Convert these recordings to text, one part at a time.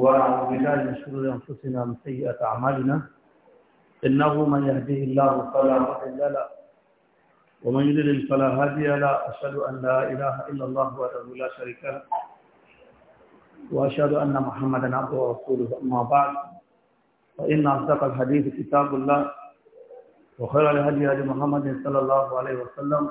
ونعوذ من شرور انفسنا ومن سيئات اعمالنا انه من يهده الله فلا مضل له ومن يضلل فلا هادي له اشهد ان لا اله الا الله وحده لا شريك له واشهد ان محمدا عبده ورسوله اما بعد فان اصدق الحديث كتاب الله وخير الهدي هدي محمد صلى الله عليه وسلم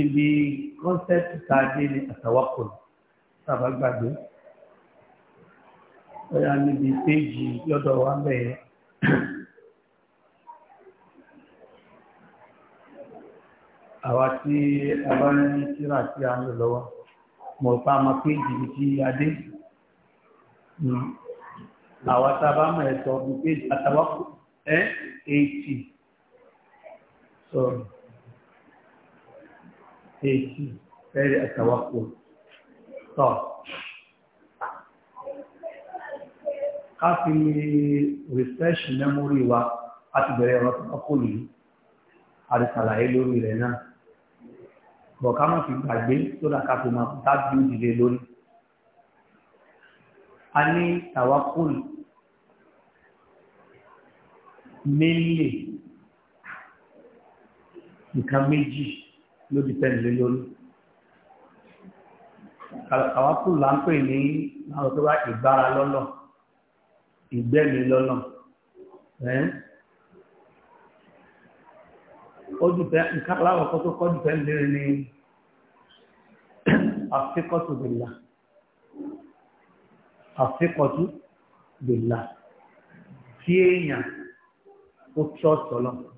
ibi kọ́nsẹ́pì tàbí ní àtàwákùn tàbá gbàgbé ọ̀yà níbi péjì lọ́dọ̀ wa bẹ̀rẹ̀ àwa tí a bá ní síra tí a ń lò lọ́wọ́ mọ̀ pa ma péjì bí tí a àwa tá a bá mọ̀ ẹ̀tọ́ bí péjì àtàwákùn ẹ́ 80 sọ̀rọ̀. ايشي فعل التوقف طب káfí refresh memory wa a ti bẹ̀rẹ̀ ọ̀rọ̀ ọkùnrin yìí a ti ṣàlàyé lórí rẹ̀ náà bọ̀ ká má fi gbàgbé tó dá káfí máa fi dájú ìdílé lórí a ní tàwákùn méjì nǹkan méjì ló di tẹ́lẹ̀ lórí. Kàwákù là ń pè ní àwọn tó bá ìgbára lọ́lọ̀, ìgbẹ́mi lọ́lọ̀. Ó di tẹ́ nǹkan láwọ̀kọ́ tó kọ́ di tẹ́lẹ̀ lórí ni àfikọ́tù bìlà. Àfikọ́tù bìlà. Kí èèyàn ó trọ́ọ̀tì ọlọ́run.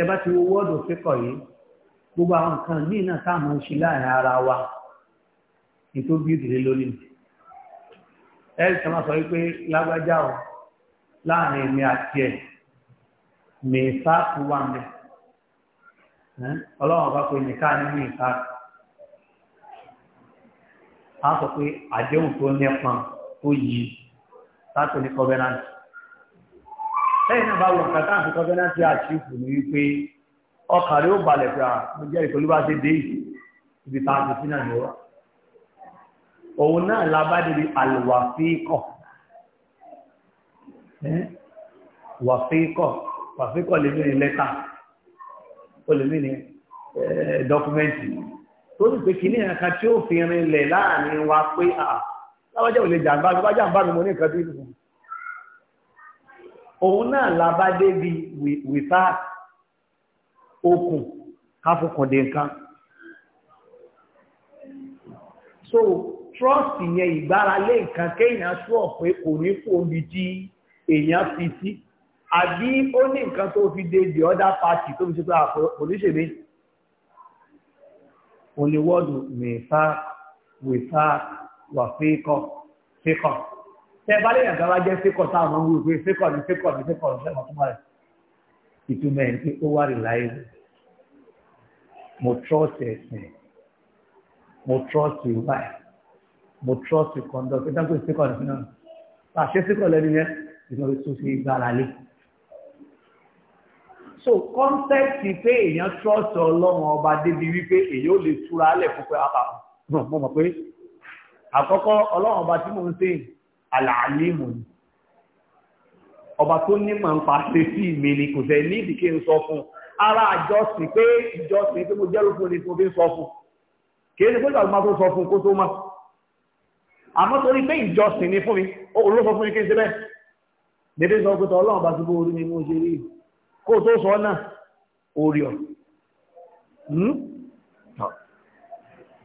tẹ bá ti wo wọ́ọ̀dù fíkọ̀ yìí gbogbo àwọn nǹkan míì náà tá à máa ń ṣe láàrin ara wa ní tó bí ìdílé lórí mi ẹ ẹ sọmọ sọ wípé lágbájá o láàrin mi àti ẹ mi ìfáàkù wà mẹ ọlọ́run bá pe nìkan ní mi ìfáàkù á sọ pé àdéhùn tó nípọn tó yí láti covenant lẹ́yìn náà bá wọ nǹkan tá à ń fi kọ́fẹ́ náà ti àṣìkò ní wípé ọkàn rẹ̀ ó balẹ̀ pé ah, mo jẹ́ ìpolú bá ṣe dé ibi tá a ti sínú àjọwà òun náà labádìrí àlùwàfíkọ̀ wàfíkọ̀ wàfíkọ̀ lè mí ní lẹ́tà ó lè mí ní dọ́kúmẹ́ǹtì tó sì pé kìíní ẹ̀ka tí ó fi rin lẹ̀ láàrin wa pé à ah, lábájá ò lè jàǹbá mi bájá ń bá mi mo ní nǹkan tó yẹ òun náà labá débi wìfá okùn káfọkàndé nǹkan so trust yẹn ìgbáralé nǹkan kéèyàn sọ pé kò ní fòmí tí èèyàn fi sí àbí ó ní nǹkan tó fi dé the other party tó fi ṣe pé àpòlíṣèlú oníwọ́dù mẹ́fà wìfá wàfíkọ̀ fíkọ̀ tẹ bá lè yàn káwá jẹ́ sékọ̀ táwọn ọmọ wíwò pé sékọ̀ ní sékọ̀ ní sékọ̀ ní sẹ́wọ̀n tó máa ìtumọ̀ ẹ̀ pé ó wà rí láyé mo trust ẹ̀sìn mo trust ìwà ẹ̀ mo trust conduct ẹ̀ dáńtò sékọ̀ ní sínú bá a ṣe sékọ̀ lẹ́nu yẹn ìtumọ̀ tó fi gbára lé. so concept pé èèyàn trust ọlọ́run ọba débi wípé èèyàn ò lè túra lẹ̀ fún pé àpapọ̀ ah, ah, ah. mo mọ̀ pé àkọ́kọ́ ọlọ́run ọba tí mò ń sèyìn àlàálímù ọba tó nímọ̀ ń pa ṣe sí mi ni kò fẹ́ ní ìdíkí ń sọ fún ara àjọsìn pé ìjọsìn pé mo jẹ́rù fún ni mo fi ń sọ fún kìí ní pé ìgbàlùmá tó sọ fún kó tó mọ́ àmọ́ torí pé ìjọsìn ni fún mi olóò sọ fún mi kí n ṣe bẹ́ẹ̀ dédé sọ pé tọ́lọ́run bá ti bó orí mi mo ṣe rí kó tó sọ náà orí ọ̀ hmm?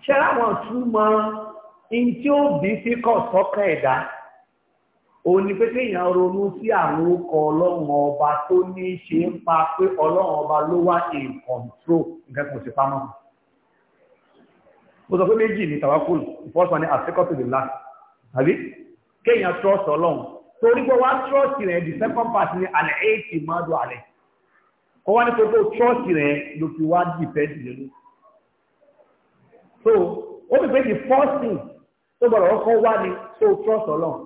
ṣẹ́ra wọn túmọ̀ in tí ó bí sí kọ̀ sọ́kàn ẹ̀dá òní pé kéèyàn ronú sí àwọn orúkọ ọlọ́run ọba tó ní í ṣe ń pa pé ọlọ́run ọba ló in control nǹkan kò sí pamọ́. mo sọ pé méjì ní first one ni the last kéèyàn trust ọlọ́run torí pé wá trust rẹ̀ the second part ni àlẹ́ èyí máa do àlẹ́ kọ́ wá ní pé trust rẹ̀ ló fi wá dìpẹ́ dìde so ó fi pé the first thing tó gbọ́dọ̀ ni so trust ọlọ́run.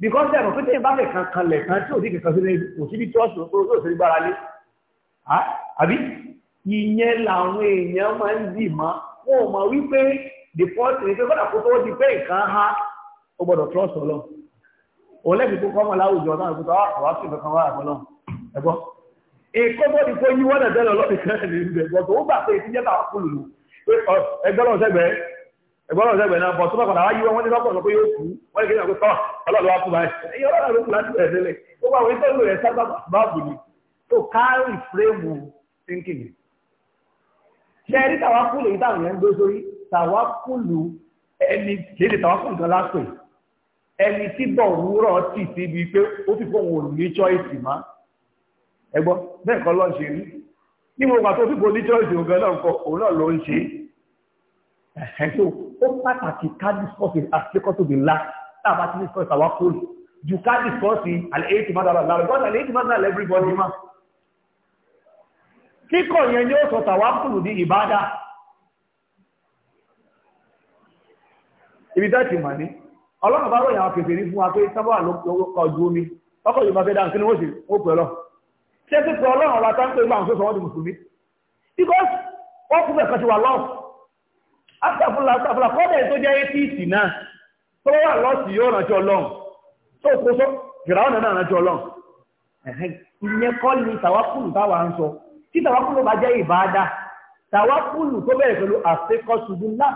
because ẹ̀rọ pé tẹ́yìn bá fẹ́ kankan lẹ̀ kan tí òsì kankan sílẹ̀ òsìbí tọ́ọ̀sì òkúrò tó sì gbára lé àbí ìyẹn làwọn èèyàn máa ń dì mọ́ wọn ò mọ̀ wípé the first thing pé kọ́dà kó tó di pé nǹkan ha ó gbọ́dọ̀ trust ọ lọ òun lẹ́bi tó kọ́ mọ́ láwùjọ náà kó tó àwọn àti ìfẹ́ kan wà àgbọ̀ náà ẹ̀gbọ́n èkó bó ti kó yí wọ́n dẹ̀ bẹ́ẹ̀ lọ́ọ́ ẹgbọ́n ọ̀sẹ̀ ìgbẹ̀nà bọ̀ tó bá padà wáyé wọn ní lọ́pọ̀ lọ́pọ̀ yóò kú wọ́n ní kí wọ́n tọ́ ọlọ́dọ̀ wá kú báyìí ẹ̀yẹ ọlọ́dọ̀ ló kù láti bẹ̀rẹ̀ sílẹ̀ gbogbo àwọn ìtọ́jú rẹ̀ sábà báàbù ni tó kárì fúrẹ́mù thinking. ṣé ẹni tàwákùlù yìí táwọn yẹn ń gbé sórí tàwákùlù ẹni léde tàwákùlù kan lásìkò ẹni tí bọ̀ wúrọ̀ tì síbi pé ó fi fún òun ní choice má ẹgbọ́n bẹ́ẹ̀ kọ́ lọ́ọ́ ṣe rí ní gbogbo àti òfìfò ní choice òun náà ló ń ṣe ẹ̀ṣọ́ ó pàtàkì ká discourse àfikọ́tò bí ńlá tá a bá ti discourse àwa kó lè ju ká discourse àlẹ́ èyí ti má dára lára because àlẹ́ èyí ti má dára everybody má. kíkọ̀ yẹn ni ó sọ tàwa kùrù ní ìbádà ibi dáàtì mà ní ọlọ́run bá ròyìn àwọn kèfèrí fún wa pé sábà ló kọ ju omi ọkọ̀ yìí máa fẹ́ dáhùn kí ni wọ́n ṣe ó pẹ̀lọ́ ṣé pípẹ́ ọlọ́run ọba tá gbà ń pè sọ wọ́n di mùsùlùmí because wọ́n kú bẹ̀ kan ti wà lọ́wọ́ àtàfúnlá àtàfúnlá kọ́dẹ̀ tó jẹ́ atheist náà tó wà lọ́sì yóò rántí ọlọ́run tó kó sọ fìràwọ̀n náà rántí ọlọ́run ìyẹn kọ́ ni tàwákùlù táwa ń sọ tí tàwákùlù bá jẹ́ ìbáadá tàwákùlù tó bẹ̀rẹ̀ pẹ̀lú àfikọ́sùdù náà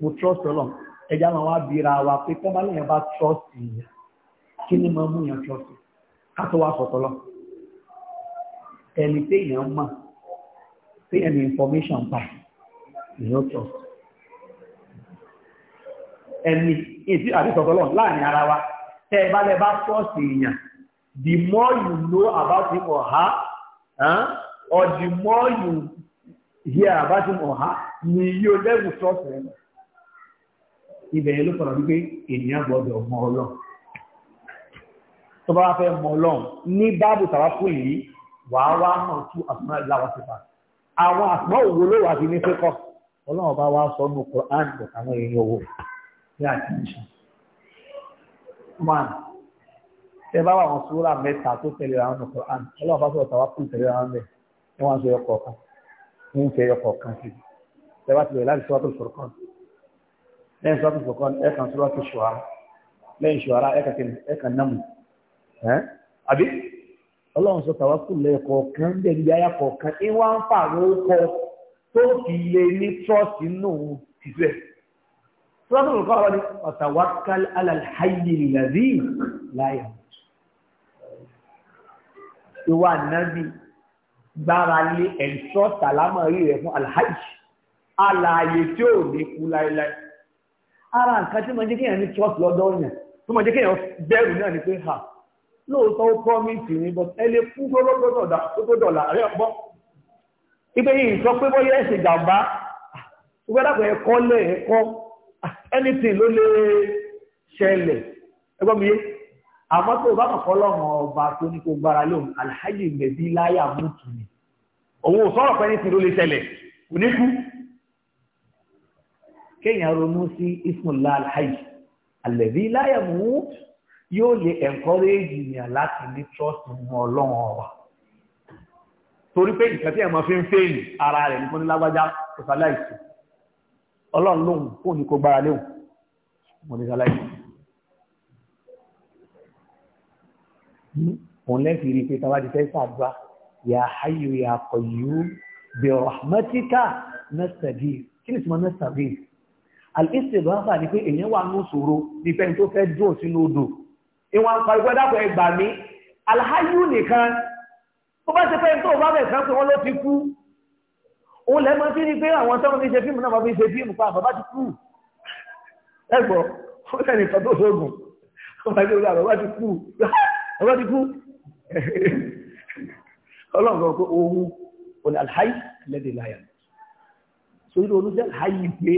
mo trust ọlọ́run ẹja máa wá bíra wa pé kọ́ bá lẹ́yìn bá trust yìí kí ni máa mú yàn trust ká tó wá sọ̀tọ̀ lọ ẹni téèyàn mọ̀ téèyàn information báyìí èèyàn tọ̀ ẹni èsì àdìsọ̀tọ̀lọ́ láàrin ara wa tẹ́ ẹ bá lẹ bá sọ́ọ̀sì èèyàn the more you know about him or her or the more you hear about him or her ni yóò lẹ́gùn sọ́ọ̀sì rẹ̀ lọ ibẹ̀ yẹn ló fọ̀rọ̀ wípé ènìyàn gbọ́dọ̀ mọ ọlọ́run tó bá fẹ́ mọ ọlọ́run ní báàbù tàwa fún yìí wàá wá mọ̀ tú àsùnmọ́ ìlàwọ̀ sípa àwọn àsùnmọ́ òwò ló wà sí ní fẹ́kọ̀ọ́ ọlọ́run bá wá sọ nù Quran àwọn èèyàn wò ní àtìmíṣàn. one tẹ bá wà wọn sùúrà mẹ́ta tó tẹ̀lé àwọn nù Quran ọlọ́run bá sọ̀rọ̀ tàwa kù tẹ̀lé àwọn mẹ́ ẹ wọ́n sọ yọ kọ̀ọ̀kan ń fẹ́ yọ kọ̀ọ̀kan sí i tẹ bá ti bẹ̀rẹ̀ láti sọ́wọ́ tó sọ̀rọ̀ kan lẹ́yìn sọ́wọ́ tó ẹ kàn sọ́wọ́ tó lẹ́yìn ṣùwárà ẹ kàn nàmù àbí ọlọ́run sọ tàwa kù lẹ́yìn kọ̀ọ̀kan bẹ́ẹ̀ ni yáyà kọ̀ọ̀kan ìwọ̀n fà ló tó fi lè ní trọ́ọ̀sì nù tìfẹ́. Sọ́dọ̀ nǹkan ọ̀rọ̀ ni ọ̀tàwákàl alàlhàyè ìlàdí láyà. Ìwà ànábì gbára lé ẹ̀ṣọ́ tàlámà rí rẹ̀ fún alhàyè. Alààyè tí ò ní kú láéláé. Ara nǹkan tí mo jẹ́ kéèyàn ní trọ́ọ̀sì lọ́dọ̀ yẹn tó mo jẹ́ kéèyàn bẹ̀rù náà ni pé ha lóòótọ́ ó promise ni but ẹ lè fún gbọ́dọ̀ ipe yìí sọ pé bóyá ẹ̀sìn ìjàmbá ṣùgbọ́n dàpọ̀ ẹ̀kọ́ lẹ̀ ẹ̀kọ́ anything ló lè ṣẹlẹ̀ ẹgbọ́n mi yé àmọ́ tó o bá kọ̀kọ́ lọ́rùn ọba tó ní kó gbára lóhùn alhaji mẹ̀bí láyà mútu ni òun ò sọ̀rọ̀ pé anything ló lè ṣẹlẹ̀ kò ní kú kéèyàn ronú sí ismulla alhaji alẹ́bí láyà mútu yóò lè encourage ènìyàn láti ní trust ọlọ́run ọba torí pé ìkẹ́ tí ẹ̀mọ́ fi ń fèèlì ara rẹ̀ nípa nílágbájá ìsàláìsì ọlọ́run lóhun kò ní kó gbára léhùn mo ní ìsàláìsì òun lẹ́sì rí pé tàbá ti fẹ́ sàdúrà ya hayyu ya qayyum bi rahmatika nastaghith kí ni tí mo nastaghith al-istighatha ni pé èèyàn tó bá ṣe pé tó bá bẹ̀ fẹ́ pé wọ́n ló ti kú òun lẹ́mọ sí ni pé àwọn tọ́wọ́n fi ṣe fíìmù náà wọ́n fi ṣe fíìmù pa bàbá ti kú ẹgbọ́ fún ẹni kan tó sóògùn bàbá ti kú bàbá ti kú bàbá ti kú ọlọ́run pé ohun òní alhayi lẹ́dẹ̀ láyà sórí olùjẹ́ alhayi pé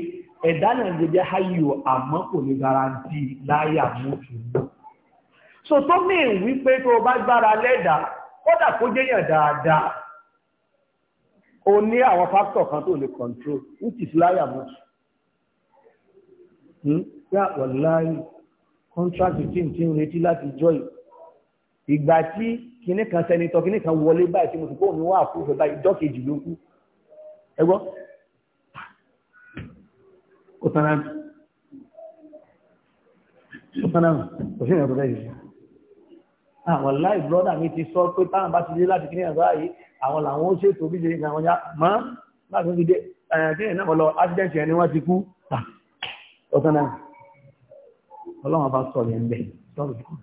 ẹ̀dá náà lè jẹ́ hayi o àmọ́ kò ní garanti láyà mú tù so tó mìíràn wípé tó bá gbára lẹ́dàá kódà kó jẹ́yàn dáadáa o ní àwọn fáktọ̀ kan tó lè control which is láyà much yà wọ̀ láyé contract tí n ti ń retí láti jọ ìgbà tí kinní kan sẹ́nitọ́ kinní kan wọlé báyìí tí mo sì kóhùn mi wá báyìí ìjọ́ kejì ló kú ẹ ó tán ó tán náà kò sí ìrìn àbúrò yìí àwọn láì brọ́dà mi ti sọ pé táwọn bá ti dé láti kí ní ẹ̀rọ ayé àwọn làwọn ó ṣètò bí jẹ́ àwọn ya mọ́ láti fi dé ẹ̀yàn eh, náà lọ accident ẹni wọ́n ti kú ah, ọ̀tán náà ọlọ́run bá sọ yẹn ń bẹ̀ sọ́rọ̀ kan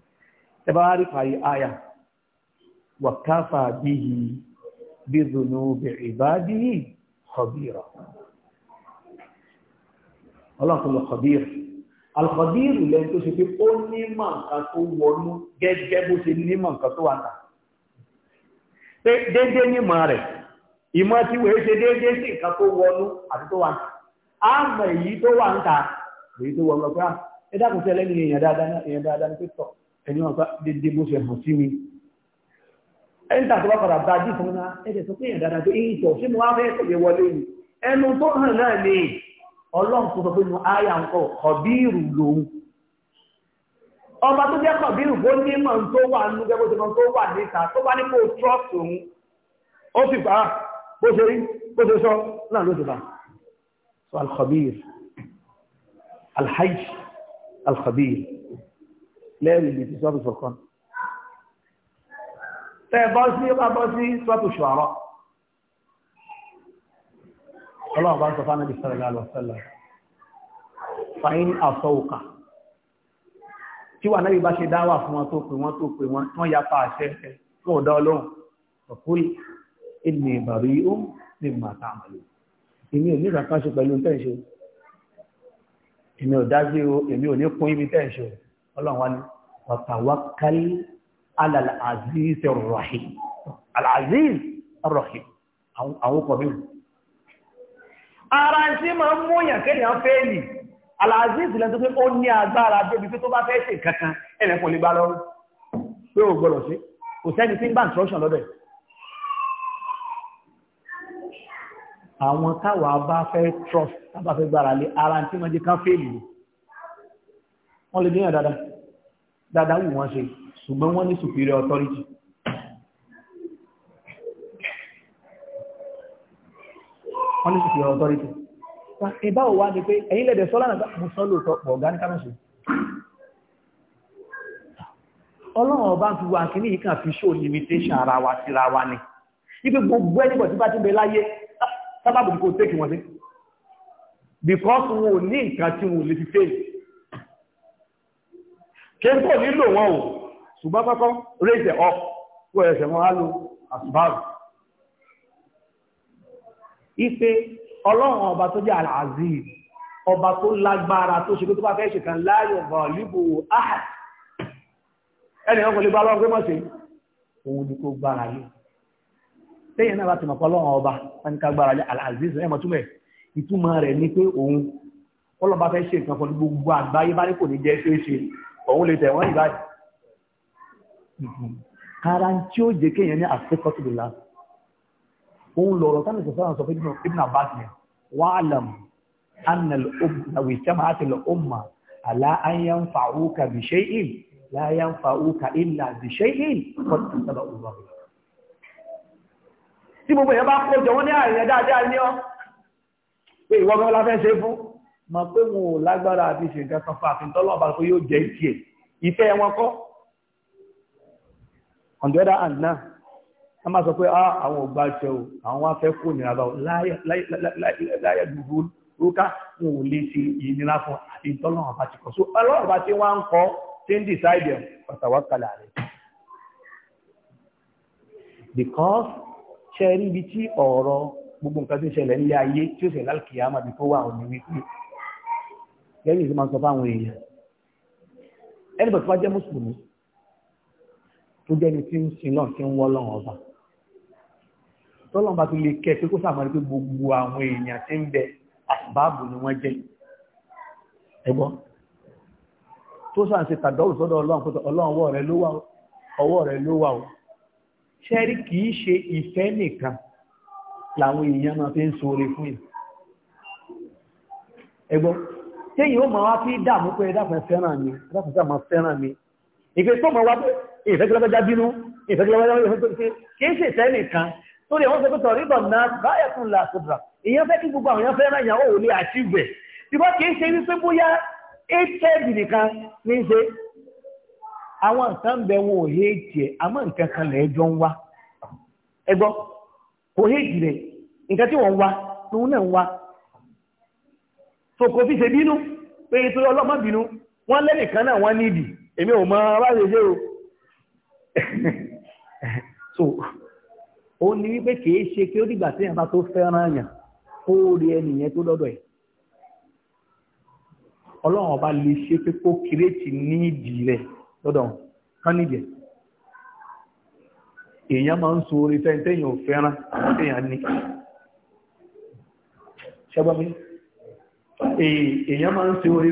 ẹ bá rí parí àyà wà káfà bí i bí zòlù bí i kọ̀bí rọ̀ ọlọ́run tó rọ̀ alùpàdírù lẹ́yìn tó ṣe pé ó ní mọ̀ nǹkan tó wọnú gẹ́gẹ́ bó ṣe ní mọ̀ nǹkan tó wà tà déédéé nímọ̀ rẹ̀ ìmọ̀ tí wèé ṣe déédéé sí nǹkan tó wọnú àti tó wà tà mọ̀ èyí tó wà ń èyí tó wọnú ah, èèyàn dáadáa èèyàn dáadáa ní ẹni wọn déédéé bó ṣe hàn sí mi ọlọ́run tó sọ pé nu àyà ń kọ kọ̀bíìrù lòun ọba tó jẹ́ kọ̀bíìrù bó ní mọ̀ ń tó wà nínú gẹ́gẹ́ bó tó wà níta tó bá ní kó trust òun ó sì fà á bó ṣe rí bó ṣe sọ náà ló ti fà so alkhabir alhaj alkhabir lẹ́rìí ibi tí sọ́ọ̀tù sọ̀kan tẹ́ bọ́ sí bá bọ́ sí sọ́ọ̀tù ṣọ̀rọ̀ ọlọ́run bá ń sọ fún anábì sọ̀rọ̀ lálọ́ sọ́lọ́ fàyín àfọwùkà tí wà náà bá ṣe dáwà fún wọn tó pè wọn tó pè wọn wọ́n yapa àṣẹ ẹ̀ fún ọ̀dọ́ ọlọ́run ọ̀kúrì ìnì ìbàrí ó ní màtà àmàlò èmi ò ní ṣe pẹ̀lú tẹ́ǹṣe èmi ò èmi ò ní kún ibi tẹ́ǹṣe ọlọ́run wa ní wàtàwákálí alàlàzíz rọ̀hìn alàzíz rọ̀hìn àwọn ọkọ̀ mìíràn ara tí ma ń múyàn kéèyàn fẹ́ẹ̀lì aláàzíz lẹ́nu tó pé ó ní agbára débi pé tó bá fẹ́ ṣe kankan ẹ̀rẹ̀ fún lè gbá lọ́rùn pé ò gbọ́dọ̀ sí kò sẹ́ni tí ń bá instruction lọ́dọ̀ àwọn táwa bá fẹ́ trust tábà fẹ́ gbára lé ara tí ma jẹ́ kán fẹ́ẹ̀lì wọ́n lè dínyàn dáadáa dáadáa wù wọ́n ṣe ṣùgbọ́n wọ́n ní superior authority wọ́n ní sùpìrì ọ̀tọ́rìtì ìbá òwà ni pé ẹ̀yin lẹ́dẹ̀ sọ́lá náà mo sọ́ lóòótọ́ pọ̀ ọ̀gá ní kámẹ́sì ọlọ́run ọba fi wá kíní yìí kàn fi show limitation ara wa síra wa ni ibi gbogbo ẹni bọ̀tí bá ti bẹ láyé sábàbù kò tẹ́kì wọn sí because wọn ò ní nǹkan tí wọn ò lè fi fail kéńkò nílò wọn o ṣùgbọ́n kọ́kọ́ raise it up wọ́n ẹ̀ṣẹ̀ wọn á lo àṣùbárù ife ọlọ́run ọba tó jẹ́ al-aziz ọba tó lágbára tó ṣe tó bá fẹ́ ṣe kan láyọ̀ gọ̀ọ̀lúbù ahad ẹni ọkọ̀ lè bá lọ́wọ́ pé mọ̀ sí òun ni kó gbára lé tẹ́yìn náà láti mọ̀kọ́ ọlọ́run ọba wọn ni ká gbára lé al-aziz ẹ̀mọ̀ túmọ̀ ìtumọ̀ rẹ̀ ni pé òun ọlọ́ba fẹ́ ṣe nǹkan fún gbogbo àgbáyé bá ní kò ní jẹ́ ṣe é ṣe òun lè tẹ̀ wọ́n ìbáyìí kára ó jẹ́ kéèyàn ní àfikọ́tù òun lọ̀rọ̀ sáré sọ̀rọ̀ sọ̀rọ̀ sọ̀rọ̀ sọ̀rọ̀ ibn abbas ni wàhálàm anna lọ́wọ́ ìṣẹ́mà àti lọ́ọ̀mà àlá àyàn fàáwùkà bí ṣe ìn láyàn fàáwùkà ìlà bí ṣe ìn fọ́tí sábà òwúrọ̀ rẹ̀. tí gbogbo èèyàn bá kó jọ wọn ní àrìnrìn dáadáa ní ọ pé ìwọ gan la ṣe fún mọ̀ pé wọn lágbára àti ṣe nǹkan kan fún tọ́lọ́ ọ̀bàlùkọ́ yóò jẹ́ ìfẹ́ wọn kọ́ on the other hand now a máa sọ pé ah, àwọn ọgbà ṣẹ o àwọn wá fẹ́ kó nira bá o láyé dúdú rúkà wọn ò lè ṣe ìnira fún àti ìtọ́lọ́wọ́n bá ti kọ́ so ọlọ́run bá ti wá ń kọ́ tí ń decide ẹ̀ pàtàwákàlà rẹ̀ because ṣe rí ibi tí ọ̀rọ̀ gbogbo nǹkan tí ń ṣẹlẹ̀ nílé ayé tí ó ṣẹlẹ̀ lálùkìyà máa bí tó wà òní wípé lẹ́yìn ìsìn máa ń sọ fáwọn èèyàn ẹnìbọ̀ tó wá jẹ́ mùsùlùmí tó jẹ́ ni tí ń sin náà tí ń wọ́ lọ́wọ́ ọba tọ́lọ̀ bá ti lè kẹ́ pé pé gbogbo àwọn èèyàn tí ń bẹ àbábù ni wọ́n jẹ́ tó sàn ṣe sọ́dọ̀ ọlọ́run pé ọlọ́run ọwọ́ o ó máa wá pé fẹ́ràn mi torí àwọn sọ pé tọ̀rídọ̀ náà báyà tún là sọ̀dọ̀ èèyàn fẹ́ kí gbogbo àwọn èèyàn fẹ́ náà ìyàwó òun àṣìbẹ̀ ṣùgbọ́n kì í ṣe wípé bóyá hd ní í ṣe àwọn nǹkan ń bẹ wọn ò hé jẹ àmọ́ nǹkan kan lẹ̀ ń wá ẹ gbọ́ kò fi ṣe bínú pé ọlọ́mọ bínú wọ́n lẹ́nìkan náà wọ́n níbi èmi ò mọ ṣe ó ní wípé kìí ṣe kí ó dìgbà tí ìyàmbá tó fẹ́ràn yàn kó rí ẹnìyẹn tó lọ́dọ̀ ẹ̀ ọlọ́run ọba lè ṣe pé kó kírètì ní rẹ̀ lọ́dọ̀ kan níjẹ̀ èèyàn máa ń so orí fẹ́ntẹ́yìn èèyàn máa ń so orí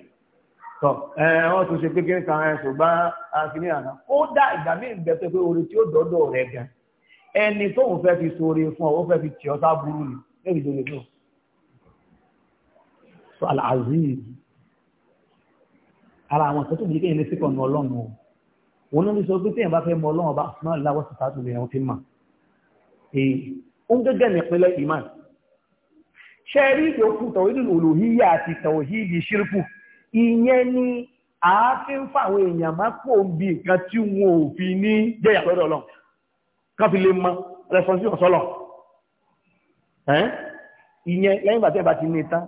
tọ ẹ wọn tún ṣe pé kí n kan ẹ ṣùgbọ́n akíní àná ó dá ìgbà míì bẹ pé orin tí ó dọ́dọ̀ rẹ gan ẹni tóun fẹ́ fi sóore fún ọ ó fẹ́ fi tì ọ́ sábúrú ni lórí ìdílé náà so alaziz ara àwọn ìfẹ́ tó bí kéyìn lè síkọ̀ ní ọlọ́run o wọn ló ń sọ pé téèyàn bá fẹ́ mọ ọlọ́run ọba náà láwọ́ sí sáà tó lè fi mà ee ó ń gẹ́gẹ́ ní ìpínlẹ̀ iman ṣe rí ìṣòkù tọ̀wé nínú olùhíyà àti tọ̀wé híbi ṣírkù ìyẹn ni àáfin fáwọn èèyàn má pò ń bi nǹkan tí wọn ò fi ní jẹ́yà lọ́dọ̀ ọlọ́run ká fi lè mọ rẹfọnsí ọ̀sọ́lọ̀ ìyẹn lẹ́yìn ìgbà tí ẹ bá ti ní tán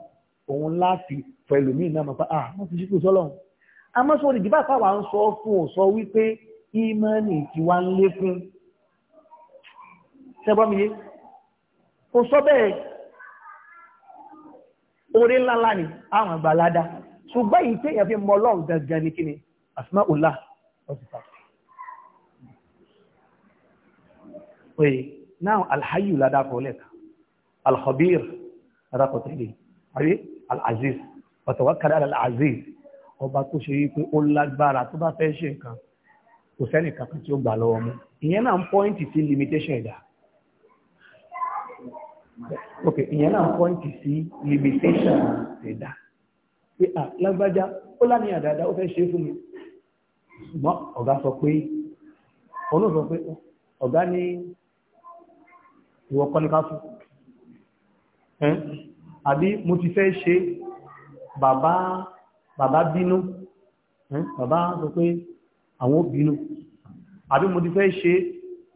òun láti pẹ̀lú mí náà mọ̀ pé ah, ti ṣíkú sọ́lọ̀ àmọ́ sọ òdìdí bá fáwa ń sọ fún òsọ wípé ìmọ̀ọ́nì tí wá ń lékún ṣẹ́gbọ́n mi yé kò sọ bẹ́ẹ̀ orí ńláńlá ni àwọn àgbà ládàá ṣùgbọ́n yìí tí èèyàn fi mọ ọlọ́run gangan ní kíni asmaullah ọ̀sìfà. oye now alhayu ládàkọ̀ lẹ́ka alkhabir ládàkọ̀ tẹ̀lé àbí alaziz ọ̀tọ̀wákàlẹ̀ alaziz ọba tó ṣe yí pé ó lágbára tó bá fẹ́ ṣe nǹkan kò sẹ́nì kankan tí ó gbà lọ́wọ́ mú ìyẹn náà ń pọ́ìntì sí limitation ẹ̀dá ok ìyẹn náà ń pọ́ìntì sí limitation ẹ̀dá pé à lágbájá ó lá ní àdáadáa ó fẹ́ ṣe é fún mi ṣùgbọ́n ọ̀gá sọ pé ọ̀nà sọ pé ọ̀gá ní ìwọ kọ́ni ká fún àbí mo ti fẹ́ ṣe bàbá bàbá bínú bàbá sọ pé àwọn ò bínú àbí mo ti fẹ́ ṣe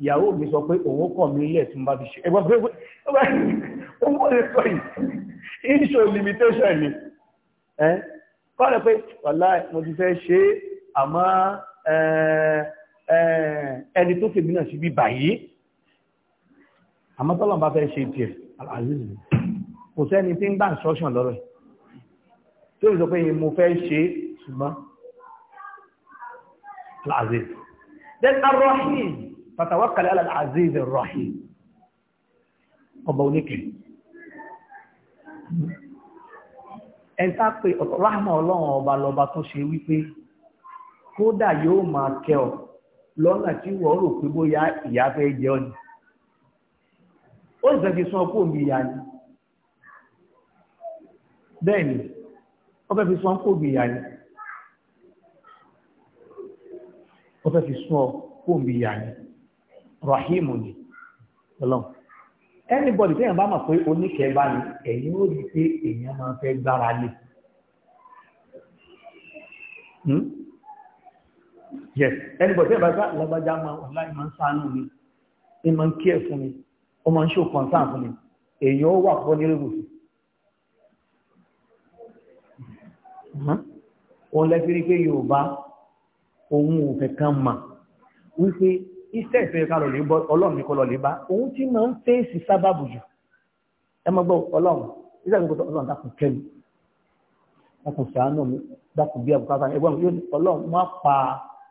ìyàwó mi sọ pé òun kọ̀ mí lẹ̀ tí mo bá fi ṣe ẹgbọ́n pé ó bá ń sọ yìí issue limitation ni ẹ́ kọ́lẹ̀ pé ọ̀la mo ti fẹ́ ṣe àmọ́ ẹni tó fèmí náà síbí báyìí àmọ́ tọ́lọ̀ bá fẹ́ ṣe tiẹ̀ aláàzíz kò sẹ́ni tí ń gbà instruction lọ́rọ̀ ẹ̀ tó sọ pé mo fẹ́ ṣe ṣùgbọ́n aláàzíz then arrahim fatawakkal ala aláàzíz arrahim ọba oníkẹ́ ẹ̀ntá pé ráhmà ọlọ́run ọba lọba tó ṣe wípé kódà yóò máa kẹ ọ lọ́nà tí wọ́n rò pé bóyá ìyá ọ ni ó sì fẹ́ fi ìyá ni bẹ́ẹ̀ ni fẹ́ fi sún ọkọ mi ìyá ni ó fẹ́ fi anybody tí èèyàn bá mọ̀ pé oníkẹ́gbá ni ẹ̀yin ó rí i pé èèyàn máa fẹ́ gbára lé hmm? yes anybody tí èèyàn bá gbá lágbájá máa wà láì máa ń sánú mi ní máa ń kí ẹ̀ fún mi ó máa ń ṣó kọ̀ǹsán fún mi èèyàn ó wà pọ̀ ní rẹ́gbòsì òun lẹ́fi pé Yorùbá òun ò fẹ́ kàn mà wípé iṣẹ́ ìfẹ́ ká lọ lè bọ́ ọlọ́run ní kó lọ lè bá òun tí máa ń fèsì sábàbù jù ẹ mọ́ gbọ́ ọlọ́run iṣẹ́ ìfẹ́ ọlọ́run dákun kẹ́mi dákun ṣàánú mi dákun bí àbùkátà ẹgbọ́n mi yóò ní ọlọ́run má pa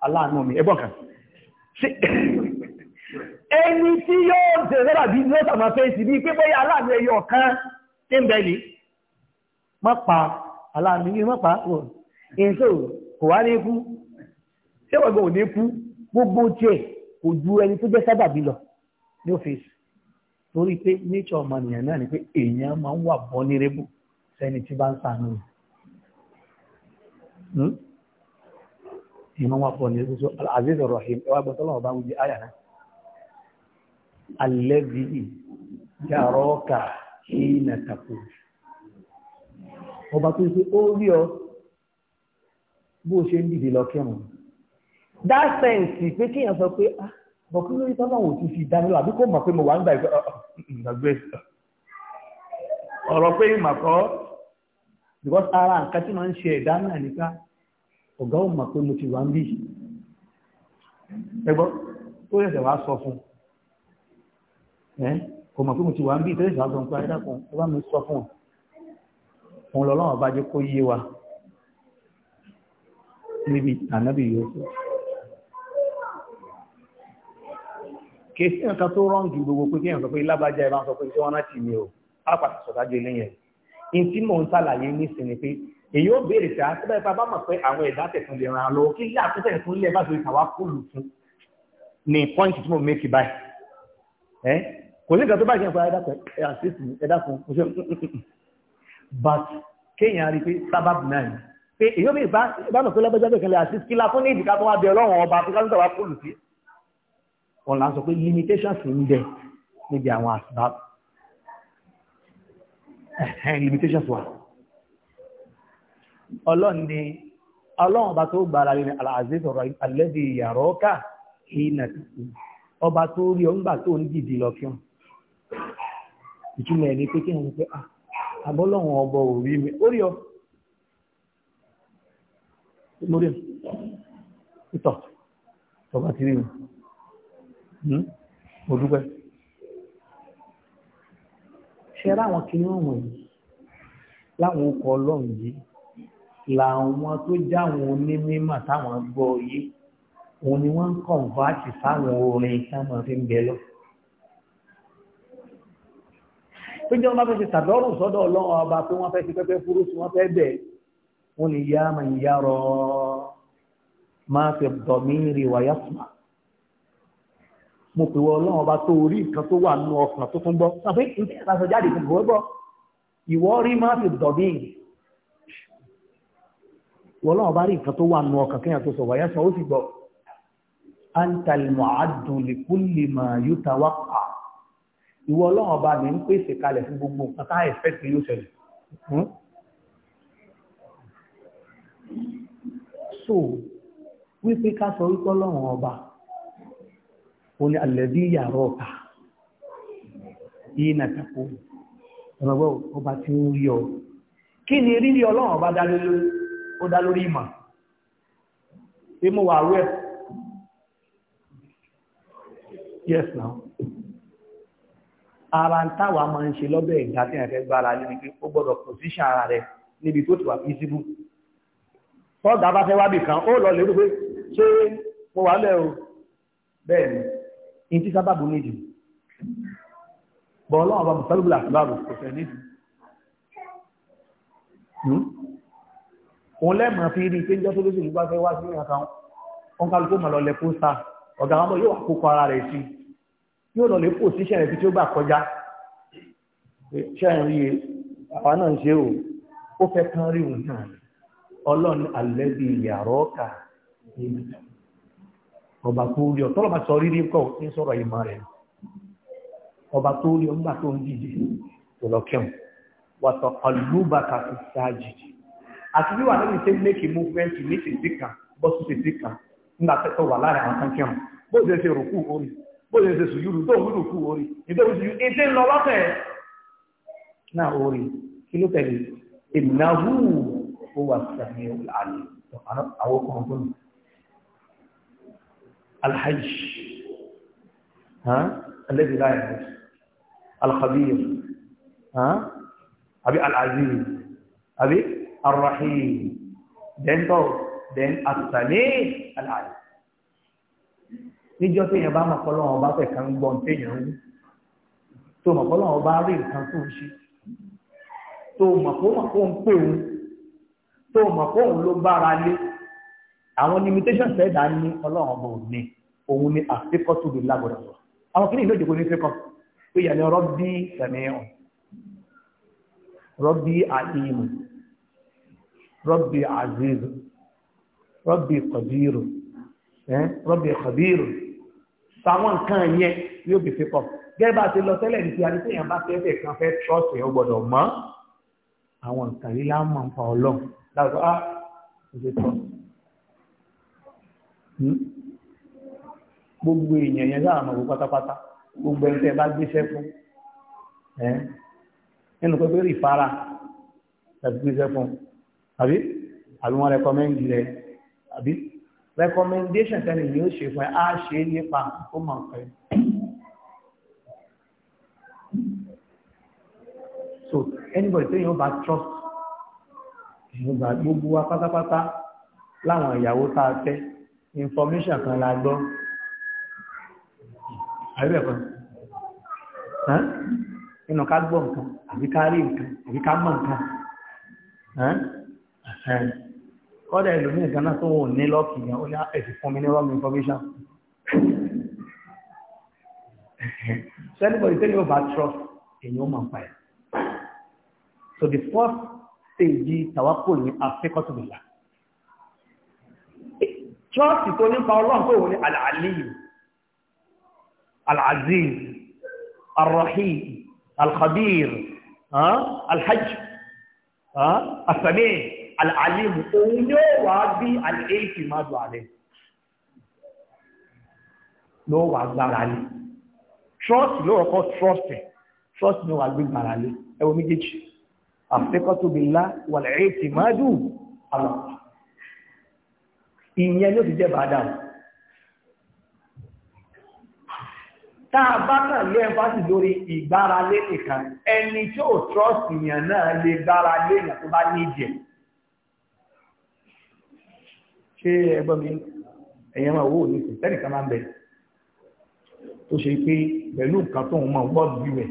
aláàánú mi ẹgbọ́n kan ṣe ẹni tí yóò ṣe rẹ́rà bí ní ọ̀sán máa fèsì bíi pé bóyá aláàánú ẹyọ kan tí ń bẹ ní má pa aláàánú yìí má pa ìṣòro kò wá ní kú ṣé wọ́n gbọ́ ò ní kú gbogbo tiẹ̀ kò ju ẹni tó jẹ́ sábàbí lọ ní ọ́fíìsì torí pé nature ọmọnìyàn náà ni pé èèyàn máa ń wà vulnerable sẹ́ni tí bá ń sànú rẹ̀ hmm? èèyàn wà vulnerable so aziz rahim ẹwà gbọ́tọ́ lọ́wọ́ bá ń wí àyà náà alẹ́bí yàrọ́ọ̀kà hìnà tàkù ọba tó ń pé ó rí ọ bó ṣe ń dìde lọ kírun that sense pé kéèyàn sọ pé ah bọ̀kú lórí sábà wò ti fi dání lọ àbí kò mọ̀ pé mo wà ń gbà ah, ah, mm, mm, ọ̀rọ̀ pé kọ́ because ara nǹkan tí ń ṣe ẹ̀dá náà ọ̀gá ò mọ̀ pé mo ti wà ń bí tó wá sọ fún ẹ, kò mọ̀ pé mo ti wà ń bí wá sọ sọ fún bá jẹ́ kó yé wa níbi ànábì yóò sọ. kìí sí nǹkan tó rán ju gbogbo pé kí èèyàn sọ pé lábàjá ẹ bá ń sọ pé tí wọ́n rántí mi o á pàtàkì sọ̀dájú ilé yẹn in tí mò ń ṣàlàyé nísìnyí pé èyí ó béèrè pé àti báyìí bá mọ̀ pé àwọn ẹ̀dá tẹ̀sán lè ràn án lọ́wọ́ kí ilé àtúntẹ̀ tó lé bá torí tàwa kúlù fún ni pọ́ǹtì tí mo mékì báyìí ẹ kò ní nǹkan tó báyìí kí ẹ̀dá kan but kéèyàn rí pé sábàbù náà ni pé èyí ó béèrè bá mọ̀ pé lábàjá tẹ̀sán lè àti kí wọn là ń sọ pé limitations ń bẹ níbi àwọn asbab limitations wà ọlọ́run ni ọlọ́run ọba tó gbára lè aláàzí sọ̀rọ̀ alẹ́bí ìyàrá ọkà ìnà ọba tó rí ọgbà tó ń dìdì lọ kí wọn ìtumọ̀ ẹ̀ ní pé kí wọn pé àbọ́lọ́run ah, ọba ò mi ó rí ọ mo ìtọ̀ ọba ti rí mi Hmm? mo dúpẹ́ ṣe ráwọn kìnìún wọ̀nyí láwọn ọkọ̀ ọlọ́run yìí làwọn tó jáwọn onímọ̀ táwọn gbọ́ yé òun ni wọ́n ń kọ̀ǹfàtì sáwọn orin táwọn fi ń bẹ lọ. tó jẹ́ wọn bá fẹ́ ṣe tàdọ́rùn sọ́dọ̀ ọlọ́run ọba pé wọ́n fẹ́ ṣe pẹ́pẹ́ fúrú sí wọ́n fẹ́ bẹ̀ wọ́n lè yá máa ń yá rọ máa fi dọ̀mí rí wáyà sùn mo pè wọ ọlọ́run ọba tó orí nǹkan tó wà nínú ọkàn tó tún gbọ́ tàbí ìpínlẹ̀ ìlàsọ jáde kò gbọ́ gbọ́ ìwọ rí má fi dọ̀bí ìwọ ọlọ́run ọba rí nǹkan tó wà nínú ọkàn kéèyàn tó sọ wáyé sọ ó sì gbọ́ antal mu'addun li kulli ma yutawaqqa ìwọ ọlọ́run ọba mi ń pèsè kalẹ̀ fún gbogbo nǹkan tá yóò ṣẹlẹ̀ hmm? so wípé ká sọ wípé ọlọ́run ọba ó ní alẹ́bí yàrá ọ̀tà yìí nà tako ọ̀rọ̀gbọ́ ọba tí ó yọ kí ni rírí ọlọ́run ọba dá lórí ìmọ̀ pé mo wà rẹ̀ yes now ara ń táwà máa ń ṣe lọ́bẹ̀ ìgbà tí ẹ̀fẹ́ gbára ní wípé ó gbọ́dọ̀ position ara rẹ̀ níbi tó ti wà visible tọ́gà bá fẹ́ wábì kan ó lọ lérú pé ṣé mo wà lẹ́ bẹ́ẹ̀ ni ní tí sábàbù nídi bọ̀ ọlọ́wọ́ bá mùsàlùbù àtìbàbù kò fẹ́ nídi hmm? òun lẹ́mọ̀ fi rí pé jọ́ tó lóṣèlú bá fẹ́ wá sí ìrìn àkàwọn wọn kálukú mọ̀ lọ́lẹ̀ pósà ọ̀gá wọn yóò àkókò ní ìgbà ọba tó rí ọba tó rí ọ nígbà tó ń dìde kò lọ kẹ́hùn wàtọ̀ ọ̀lùbàkà fi ṣáàjì àti bí wà lórí dịka méèkì múfẹ́ǹtì ní tètè kan bọ́sù tètè kan nígbà tẹ́tọ̀ wà láàrin àwọn kan kẹ́hùn bó ṣe ṣe rùkú orí bó ṣe ṣe sùjúdù tó ń rùkú orí الحج ها الذي لا يحج الخبير ها أبي العزيز أبي الرحيم then go then asani alayi níjọ́ téèyàn bá mọ̀ kọ́lọ́ ọba fẹ́ kan gbọ́ téèyàn ń tó mọ̀ kọ́lọ́ ọba rí nǹkan tó ń ṣe tó mọ̀ kó mọ̀ kó ń pè òun tó mọ̀ kó òun ló bára lé àwọn limitations ẹ̀dá ní ọlọ́run ọba ò ní òun ni àfikọ́ tó lè lágbọ̀dọ̀ sọ àwọn kìnnìún lójoojú ní fíkọ́ pé yẹn ni rọ́bì sẹ̀míọ̀ rọ́bì àìmù rọ́bì àzízù rọ́bì kọ̀dírù rọ́bì kọ̀dírù sàwọn nǹkan yẹn yóò bí fíkọ́ gẹ́gẹ́ bá ti lọ tẹ́lẹ̀ ní ti a ní sẹ́yìn bá fẹ́ fẹ́ kan fẹ́ trọ́ọ̀sì ẹ̀ gbọ́dọ̀ mọ́ àwọn nǹkan gbogbo èèyàn yẹn sáà mọ̀ pátápátá gbogbo ẹni tẹ́ bá gbéṣẹ́ fún ẹ́ nínú pé pé rìfárà tàbí gbéṣẹ́ fún àbí àbí wọ́n rẹ́kọ́mẹ́ndì rẹ̀ àbí recommendation tẹ́lẹ̀ yìí ó ṣe fún ẹ á ṣe nípa ó mọ̀ pẹ́ so anybody tẹ́yìn ó bá trust èèyàn gbà gbogbo wa pátápátá láwọn ìyàwó tá a fẹ́ information kan la gbọ́ àríwẹ̀ kan nínú ká gbọ́ nǹkan àbí ká rí nǹkan àbí ká mọ̀ nǹkan kọ́dà ẹlòmíràn kan náà tó wò ní lọ́ọ̀kì yẹn ó ní ẹ̀sìn fún mi ní wrong information sẹ́nìbọ̀dì tẹ́lẹ̀ yóò bá trust èyí ó máa ń so the first stage tàwákùn ní afẹ́kọ́tùmìlà trust tó nípa ọlọ́run pé òun ní àlàálẹ́ yìí العزيز الرحيم الخبير ها الحج ها السميع العليم اونيو وابي الاعتماد عليه ló wà gbára lé trust ló rọ̀kọ́ trust ẹ̀ trust ni wà gbé gbára lé ẹwọ méjèèjì àfikọ́tò bí lá wà lẹ́yìn tìmádùn àlọ́ ìyẹn ló ti jẹ́ bàdà táa bá kàn lé ẹ̀fásì lórí ìgbáralé nìkan ẹni tí ò trọ́ọ̀sì yàn náà lè gbáralé yàn tó bá ní ìjẹ̀ ṣé ẹgbọ́n mi ẹ̀yẹ́ máa wò ní sẹ́ni kan máa ń bẹ̀ tó ṣe pé pẹ̀lú nǹkan tó ń mọ wọ́ọ̀dù bí rẹ̀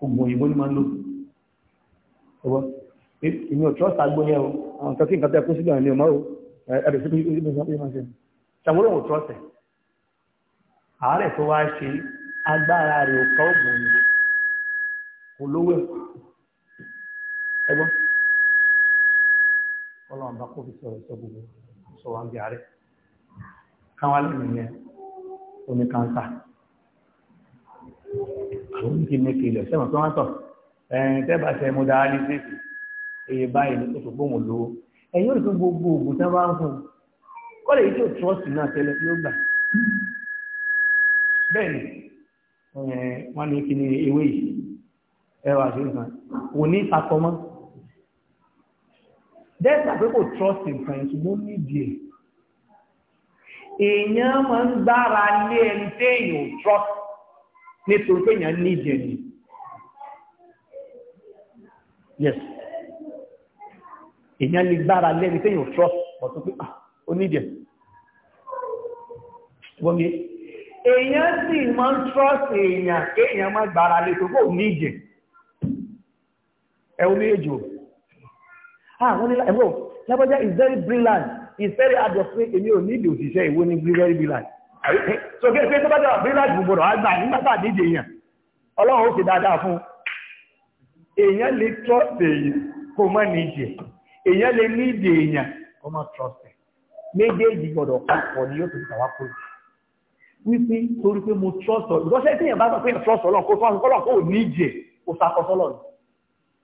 oògùn òyìnbó ni máa ń lò ẹ̀wọ́n èmi ò trọ́ọ̀sì agbó yẹn o àwọn nǹkan kí nǹkan tẹ́ kó sílẹ̀ ní ọmọ o ẹ̀rẹ̀ sí pé ṣàwọ́rọ̀ àárẹ̀ tó wá ṣe agbára rẹ̀ ò ká ògùn òyìnbó kò lówó ẹgbọ́n ọlọ́run bá kó fi sọ̀rọ̀ sọ gbogbo sọ wá ń bí àárẹ̀ àwọn kí ilẹ̀ sẹ́wọ̀n tó wá tọ̀ ẹ̀ẹ́n tẹ mo dáa ní sísì èyí báyìí ní bá fún un bẹ́ẹ̀ ni eh, wọ́n ní kí ni ewé yìí ẹwà ṣe nǹkan kò ní ìfàkọmọ́ dẹ́sà pé kò trust nǹkan yìí ṣùgbọ́n ní ìdíẹ̀ èèyàn máa ń gbára lé ẹni téèyàn ò trust nítorí pé èèyàn ní ìdíẹ̀ ni yes èèyàn lè gbára lé ẹni téèyàn ò trust ọ̀tún pé ah ó ní ìdíẹ̀ wọ́n mi. èèyàn sì máa ń trọ́sì èèyàn kéèyàn máa gbára lé tó kò níjì ẹ̀wọ́n méjì o àwọn nílá lábọ́já is very brilliant is very adjust èmi ò nídìí òṣìṣẹ́ ní so kí tó bá brilliant gbogbo àgbà nígbà tá èèyàn ọlọ́run ó fi dáadáa fún èèyàn lè trọ́sì èèyàn kó má níjì èèyàn lè nídìí èèyàn kó méjèèjì gbọ́dọ̀ pàpọ̀ yóò wípé torí pé mo trust ọ ìgbọ́sẹ̀ tí èèyàn bá sọ pé èèyàn trust ọlọ́run kó sọ ọlọ́run kó ní ìjẹ kó sakọ sọlọ́run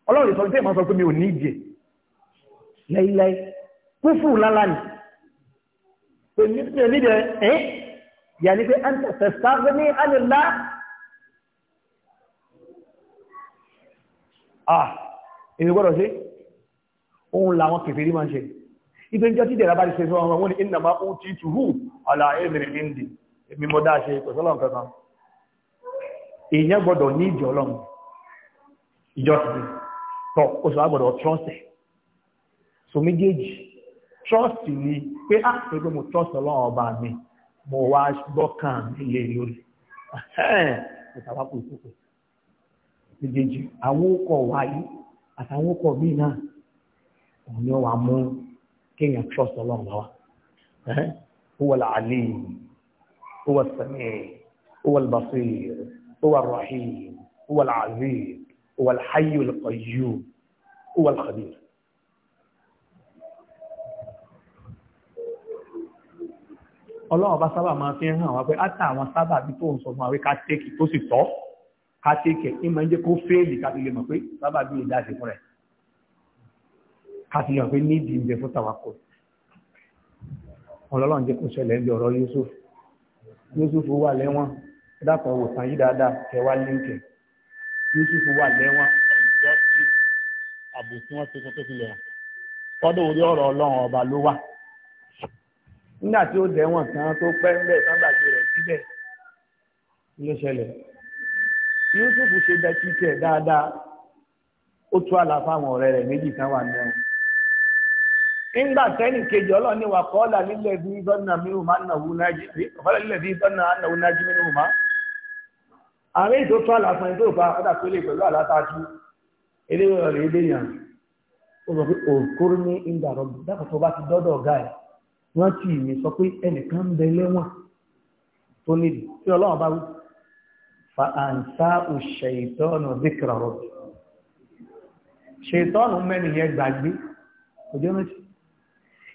ọlọ́run ìsọ̀rọ̀ tí èèyàn sọ pé mi ò ní ìjẹ láíláí kún fún lálá ni pé mi ò ní ìjẹ ẹ́ yà ní pé à ń tẹ̀sẹ̀ sáré ní àlèlá ah èmi gbọ́dọ̀ ṣe òun làwọn kèfèrí máa ń ṣe ìgbẹ́njọ́ tí dẹ̀ra bá ti ṣe sọ wọn wọn ni ìnàmá ó ti tùhù àlàyé mìíràn èmi mo dá ṣe pẹ̀sọ́lọ́n kankan èèyàn gbọ́dọ̀ ní ìjọ ọlọ́run ìjọ ti tọ́ oṣù trọ́ọ̀sì so méjèèjì trọ́ọ̀sì ni pé á ah, pé pé trọ́ọ̀sì ọlọ́run ọba mi mo wá gbọ́kàn mi lórí ìtàwápò ìkókò méjèèjì àwọn okọ̀ wáyé àtàwọn okọ̀ náà òun ni wà mú kéèyàn trọ́ọ̀sì ọlọ́run lọ́wọ́ هو السميع هو البصير هو الرحيم هو العزيز هو الحي القيوم هو الخبير ọlọ́run bá sábà máa fi ń hàn wá pé átà àwọn sábà bí tó ń sọ fún wa pé ká tẹ́kì tó sì tọ́ ká tẹ́kì ní máa ń jẹ́ kó fẹ́ẹ̀lì ká fi lè mọ̀ pé sábà bí ìdá àti fún rẹ̀ ká fi lè pé nídìí ń bẹ fún tàwa kò ọlọ́run jẹ́ kó ṣẹlẹ̀ ń bẹ ọ̀rọ̀ Yusuf yusufu wà lẹ́wọ̀n dákọ̀ wòsàn yìí dáadáa kẹwàá líǹkẹ̀ yusufu wà lẹ́wọ̀n si àbòsí wọn ṣe tuntun sílẹ̀ kọ́dọ̀ orí ọ̀rọ̀ ọlọ́run ọba ló wà. nígbà tí ó dẹ̀wọ̀n kan tó pẹ́ ń bẹ̀ sábàgbé rẹ̀ síbẹ̀ ló ṣẹlẹ̀ yusufu ṣe bẹ́ẹ̀ kíkẹ́ dáadáa ó tú àlàfà àwọn ọ̀rẹ́ rẹ̀ méjì kan wà nígbà tẹ́nì kejì ọlọ́ni wà kọ́ọ́lá nílẹ̀ bí sọ́nà mínú máa nàwó nájí ọ̀fọ́lá nílẹ̀ bí sọ́nà nàwó nájí mínú máa àárín tó tó àlàsàn tó bá ọ̀dà tó lè pẹ̀lú àlátàájú eléyìí ọ̀rẹ́ eléyàn ó sọ pé òkúrú ní ìdàrọ̀ dákọ̀ tó bá ti dọ́dọ̀ ọ̀gá ẹ̀ wọ́n tì mí sọ pé ẹnìkan ń bẹ lẹ́wọ̀n tó níbi tí ọlọ́run bá wí fa àǹsá òṣè ìtọ́nù zikra rọ̀ ṣètọ́nù mẹ́nìyẹn gbàgbé òjò rántí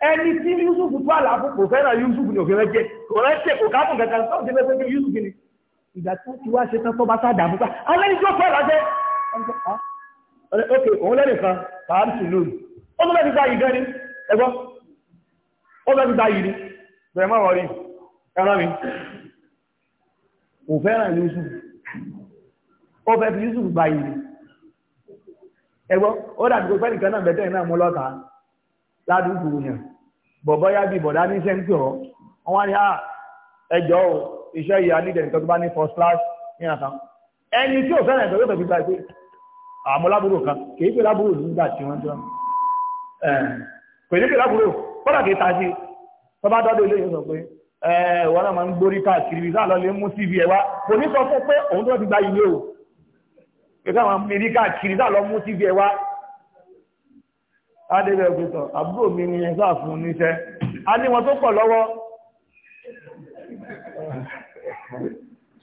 ẹni tí Yusuf tó àlàfo kò fẹ́ràn Yusuf ní òfin rẹ́jẹ kò rẹ́jẹ kò káàbùn kankan tó ti fẹ́ fẹ́ Yusuf ni ìgbà tó ti wá ṣe tán tó bá sáàdà àbúgbà alẹ́ni tó fẹ́ ràjẹ́ ah. ok òun lẹ́nu kan kàám sí lónìí ó tún bẹ́ẹ̀ ti gba yìí gan ni ẹgbọ́n ó bẹ́ẹ̀ ti gba yìí ni bẹ̀rẹ̀ mọ́ wọrí ẹran mi kò fẹ́ràn Yusuf ó fẹ́ fi Yusuf gba yìí ni ẹgbọ́n ó dàbí kò fẹ́ nìkan náà bẹ́tẹ̀ náà mú lọ́ta ládùúgbò yẹn bọ̀bọ́ yá bí bọ̀dá ní sẹ́ńtì ọ̀ wọ́n wá ní à ah, ẹjọ́ o iṣẹ́ yìí alídẹ̀ nìkan tó bá ní first class ní àkàn ẹni tí ò fẹ́ràn ẹ̀tọ́ yóò tẹ̀sí gba ìpè àmọ́ lábúrò kan kìí pé lábúrò nígbà tí wọ́n jọ kò ní pé lábúrò kọ́dà kìí ta sí tó bá dọ́dọ̀ ilé yìí sọ pé wọ́n náà máa ń gbórí káàkiri bí sáà lọ́lẹ́ mú CV ẹ̀ wá kò ní sọ fún pé òun tó ti gba ilé o kí adébẹ̀ òkútọ̀ àbúrò mi ni ẹ̀sà fún oníṣẹ́ a ní wọn tó pọ̀ lọ́wọ́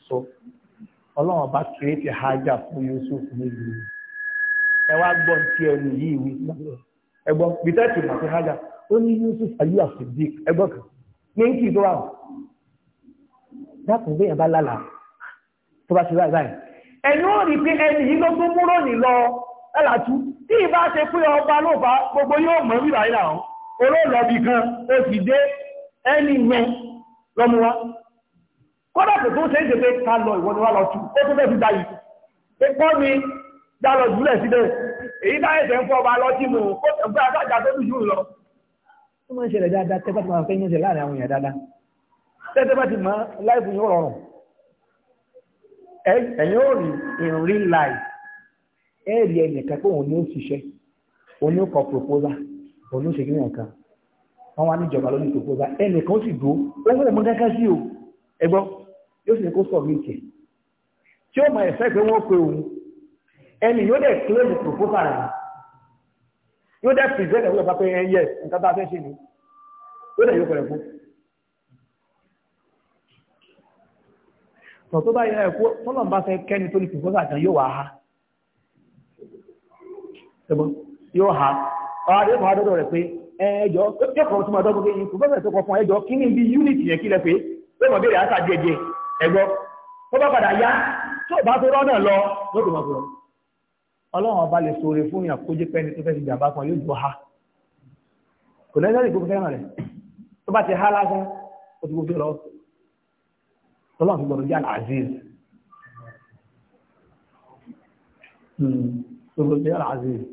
so ọlọ́wọ́n bá kìrìtì hajjá fún Yusuf níbi ẹwà gbọ́n tí ẹnu yìí wí ẹgbọ́n bìtẹ́tì màtí hajjá ó ní Yusuf ayé àfìdí ẹgbọ́n kan ní kí tó wà dákùn bẹ́yẹn bá lálàá tó ti báyìí báyìí ẹ̀yìn ó rí pé ẹni yìí tí ìbá ṣe pé ọba ló bá gbogbo yóò mọ̀ wíwà ìlà ọ̀hún olóòlọ́bì kan ó fi dé ẹni yẹn lọ́múwá kọ́dà tó tó ṣe é ṣe pé ká lọ ìwọ́n ni wá lọ tú ó tó fẹ́ fi dá yìí pé pọ́ mi dá lọ jùlẹ̀ síbẹ̀ èyí bá ẹ̀sẹ̀ ń fọ́ ọba lọ sí mu ó tẹ̀gbẹ́ àtàjà tó dùn jù lọ. ó máa ń ṣẹlẹ̀ dáadáa tẹ́gbà tó máa fẹ́ yín ṣe láàrin àwọn èèyàn dáadáa tẹ́tẹ́ bá ti mọ láìpù yóò rọrùn ẹ̀yìn ò rí life ẹ rí ẹnìkan pé òun ni ó ṣiṣẹ́ òun ni ó kọ proposal òun ni ó ṣe kí nìkan wọn wá níjọba lórí proposal ẹnìkan ó sì dúró wọn fẹ́ẹ̀ mú kankan sí o ẹ gbọ́ yóò sì ní kó sọ mí kẹ tí ó mọ ẹsẹ pé wọn pe òun ẹnì yóò dẹ claim proposal rẹ yóò dẹ present ẹwúrẹ pápẹ ẹ yẹ nǹkan tá a fẹ́ ṣe ni yóò dẹ yóò pẹrẹ fún. tọ́tọ́ báyìí ẹ̀kọ́ tọ́lọ́mbà fẹ́ kẹ́ni tó ní proposal kan yóò wá ha ẹgbọ́n yóò ha ọ̀rọ̀ yóò ha dọ́dọ̀ rẹ̀ pé ẹjọ́ kẹ́kọ̀ọ́ tó máa dọ́gbọ́n kéyìn kò fẹ́fẹ́ tó kọ fún ẹjọ́ kí ní bí unity yẹn kí lẹ pé pé mọ̀ béèrè àṣà díẹ̀ díẹ̀ ẹgbọ́ tó bá padà yá tó bá tó rọ́nà lọ lóòtú máa fọ̀rọ̀ ọlọ́run ọba lè sóore fún yàn kó jẹ́ pẹ́ni tó fẹ́ ti jàmbá kan yóò jọ ha kò lẹ́sẹ̀ lè gbogbo fẹ́ràn rẹ̀ tó bá ti há lásán ó ti gbogbo lọ ọlọ́run ti gbọdọ̀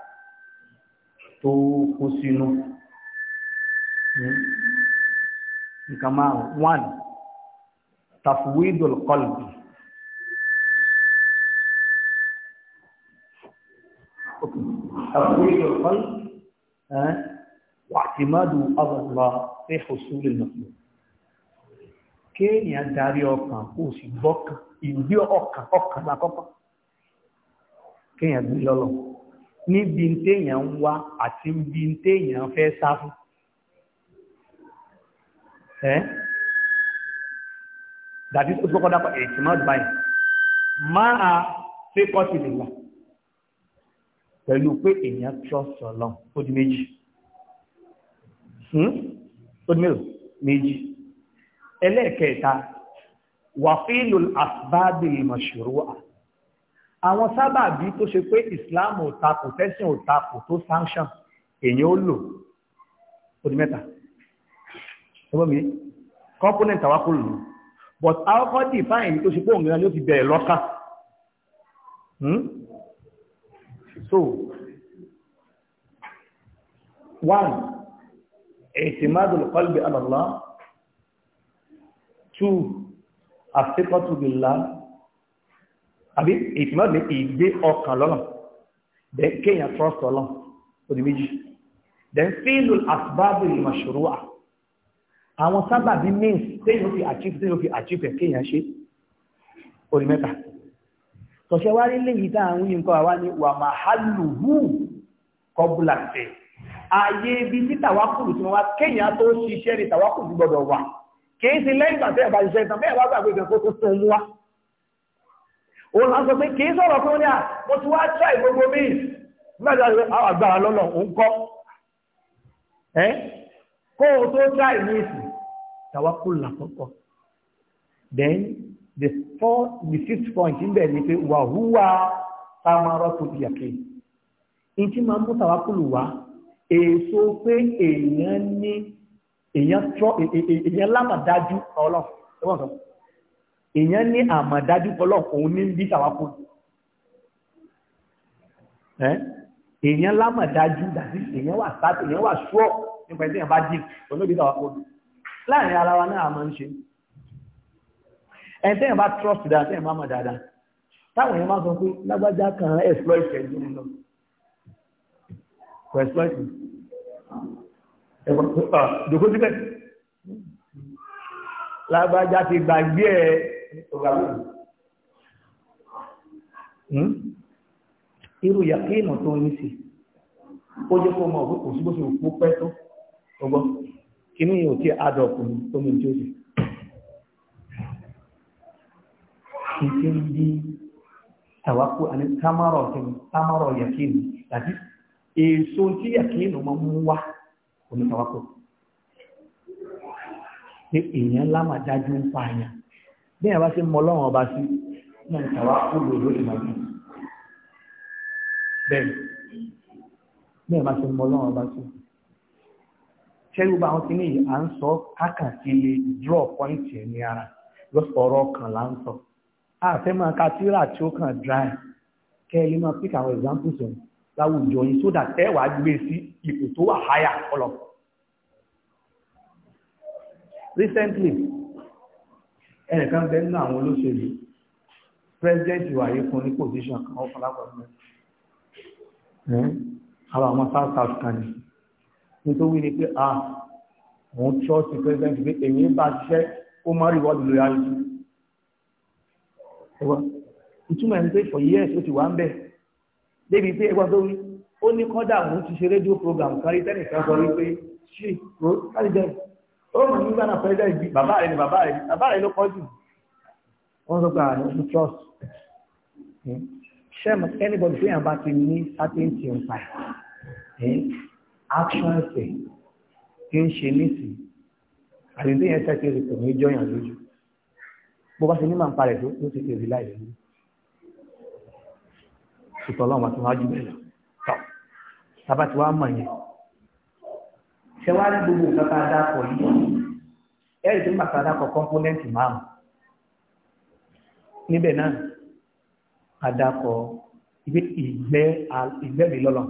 tó kó sínú hmm? nǹkan márùn one tafwidul qalbi tafwidul qalbi wàtímádù ọ̀rọ̀lọ́ pé òṣùlù lọ́pọ̀ kéèyàn darí ọkàn kó sì gbọ́kàn ìgbé ọkàn ọkàn lákọ́kọ́ kéèyàn gbé lọ́lọ́wọ́ níbi téèyàn ń wá àti níbi téèyàn fẹ́ sá fún ẹ́ dàbí tó gbọ́kọ́ dápọ̀ ètìmọ́ báyìí máa fẹ́ kọ́tì nìlà pẹ̀lú pé èèyàn trust ọlọ́run ó di méjì hmm? ó di méjì ẹlẹ́ẹ̀kẹta wàfíìlù àsìbáàbì mọ̀ṣúrúwà àwọn sábàbí tó ṣe pé islam ò takò tẹ́sìn ò takò tó sanction èyàn ó lò ó di mẹ́ta ẹgbọ́n mi component àwa kò lò but àwọn kan define tó ṣe pé òun ni ó ti bẹ̀rẹ̀ lọ́kà hmm? so one i'timadul qalbi ala Allah two àfikọ́tù billah àbí ìtìmọ́lì ìgbé ọkàn lọ́nà then kéèyàn trust ọlọ́n òdì méjì then fílù asbábù ìmọ̀ṣòrúwà àwọn sábàbí means téèyàn fi achieve téèyàn fi achieve ẹ̀ kéèyàn ṣe òdì mẹ́ta tọ̀ṣẹ́ wá rí léyìí tá àwọn yìí nǹkan wá ní wà máa hálù hù kọbùlà tẹ̀ ààyè ibi tí tàwákùlù tí wọ́n wá kéèyàn tó ṣiṣẹ́ ní tàwákùlù gbọ́dọ̀ wà kì í sí lẹ́yìn ìgbà tẹ́ ẹ̀ bá ṣiṣẹ́ ìtàn bẹ́ẹ̀ wá gbàgbé ìgbà tó tó tó ń òun náà sọ pé kì í sọ̀rọ̀ fún ní à mo ti wá try gbogbo means mẹ́ta ṣe àwọn àgbàrá lọ́nà òun kọ́ ẹ́ kó o tó try means tàwa kú làkọ́kọ́ then the four the fifth point ń bẹ̀ ni pé wàhúwà samarọ́ tó di àké ìtì máa mú tàwa kú lù wá èso pé èèyàn ní èèyàn lámàdájú ọlọ́run ẹ̀wọ̀n kan èèyàn ní àmọ̀dájú pọ́lọ́pọ̀ òun ní bí tàwákò èèyàn lámọ̀dájú dàbí èèyàn wà sáàtì èèyàn wà ṣúọ̀ nípa ẹ̀sìn àbá jì olóbi tàwákò láàrin ara wa náà máa ń ṣe ẹ̀ńtẹ́yìn bá trust dáadáa tẹ́yìn bá mọ̀ dáadáa táwọn èèyàn máa sọ pé lágbájá kan exploit ẹ̀ nínú kò exploit ẹ̀gbọ́n jòkó síbẹ̀ lágbájá ti gbàgbé ẹ̀ Hmm? irú yàkínà tó ní sí ó jẹ́ kó mọ òkú kò sí bó ṣe òkú pẹ́ tó ọgbọ́ kínú yìí ò tí àádọ́ ọkùnrin tó ní tí ó sì kì í ń bí tàwákù àní támọ́rọ̀ tó ní támọ́rọ̀ yàkínà àti èso tí yàkínà máa mú wá òní tàwákù ní èèyàn lámàdájú ń pa àyàn bí ẹ̀ bá ṣe mọ ọlọ́run ọba sí ní ìtàwá kúrò lórí màdùn bẹ́ẹ̀ bí ẹ̀ bá ṣe mọ ọlọ́run ọba sí ṣẹ́rú bá wọn ti ní à ń sọ kákàtí lè draw point ẹ̀ ní ara lọ́sọ̀rọ̀ kan là ń sọ àfẹ́ máa ka tíra tí ó kàn dry kẹ́ ẹ lè máa pick àwọn examples ọ̀hún láwùjọ yìí sódà tẹ́wàá gbé sí ipò tó wà higher ọlọ́pàá recently ẹnìkan bẹ nínú àwọn olóṣèlú president wàyí fún ní position kan ó fún lápapọ̀ àwọn àwọn south african ní tó wí ni pé a ah, òun trust president pé èmi bá ṣiṣẹ́ ó máa reward loyalty ẹwà ìtumọ̀ ẹni pé for years ó ti wà ń bẹ̀ débi pé ẹgbọ́n tó wí ó ní kọ́dà òun ti ṣe rédíò program kárí tẹ́nìkan sọ wípé ṣì kárí jẹ́ ó mọ̀ nígbà náà fẹ́ dẹ́ẹ̀dì bàbá rẹ̀ ni bàbá rẹ̀ ni bàbá rẹ̀ ló pọ̀ jù wọ́n sọ pé àwọn ah, ọdún trust hmm. ṣẹ́mu anybody fi hàn bá ti ní certainty ń pa action ṣe kí ń ṣe nísìnyí àdìdí yẹn ṣe kiri kò ní jọyàn lójú bó bá ṣe ní màá ń parẹ̀ tó ló ti kiri láì lójú ṣùtọ̀ ọlọ́run àti wọn bẹ́ẹ̀ lọ tọ́ tábà tí mọ̀ yẹn ṣe wá ní gbogbo nǹkan tá a dápọ̀ yìí ẹ̀rì tó ń bàtà dápọ̀ kọ́ńpónẹ́ǹtì márùn níbẹ̀ náà a dápọ̀ ìgbẹ́ ìgbẹ́ mi lọ́lọ́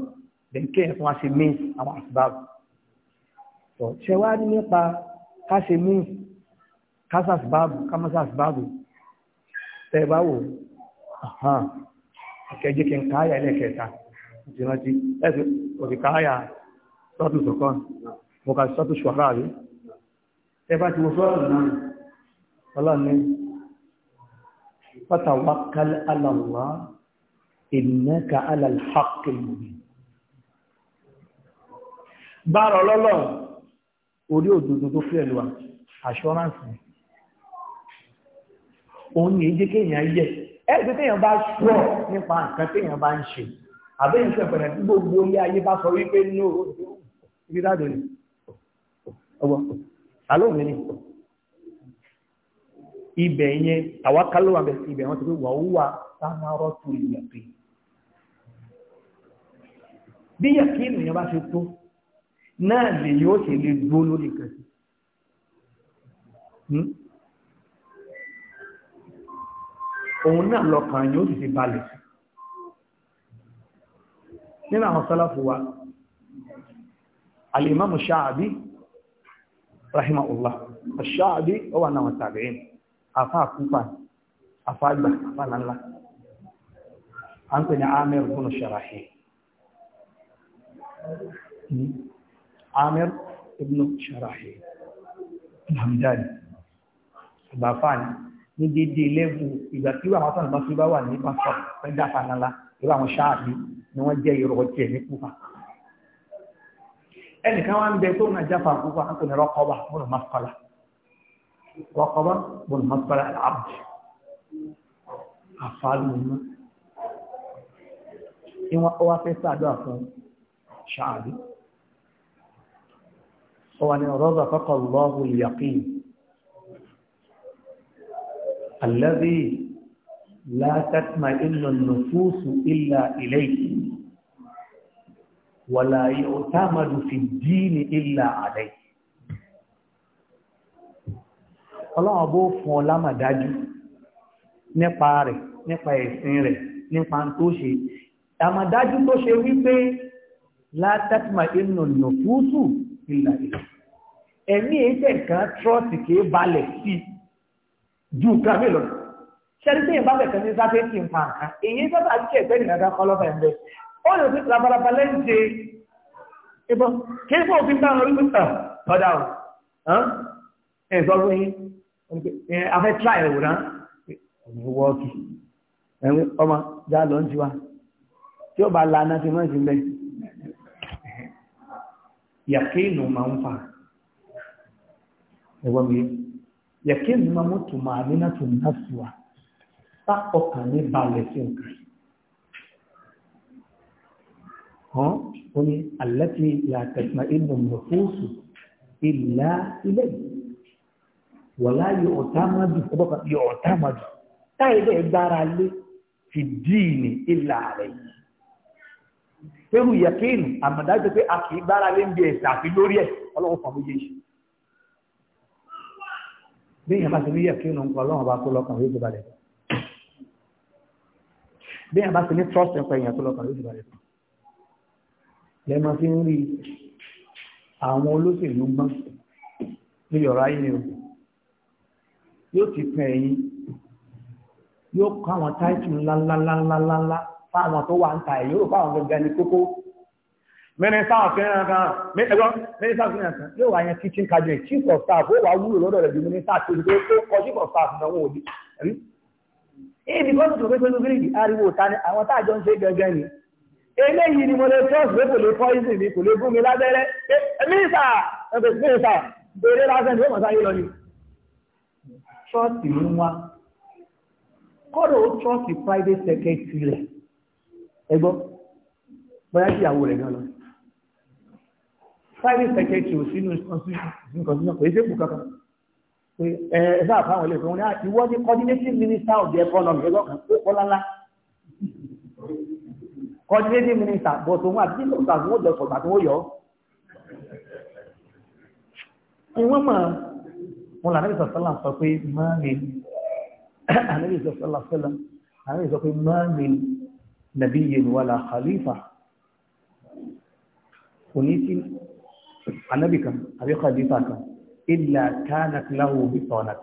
bẹ̀ǹkẹ́ ẹ̀fọn a ṣe míì àwọn àṣìbáàbù ṣe wá ní nípa ká ṣe míì ká ṣàṣìbáàbù ká mọ́ ṣàṣìbáàbù tẹ́ ẹ bá wò ẹ̀kẹ́ jẹ́ kí n káyà ẹlẹ́kẹ̀ẹ́ta ìrántí ẹ̀sìn òdìkáyà sọ́tù sọ̀kan mo kà sọ́tù ṣọ̀rá rí ẹ bá ti mo sọ́rọ̀ náà ọlọ́ni fatawakkal ala Allah innaka ala al-haqqil mubin bára ọlọ́lọ́ orí òdodo tó fi ni òun kéèyàn yẹ ẹ̀sìn téèyàn bá sọ nípa nǹkan téèyàn bá ń ṣe àbẹ́yìn sọ gbogbo ilé ayé bá sọ wípé ní òun dídádò ni ọgbọ alóhùn mi ni ibẹ̀ yẹn àwa kálọ wà bẹ ibẹ̀ wọn ti pé wàá wà sámárọ tó ìyàpè bí yàkí ènìyàn bá ṣe tó náà lèyìn ó ṣe lè gbó lórí nǹkan sí hmm? òun náà lọkàn yóò sì ti balẹ̀ nínú àwọn sálàfù wa alimamu ṣáàbí rahimahullah ṣáàbí ó wà náà tàbíin afá àkúfà afá àgbà afá lánlá a ń pè ní amir bunu sharahi hmm? amir ibnu sharahi alhamdani ìgbàfáàni ní dédé lẹ́bù ìgbà tí wọ́n sọ̀rọ̀ bá fi bá wà ní pásọ̀ pẹ́ńdà fanala ìwà àwọn ṣáàbí ni wọ́n jẹ́ ìrọ̀ ọ̀tí ẹ̀ ní kúfà ẹni ká wá ń bẹ ń bẹ tó náà jáfa àkókò àkókò ní rọ́kọ́bà bọ́nà mọ́sọ́lá rọ́kọ́bà bọ́nà mọ́sọ́lá àbùjì àfàlùmọ́ ìwọ́n ọwá fẹ́ sàdúrà fún ṣáàbí ọwà ni rọ́bà kọ́kọ́ fe sado fun saabi owa ìyàkín alladhi la tatma'innu an-nufus illa ilayhi wàlá yóò táàmàdù fi díìnì ìlà àlẹ́ ọlọ́run bó fún ọ lámàdájú nípa rẹ̀ nípa ẹ̀sìn rẹ̀ nípa tó ṣe àmàdájú tó ṣe wípé látàtìmà inú nùfúsù ìlà ìlà ẹ̀mí ẹ̀jẹ̀ kan trọ́ọ̀tì kìí balẹ̀ sí ju kan mélòó ṣẹ́ni tí ìbálẹ̀ kan ní sáfẹ́ ti ń pa nǹkan èyí sábà jẹ́ ìfẹ́ nìkan kọ́ lọ́fẹ̀ẹ́ ó lè fi labalaba lẹ́yìn ṣe ìbọn kí fún òfin bá wọn rí pípa ọ̀dà ọ̀ ẹ̀ sọ fún yín afẹ́ tíra ẹ̀wò náà òní wọ́ọ̀kì ẹ̀wọ̀n ọmọ já lọ ń tiwa tí ó bá lana ti mọ́ ìsinmi yàkínù máa ń fa ẹ̀wọ̀n mi yàkínù máa mú tùmọ̀ àmínà tùmọ̀ náà sí wa tá ọkàn ní balẹ̀ sí nǹkan hàn ó ní àlẹ́tì làtẹ̀sán ìlú nùfúùsù ìlà ilé wọ̀lá yóò ọ̀tá máa dùn ọ̀bọ̀ kan yóò ọ̀tá máa dùn táyé bẹ́ẹ̀ gbára lé fi díìnì ìlà rẹ̀ yìí. Fẹ́rù yẹ̀kínù àmọ̀dájú pé a kì í gbára lé ń bí ẹ̀sà àfi lórí ẹ̀ ọlọ́run fún méjèèjì. Bí èèyàn bá ti ní yẹ̀kínù nǹkan ọlọ́run bá kó lọ́kàn ló ti balẹ̀. Bí èèyàn bá ti ní trust lẹ́mọ tí ń rí àwọn olóṣèlú gbọ́n ní yọ̀rọ̀ ayé o yóò ti pẹ̀ ẹ̀yìn yóò kọ́ àwọn táìtù ńláńláńláńláńlá fáwọn tó wà ń ta ẹ̀ yóò fáwọn gbẹgbẹ ní kókó mínísà ọ̀fẹ́ràn kan ẹgbọ́n mínísà ọ̀fẹ́ràn kan yóò wá yẹn kitchen cabinet chief of staff ó wàá wúlò lọ́dọ̀ rẹ̀ ju mínísà tó ti pé ó kọ chief of staff náà wọ́n ò dé rí. ibi kọ́ńtù tó pé pé ló gírígì ariwo ta ni àwọn táàjọ ń ṣe gẹ́gẹ́ ni eléyìí ni mo lè trust pé kò lè poison mi kò lè gún mi lábẹ́rẹ́ mínísà ẹgbẹ́ mínísà bèrè lásán ni ó mọ̀ sáyé lọ ni. trust ló ń wá kọ́dọ̀ ó trust private secretary rẹ̀ ẹ gbọ́ bóyá kí ìyàwó rẹ̀ gan lọ. private secretary ò sínú constitution kò yẹ sépù kankan pé ẹ ẹ sáà fáwọn ilé ìfowópamọ́ ah, ìwọ́n ní coordinating minister of the economy ẹgbẹ́ kan ó kọ́ lálá coordinating minister bọ̀ tó wọn àti nígbà tí wọ́n lọ sọ̀gbà tí wọ́n yọ. ìwọ́n mọ̀ wọn lànà ìsọ̀ sọ́là sọ pé máa mi ànà ìsọ̀ sọ́là sọ́là ànà ìsọ̀ pé máa mi nàbí yẹn wàlà khalifa kò ní sí anabi kan àbí khalifa kan ilà kánat lahu bí sọ̀nà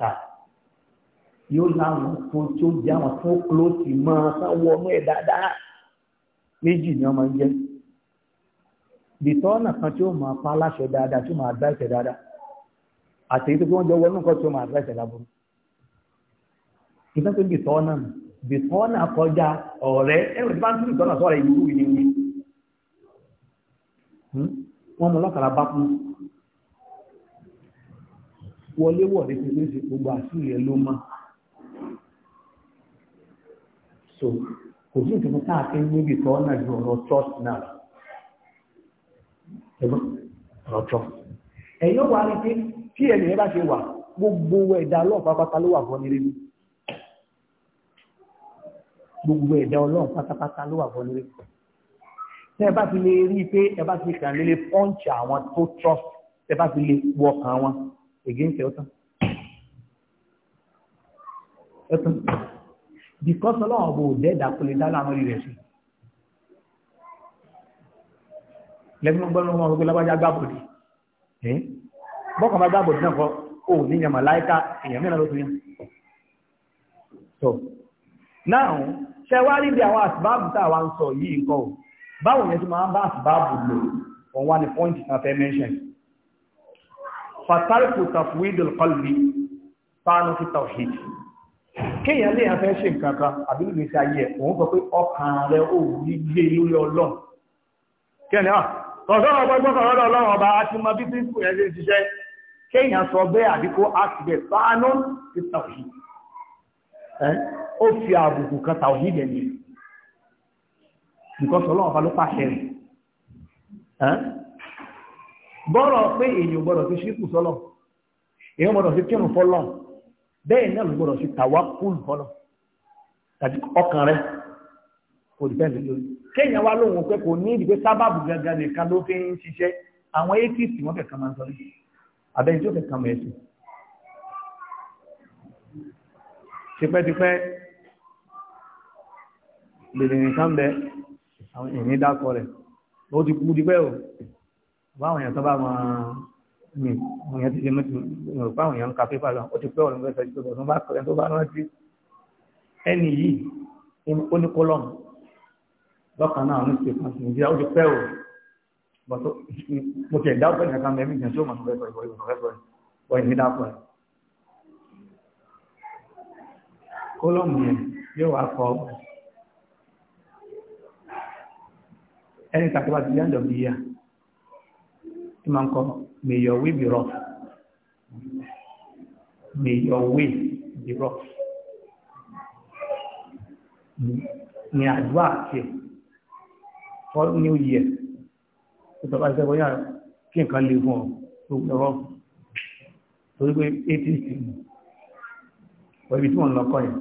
yóò láwọn tó tó jẹ́ àwọn tó kúló máa sáwọ́ ọmọ ẹ̀ dáadáa méjì ni ọmọ ń jẹ́ bìtọ́nà kan tí ó máa pa aláṣẹ dáadáa tí ó máa advice dáadáa àti èyí tó fi wọ́n jọ wọnú nǹkan tí ó máa advice láburú ìtàn pé bìtọ́nà bìtọ́nà kọjá ọ̀rẹ́ ẹ̀rọ tí bá ń tún bìtọ́nà sọ̀rọ̀ ìlú ìlú ìlú hmm? wọ́n mú lọ́kàrà bá kú wọlé wọ̀dé tí ó ṣe gbogbo àṣírí ẹ̀ ló máa so kò sí ìtumọ̀ tá a fi níbi tó ọ̀nà ju ọ̀rọ̀ trust náà ẹ̀gbọ́n ọ̀rọ̀ trust ẹ̀yọ́ wa rí pé tí ẹnìyẹn bá ṣe wà gbogbo ẹ̀dá ọlọ́run pátápátá ló wà fọ́ nílé gbogbo ẹ̀dá ọlọ́run pátápátá ló wà fọ́ nílé tí ẹ bá fi lè rí i pé ẹ bá fi kàn nílé pọ́ǹchì àwọn tó trust ẹ bá fi lè wọ ọkàn wọn ègé ń tẹ ọ tán ẹ tán because ọlọ́run bò dẹ́ẹ̀dà kò lè dá láàrin rẹ̀ sí lẹ́gbẹ̀ẹ́ gbọ́dọ̀ wọn gbé lábájá gbàbọ̀dì bọ́kàn bá gbàbọ̀dì náà kọ́ ó ní yan màláìka èèyàn mìíràn ló tún yàn so now ṣe wá níbi àwọn àsìbáàbù tá a wá ń sọ yìí nǹkan o báwo yẹn tí máa ń bá àsìbáàbù lò òun wá ní pọ́ǹtì náà fẹ́ mẹ́ṣẹ̀n fatarku tafwidul qalbi fáánù fi tawhid kéèyàn lè afẹ́ ṣe nǹkan kan àbí lè ṣe ayé òun sọ pé ọkàn rẹ ò ní gbé lórí ọlọ́run kéèyàn náà ah, tọ̀sán ọgbọ́ ẹgbọ́n kan lọ́dọ̀ ọlọ́run ọba àti mọ bí tí kò yẹn ṣe ń ṣiṣẹ́ kéèyàn sọ bẹ́ẹ̀ àbí kó ask bẹ́ẹ̀ sáánú ti tàwí ó fi àbùkù kan tàwí dẹ̀ ní nǹkan sọ ọlọ́run ọba ló pàṣẹ rẹ̀ bọ́rọ̀ pé èèyàn gbọ́dọ̀ fi ṣíkù sọ́lọ̀ èèyàn gbọ́dọ̀ fi kírun fọ́lọ́run bẹ́ẹ̀ náà ló gbọ́dọ̀ sí tàwákùl fọ́nà tàbí ọkàn rẹ kò dìpẹ́ǹdì lórí kéèyàn wá lóhun pé kò ní ìdìpé sábàbù gangan nìkan ló fi ń ṣiṣẹ́ àwọn atheist wọ́n fẹ́ kan máa ń sọ yìí àbẹ́yìn tí ó fẹ́ kan mọ̀ ẹ̀sìn tipẹ́tipẹ́ lèdìrín kan bẹ àwọn ìní dákọ rẹ̀ ó ti kú dípẹ́ o báwọn èèyàn tó bá máa mi àwọn èèyàn ti lè mọ́tò ìrìn òpá àwọn èèyàn ń ka pépà lọ ó ti pẹ́ ọ̀rọ̀ mẹ́fẹ́ tó bọ̀ tó bá rántí ẹni yìí ó ní kọ́lọ́mù lọ́kàn náà ní ṣe kan nàìjíríà ó ti pẹ́ o bọ́tò mo ti ẹ̀dá ọ̀pẹ́ nìkan mẹ́mí ìjẹun tí ó mọ̀ ní ọ̀rẹ́ pẹ̀lú ọ̀rẹ́ pẹ̀lú ọ̀rẹ́ ní dáàpọ̀ rẹ̀ kọ́lọ́mù yẹn yóò May your way be rough. May your way be rough. Ní àdúrà àti for new year. Ìtọ́ka ṣe bóyá kí nǹkan lè fún ọ tó rọ́. Torí pé 18 ni. Wọ́n ibi tí wọ́n lọ kọ́ yẹn.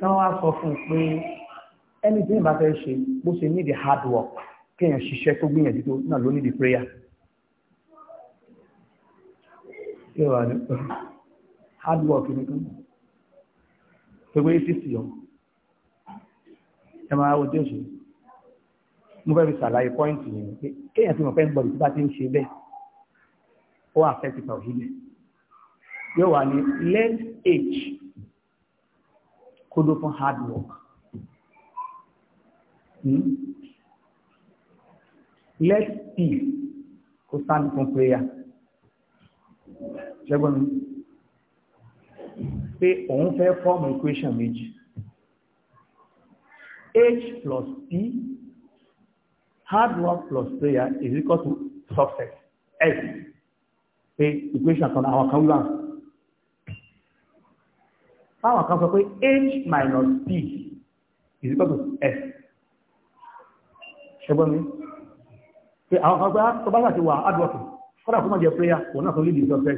Táwọn wá sọ fún un pé anything bá fẹ́ ṣe, bó ṣe need hard work, kéèyàn ṣiṣẹ́ tó gbìyànjú tó náà ló need prayer. kí wà ní hard work nìkan pẹ̀lú ìsìsì ọ̀ ẹ máa wo tí ó ṣe mo fẹ́ fi ṣàlàyé pọ́ìntì yẹn pé kéèyàn fi mọ̀ pé ń gbọ́dọ̀ tí bá ti ń ṣe bẹ́ẹ̀ ó wà fẹ́ ti tàwọn ìbẹ̀ yóò wà ní let h kó ló fún hard work hmm? let p kó stand fún prayer ṣẹ́gbọ́n mi pé òun fẹ́ fọ́ọ̀mù equation méjì h plus p hard work plus prayer is equal to success s. pé equation kan àwọn kan wíwá àwọn kan sọ pé h minus p is equal to s ṣẹ́gbọ́n mi pé àwọn kan gbá tó bá ṣàti wà hard working kọ́dà kó má jẹ prayer wọn náà sọ lídìí sọfẹ́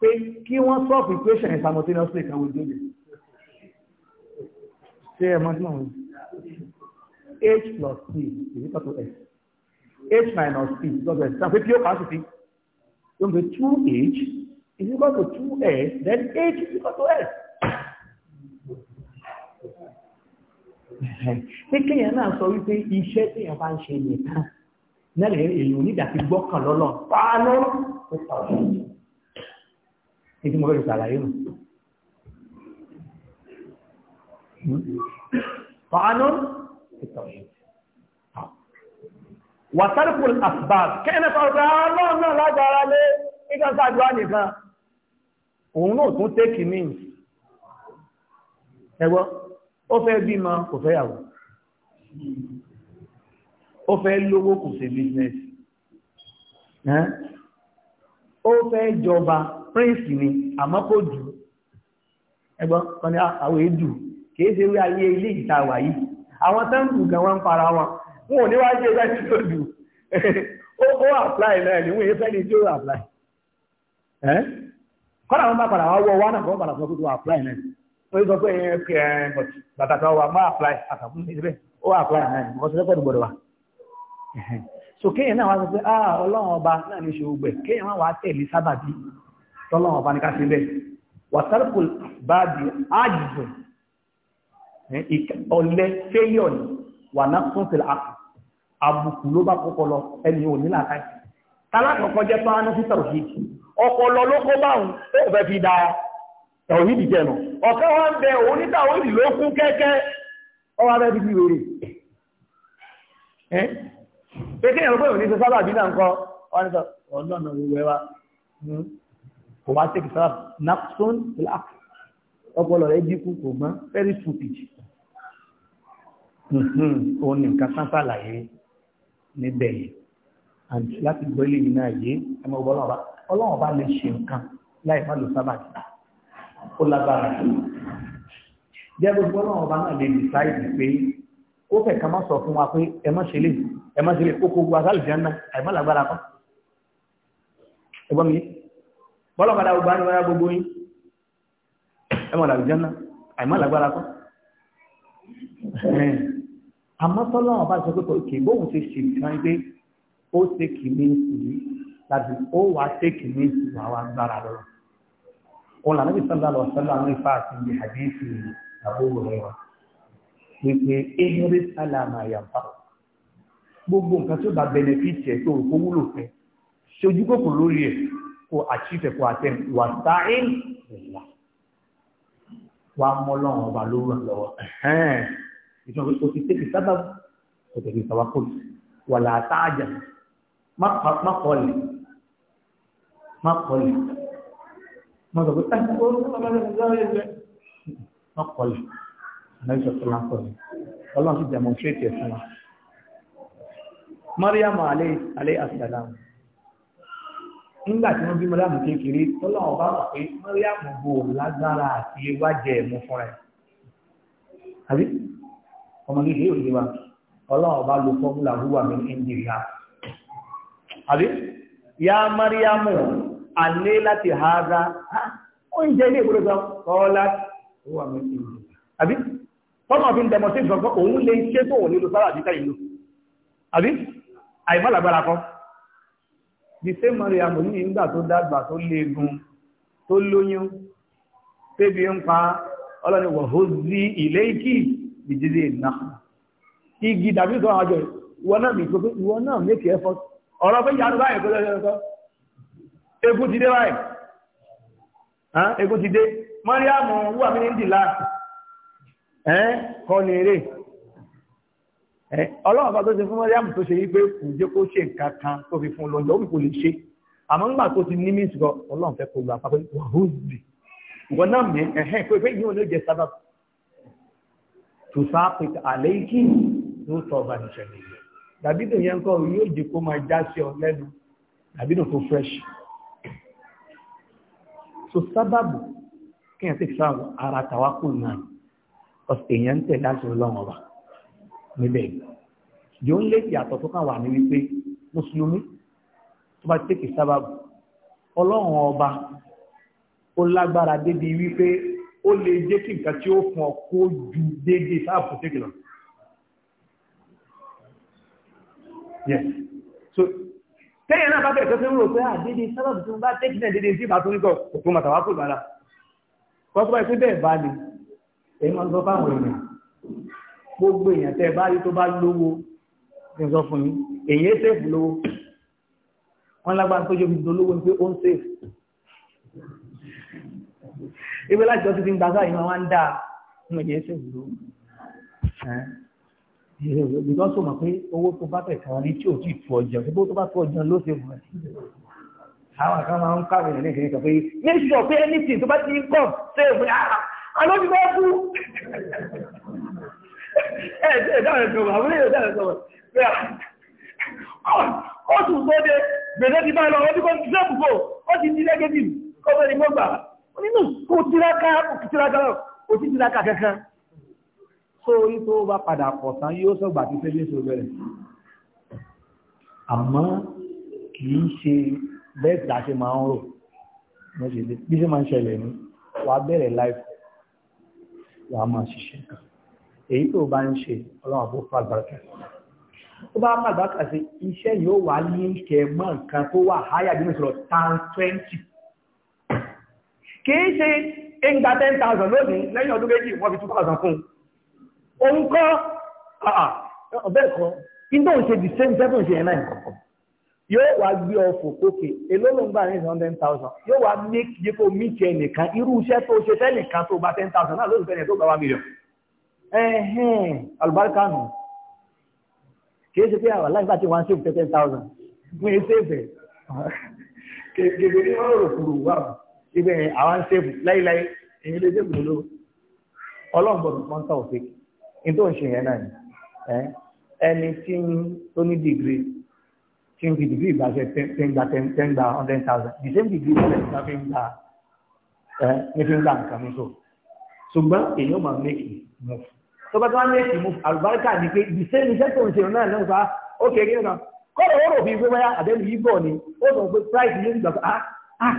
pé kí wọ́n solve equation in simultaneously kan wọ́n dóde ṣé ẹ máa ń h plus p is equal to s h minus p is equal to s ṣàpé pí ó kà á sì fi yóò fi two h is equal to two s then h is equal to s. pé kéèyàn náà sọ wípé iṣẹ́ téèyàn bá ń ṣe nìkan nẹ́lẹ̀ èyí onídàtí gbọ́kàn lọ́lọ́ pàánú ó sàrọ̀ èyí mo fẹ́ sàlàyé nù pàánú ó sàrọ̀ wàtàrùkù àfbàb kẹ́ẹ̀nà sọ̀rọ̀ ọlọ́run náà lágbára lé nǹkan sáàdúrà nìkan òun náà tún tẹ́kì ní ẹgbọ́ ó fẹ́ bímọ kò fẹ́yàwó ó fẹ́ lówó kò ṣe business ó fẹ́ jọba prince ni àmọ́ kò ẹgbọ́n kan ní ah, àwọn èdù kìí ṣe wí ayé ilé ìta wà yìí àwọn tó gan wọn ń para wọn wọn ò ní ẹgbẹ́ tí ó ó apply náà ni wọn èyí fẹ́ ni tí ó apply kọ́nà wọn bá padà wá wọ wọn náà padà sọ pé apply náà sọ pé bàtà wà so kéèyàn náà wá sọ pé ah ọlọ́run ọba náà ní ṣe ogbẹ̀ kéèyàn wá wá tẹ̀lé sábàbí tọ́lọ́run ọba ní ká ṣe bẹ́ẹ̀ wàtàrùkù báàbí áàjùzù ọ̀lẹ́ fẹ́líọ̀ ni wà náà fún fìlà àbùkù ló bá kọ́kọ́ lọ ẹni ò nílà pé kí èèyàn pé òní ṣe sábà bí náà ń kọ́ wọ́n ní sọ ọlọ́nà gbogbo ẹwà hmm. kò wá tẹ́kì sábà napson black ọpọlọ rẹ̀ dínkù kò gbọ́n very stupid hmm. òun ní nǹkan sáńsà làyé níbẹ̀ yìí àti láti gbọ́ ilé yìí náà yé ẹmọ ọgbọ́n ọba ọlọ́run bá lè ṣe nǹkan láì má lò sábà jù ó lágbára jẹ́ gbogbo ọlọ́run ọba náà lè dìsáìdì pé ó fẹ̀ ká má sọ fún wa pé ẹ má ṣe lè ẹ má ṣe lè kókó gbogbo àgbà lùjẹ́ ńlá àìmọ́ làgbára kan ẹgbọ́n mi bọ́lá padà gbogbo àyè wáyà gbogbo yín ẹ má làgbára ńlá àìmọ́ làgbára kan àmọ́ sọ pé kì í bóun ṣe ṣe wípé ehris alama yàtọ̀ gbogbo nǹkan tí ó bá benefit ẹ̀ tó kó wúlò fẹ́ ṣojú kòkò lórí ẹ̀ kó achieve ẹ̀ kó attend wà sáìn ìlà wà mọ́lọ́run ọba ló ràn lọ́wọ́ ìṣòro tó ti tẹ́kì sábà kò tẹ̀lé sábà kò sí wà látàjà má kọ́lẹ̀ má kọ́lẹ̀ má sọ pé ẹ má kọ́lẹ̀ àlẹ́sọ̀ tó máa ń sọ̀rọ̀ ọlọ́run ti demonstrate ẹ̀ fún wa Maryam alayhi assalam nígbà tí wọ́n bí Maryam kékeré tọ́lọ́run bá mọ̀ pé Maryam bò lágbára àti lè wájẹ ẹ̀mú fúnra ẹ̀ àbí ọmọ kékeré ò lè wa ọlọ́run bá lo fọ́múlà wúwà mi ní India àbí ya Maryam alẹ́ láti ha ra oúnjẹ ilé ìgbòrògbà kọ́ láti mi ní India tọ́mọ̀ fi ń demonstrate sọ pé òun lè ṣe tó òun nílò sára àbíká ìlú àbí àìmọ́làgbára kọ́ the same maria mo ní ìgbà tó dàgbà tó léegun tó lóyún tébí ń pa ọlọ́ni wọ̀hózí ilé ikí ìdílé náà igi dàbí sọ àjọ ìwọ náà mi pé ìwọ náà make effort ọ̀rọ̀ pé yàrá báyìí kọjá ẹ̀rọ sọ egun ti dé báyìí egun ti dé maria mo wà mí ní ìdílá ẹ́n kọ́ ni eré ọlọ́run tó ṣe fún tó ṣe ṣe nǹkan kan tó fi fún lọ́jọ́ òun lè ṣe àmọ́ nígbà tó ti ní mísìkọ ọlọ́run fẹ́ kó lu wà ó zì ìwọ náà mi ẹ̀hẹ́n pé pé yíwọ̀n ló jẹ sábà tó sá àlẹ́ kí ló sọ ọba nìṣẹ̀lẹ̀ yẹn kọ́ fresh so sábàbù kí ti èèyàn ń tẹ̀lé àṣẹ ọlọ́run ọba níbẹ̀ yóò ń lé ìyàtọ̀ tó kàn wà ní wípé mùsùlùmí tó bá tẹ̀kì sábàbù ọlọ́run ọba ó lágbára débi wípé ó lè jẹ́ kí nǹkan tí ó fún ọ kó ju déédéé sáàbù tẹ̀kì lọ. yes so tẹ́yìn náà bá bẹ̀rẹ̀ tó ń rò pé àdédé ah, sábàbù tó ń bá tẹ̀kì náà déédéé sí ìbátan nígbà kò tó màtàwá kò gbára kọ́sọ́ báyìí pé bẹ́ẹ̀ bá ní èyí máa ń sọ fáwọn èèyàn gbogbo èèyàn tẹ́ bá rí tó bá lówó ní sọ fún yín èyí é sèfù lówó wọn lágbára tó yọbi dolówó ni pé ó ń sèfù ibi láti ọtí ti ń gbàgbá yìí máa ń dà ọmọ èyí é sèfù lówó ìgbà sọ ma pé owó tó bá tẹ̀ kàn ní tí ò tí tu ọjà ìbò tó bá tu ọjà ló ṣe fún ẹ àwọn kan máa ń kàwé ní kékeré kan pé make sure pé anything tó bá ti ń kọ́ sèfù yàrá alóbi bá kú ẹ̀ẹ́dẹ́ ìdáhùn ẹ̀sọ̀rọ̀ àwọn èèyàn ìdáhùn ẹ̀sọ̀rọ̀ ó tún tó dé gbèdé ti bá lọ ọdún kan ṣe bùkó ó ti di lẹ́gẹ́dì kọ́fẹ́ ni gbọ́gbà nínú kò tiraka kò tiraka kò ti tiraka kankan tó yí tó bá padà pọ̀ tán yóò sọ̀gbà tí fẹ́ bí èso bẹ̀rẹ̀ àmọ́ kì í ṣe bẹ́ẹ̀ tí a ṣe máa ń rò bí ṣe máa ń ṣẹlẹ̀ ní wàá bẹ̀rẹ̀ life wàá máa ṣiṣẹ́ kan èyí tó bá ń ṣe ọlọ́run àbó fún àgbàkà tó bá fún àgbàkà sí iṣẹ́ yóò wá ní ìkẹ́mọ́ nǹkan tó wà háyà bí mo sọ̀rọ̀ tan twenty kìí ṣe ìgbà ten thousand lónìí lẹ́yìn ọdún méjì wọ́n fi two thousand fún un òun kọ́ ọ̀bẹ́ kan ṣe the same seven ṣe ẹ̀ náà yóò wá gbé ọ̀fọ̀ kókè elólùmbà ní ìsan ten thousand yóò wá make yípo míkì ẹnìkan irú iṣẹ́ tó ṣe fẹ́nìkan tó gba ten thousand náà lóṣù fẹ́nìkan tó gba one million. ẹ̀hìn alùbáríkà nù kì í ṣe pé àwọn aláìsàn àti wọn ṣèwé ten thousand fún iṣẹ́ ìfẹ́ kèkèrè ní wọn rò kúrò wà ibẹ̀ àwọn ń ṣèwé láíláí èyí lè ṣèwé lóló ọlọ́gbọ̀dọ̀ kan tà òfin ní tó ń ṣe yẹn náà ẹni tí ó ní dìgírì tí ń fi degree gba ṣe ten gba ten gba hundred thousand the same degree náà ní fi ń gba ní fi ń gba nǹkan mi so ṣùgbọ́n èèyàn máa make it move tó bá tó bá make move àlùbáríkà ni pé the same iṣẹ́ tó ń ṣe náà náà fa ó kéré náà kọ́lọ̀ ó rò fi gbé wáyà àbẹ́lú yìí bọ̀ ni ó sọ pé price yóò gbà pé ah ah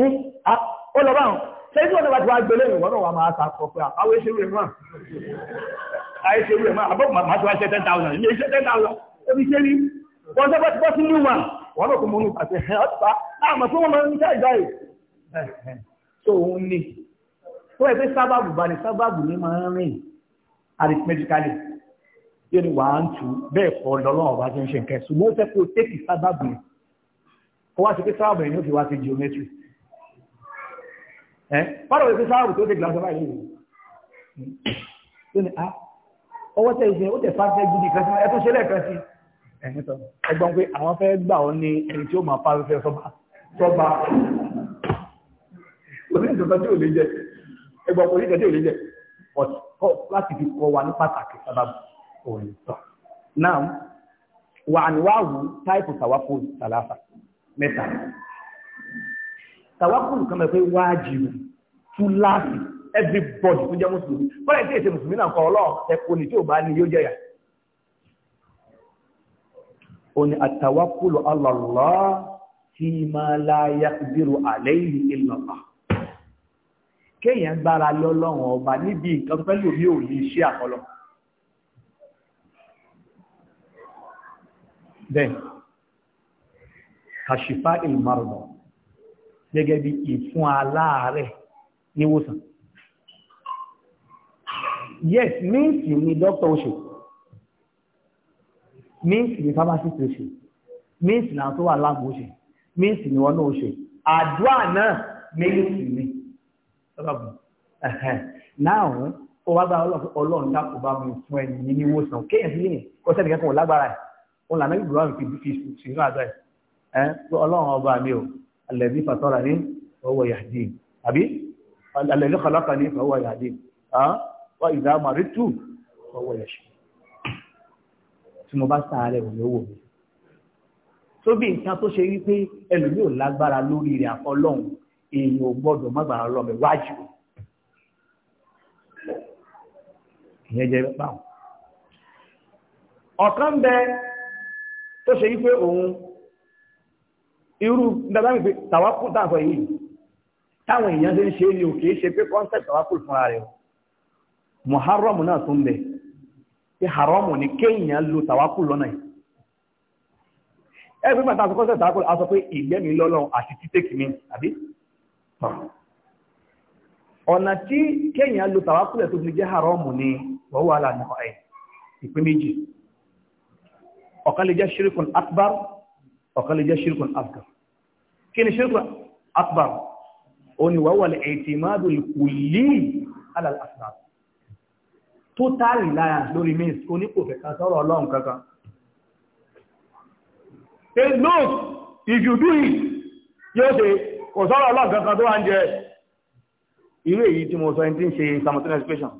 eh, ah ó lọ báwọn sẹ́yìn tí wọ́n bá ti wá gbélé ìwọ̀n náà wà máa ta sọ pé ah, àwọn ìṣerú rẹ̀ máa àìṣerú rẹ̀ máa àbọ̀ màá tó wá ṣe ten thousand ilé iṣẹ́ ten thousand ó fi ṣe rí wọ́n tẹ́ bá ti bọ́ sí new one wọ́n lọ́kùn mọ́nú àti ẹ̀ ọ́tà àmọ́ tí wọ́n máa ń tẹ́ ìdáyì tó òun ni tó ẹ pé sábàbù bá ní sábàbù ní máa ń rìn arithmetically yóò ní wàá ń tù bẹ́ẹ̀ kọ́ lọ́lọ́run ọba tó ń ṣe nǹkan ṣùgbọ́n ó fẹ́ kó tẹ́kì sábàbù yẹn kó wá sí pé sábàbù yẹn ló fi wá sí geometry ẹ pàdọ̀ wípé sábàbù tó dé gbàgbọ́ báyìí ló ní ah, ọwọ́ tẹ̀ ìṣe ó tẹ̀ fáfẹ́ gidi kan sí ẹ tó ṣe lẹ́ẹ̀kan sí i ẹ̀yìn sọ ẹgbọ́n pé àwọn fẹ́ gbà ọ ní ẹni tí ó máa pa fífẹ́ sọ́ba sọ́ba oníṣẹ́sọ́ tí ò lè jẹ ẹgbọ́n pé oníṣẹ́ tí ò lè jẹ ọ̀tọ̀ láti fi kọ́ wa ní pàtàkì sábàbù òní sọ. now wà ní wàhù táìpù tàwákù sàlàfà mẹ́ta tàwákù kan mẹ́ pé wájìbù túláàsì everybody tó jẹ́ mùsùlùmí fọ́lẹ̀ tí èsè mùsùlùmí náà kọ́ òní àtàwákùlù alàlá tí máa láyá ìbírò àlẹ́yìn ìlọ́pàá kéèyàn gbára lọ́lọ́run ọba níbi nǹkan pẹ́lú mi ò lè ṣe àkọlọ bẹ́ẹ̀ kàṣífà ìlúmọ̀rọ̀ gẹ́gẹ́ bí ìfún aláàárẹ̀ níwòsàn yes means you need doctor oṣù means ni pharmacist ṣe means ni àwọn tó wà láàbù ṣe means ni wọn náà ṣe àdúrà náà means ni ọlọ́bù now ó wá bá ọlọ́run dákò bá mi fún ẹni ní ìwòsàn kéèyàn sí yìnyín kó sẹ́ni kẹ́kọ̀ọ́ lágbára ẹ̀ òun làná ìgbòho àwọn ìfi fi sínú àgbà ẹ̀ ẹ̀ ọlọ́run ọba mi ò alẹ́bí fàtọ́ra ní ọwọ́ yàdí àbí alẹ́bí kọlọ́kà ní ọwọ́ yàdí wọ́n ìdá màrí tù ọwọ́ yàṣẹ́ tí mo bá sàárẹ̀ òun yóò wò mí tó bí nǹkan tó ṣe wípé ẹlòmí ò lágbára lórí rẹ̀ àfọlọ́hún èèyàn ò gbọ́dọ̀ má gbàrà lọ́mọ iwájú ìyẹn jẹ́ báwọn ọ̀kan bẹ tó ṣe wípé òun irú bàbá mi pé tàwákùn tàǹfọ̀ yìí táwọn èèyàn ṣe ń ṣe ni ò kìí ṣe pé concept tàwákùn fúnra rẹ̀ muharram náà tún bẹ̀ẹ́ pé haramu ni kéèyàn lo tàwákù lọ́nà yìí ẹgbẹ́ pàtàkì kọ́sẹ̀ tàwákù a sọ pé ìgbẹ́mi lọ́lọ́run àti títẹ́kì mi àbí ọ̀nà tí kéèyàn lo tàwákù lẹ̀ tó fi jẹ́ haramu ni wọ́wọ́ alànà ẹ̀ ìpín méjì ọ̀kan lè jẹ́ shirikun akbar ọ̀kan lè jẹ́ shirikun asghar kí ni shirikun akbar ó ní wọ́wọ́ al-i'timadu al-kulli ala total reliance lórí means onípòfẹ́ kan sọ́rọ̀ ọlọ́run kankan say no if you do it yóò ṣe kò sọ́rọ̀ ọlọ́run kankan tó wá ń jẹ irú èyí tí mo sọ ẹni tí ń ṣe simultaneous education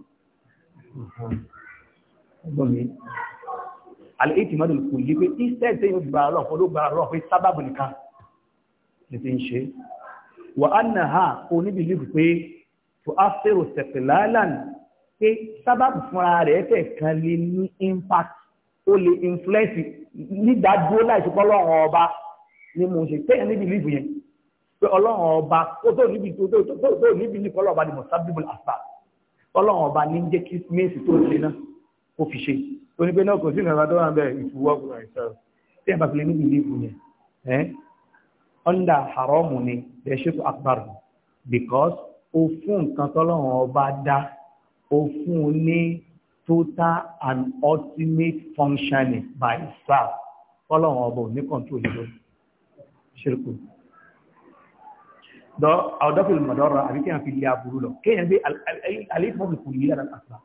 alẹ́ ètì mọ́dún kò yí pé instead tí yóò gbà ọlọ́run fún ló gbà ọlọ́run pé sábàbù nìkan ní ti ń ṣe wà á nà ha oníbìlì pé to after secular land pé sábàbù fúnra rẹ̀ fẹ̀ kan lè ní impact ó lè influence nídàádúró láìsí pé ọlọ́run ọba ni mo ṣe tẹ́yìn níbi ìlú yẹn pé ọlọ́run ọba ó tó níbi tó tó níbi ní ọlọ́run ọba ni mọ̀sábíbùl àṣà ọlọ́run ọba ní jẹ́ christmas tó ṣe náà kó fi ṣe tó ní pé náà kò sí ìrìnàmà tó wà ń bẹ ìfowópamọ́ àìsàn tí ẹ bá fi lè níbi ìlú yẹn ẹ́ under haramu ni the sheikh akbar because ó fún nǹkan tọ́lọ́run ọba dá ó fún un ní total and ultimate functioning by itself fọ́lọ́wọ́n ọba ò ní control lórí ṣírkù dọ́ àwọ̀dọ́fìlì mọ̀dọ́rọ̀ àbí kí n fi lé aburú lọ kí n fi àlẹ́fọ́fì kù yíyára àtàrà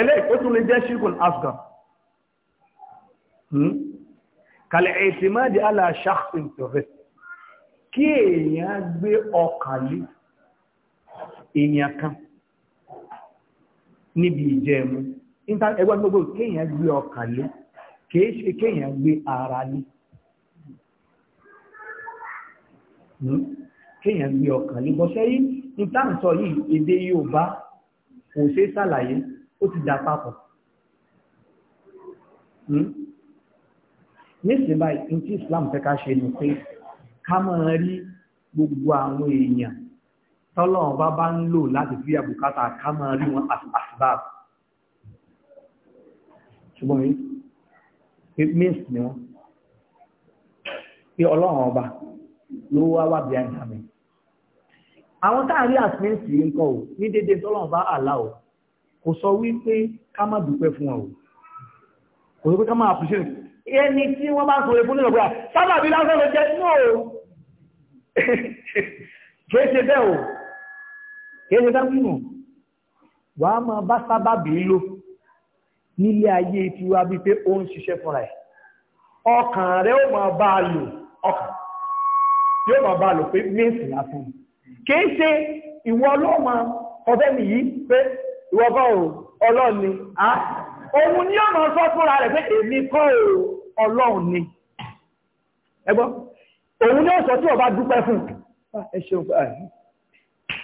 ẹlẹ́ẹ̀kó tún lè jẹ́ ṣírkù asgar hmm? kàlẹ̀ ìtìmáàdì aláṣàkùn tọ̀rẹ́ kí èèyàn gbé ọkàn lé èèyàn kan níbi ìjẹ́ ẹ̀mú ẹgbẹ́ gbogbo kéèyàn gbé ọkà lé ṣe kéèyàn gbé ara lé hmm? kéèyàn gbé ọkàn lé bọ́sẹ́ yìí ní táǹsọ yìí èdè bá kò ṣe é ó ti dà papọ̀ hmm? nísìnyí báyìí ní Islam fẹ́ ká ṣe ni pé gbogbo àwọn èèyàn tọ́lọ́run bá bá ń lò láti fi àbùkátà ká máa rí wọn asbab ṣùgbọ́n yìí means ni wọ́n pé ọlọ́run ọba ló wá wà bí àìsàn mi àwọn táàrí àsìmẹ́ǹsì yìí ń kọ́ ò ní dédé tọ́lọ́run bá àlá ò kò sọ wípé ká má dúpẹ́ fún ọ kò sọ pé ká má appreciate ẹni tí wọ́n bá sọ fún nílò pé sábàbí lásán ló jẹ́ náà o kì bẹ́ẹ̀ o kéde dákùnù wà á máa bá sábàbí lò nílé ayé tiwa bíi pé ó ń ṣiṣẹ́ fúnra ẹ̀ ọkàn rẹ̀ ó máa bá a lò ọkàn yóò máa bá a lò pé méèsì lásán kìí ṣe ìwọ ọlọ́mọ ọbẹ̀ nìyí pé ìwọ bá o ni á òun ni ó sọ fúnra rẹ̀ pé èmi kọ́ o ni ẹgbọ́n òun ni ó tí ọba dúpẹ́ fún ẹ ṣeun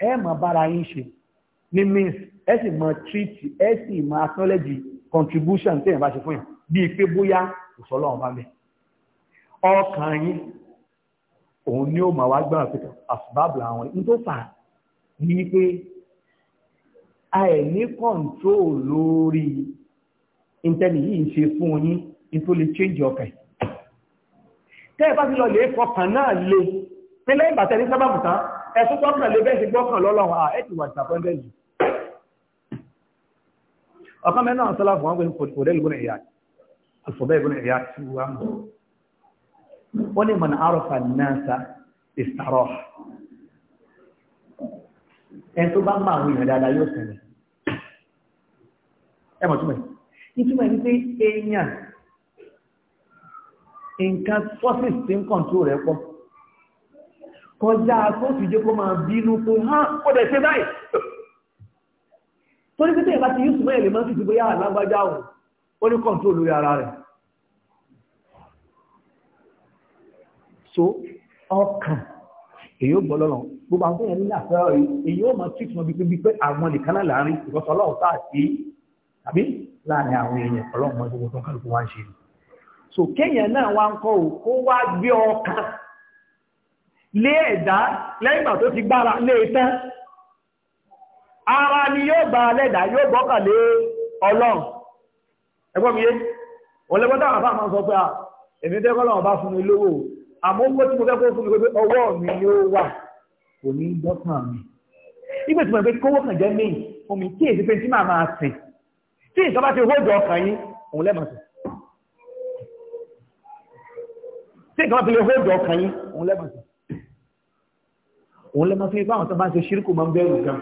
ẹ máa bára yín ṣe ní means ẹ sì máa treat ẹ sì máa acknowledge contribution tí èèyàn bá ṣe fún yàn bíi pé bóyá òṣọ́lọ́ ọ̀hún bá bẹ̀. ọkàn yín òun ni ó máa wá gbára pé àṣùbáàbù àwọn ní tó fà ní pé àìní control lórí ìtẹ́nì yìí ń ṣe fún yín ní tó lè change ọkàn yìí tẹ́ ẹ bá ti lọ lè fọkàn náà le pé lẹ́yìn bàtẹ́ ní sábàbù ẹ̀sùn tọ́kàn lè bẹ́ẹ̀ sí gbọ́kàn lọ́lọ́run à ẹ̀ ti wà disappointed yìí. ọ̀kan mẹ́rin náà sọ́lá fún wọn pé kò dé lùgbọ́n ìyá àfọ̀bẹ́ ìgbọ́n ìyá tí wọ́n mọ̀. wọ́n ní mọ̀nà àròfà náà sa ìsàrọ̀. ẹ̀ tó bá máa wọ̀nyàn dáadáa yóò sẹ̀lẹ̀. ẹ mọ̀ túmọ̀ ìtumọ̀ ní pé èèyàn nǹkan forces ti ń control rẹ̀ pọ̀ kọjá tó fi jẹ́ kó máa bínú tó hàn ó dẹ̀ ṣe báyìí tó ní pípẹ́ ìbáti yíò súnmọ́ ẹ̀lẹ́mọ́ sí ti bóyá alágbájá òun ó ní kọ̀ǹtó lórí ara rẹ̀ so ọkàn èyí ó gbọ́lọ́nà gbogbo àwọn èèyàn nílẹ̀ àfẹ́ rẹ̀ èyí ó máa tíkùn bí bí pé àwọn nìkan náà láàrin ìrọ́sọ ọlọ́run tá àti tàbí láàrin àwọn èèyàn ọlọ́run mọ́ gbogbo tó ń kálukú wá ń ṣe so kéèyàn náà wá ń kọ́ ò wá gbé ọkàn lé ẹ̀dá lẹ́yìnbà tó ti gbára lé e tán ara ni yóò bá lẹ́dà yóò gbọ́kà lé ọlọ́run ẹgbọ́n mi yé ọlẹ́gbọ́n táwọn àfáà máa sọ pé à èmi bá fún mi lówó àmọ́gbó tí mo fẹ́ fún mi pé ọwọ́ mi ni ó wà kò ní dọ́kàn mi nígbà tí mo fẹ́ kówó kàn jẹ́ méyì fún mi kí èsì pé tí màá máa sìn tí ìjọba ti hóòjọ ọkàn yín òun lẹ́mọ̀ sìn tí ìjọba ti lè hóòjọ ọkàn yín òun lẹ́mọ̀ sìn òun lẹ́mọ́ sí ipá àwọn tó bá ń ṣe ṣírkù máa ń bẹ̀rù gan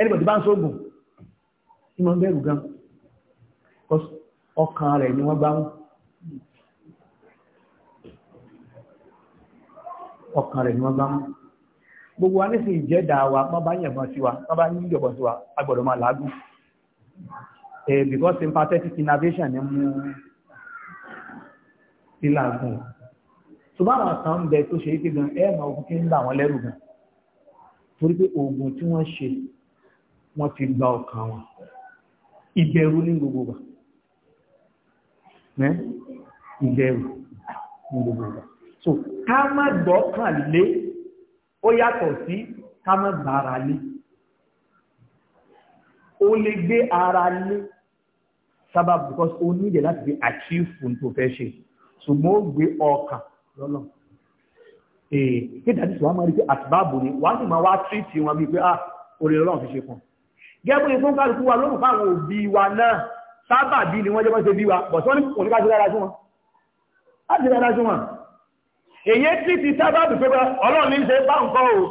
ẹnìbọ̀dì bá ń sóògùn tí máa ń bẹ̀rù gan ọkàn rẹ̀ ni wọ́n gbá mú ọkàn rẹ̀ ni wọ́n gbá mú gbogbo wa nísìnyí ìjẹ́dà wa wọ́n bá yẹ̀bọn sí wa wọ́n bá yí ìjọ̀bọ̀ sí wa a gbọ́dọ̀ máa làágùn eh, because sympathetic innovation ni mú sílàgùn ṣùgbọ́n àwọn kan ń bẹ tó ṣe é pé gan ẹ máa ogun kí ń bà wọ́n lẹ́rù gan torí pé oògùn tí wọ́n ṣe wọ́n ti gba ọkàn wọn ìbẹ̀rù ní gbogbo wa ìbẹ̀rù ní gbogbo wa so ká má gbọ́kàn lé ó yàtọ̀ sí ká má gbára lé ó lè gbé ara lé sábà because o nílẹ̀ láti fi achieve fún tó fẹ́ ṣe ṣùgbọ́n ó gbé ọkàn lọ́lọ́ ee eh, pé dàdí sọ wá máa rí pé àtìbáàbò ni wàá sì máa wá tírìtì wọn bíi pé ah orí ọlọ́run fi ṣe fún un gẹ́gbẹ́ ní fún kálukú wa lóòrùn fáwọn òbí wa náà sábà bí ni wọ́n jẹ́ wọ́n ṣe bí wa bọ̀ tí wọ́n ní kò ní ká ṣe dára sí wọn á ṣe dára sí wọn èyí tírìtì sábà bí pé ọlọ́run ní ṣe bá nǹkan o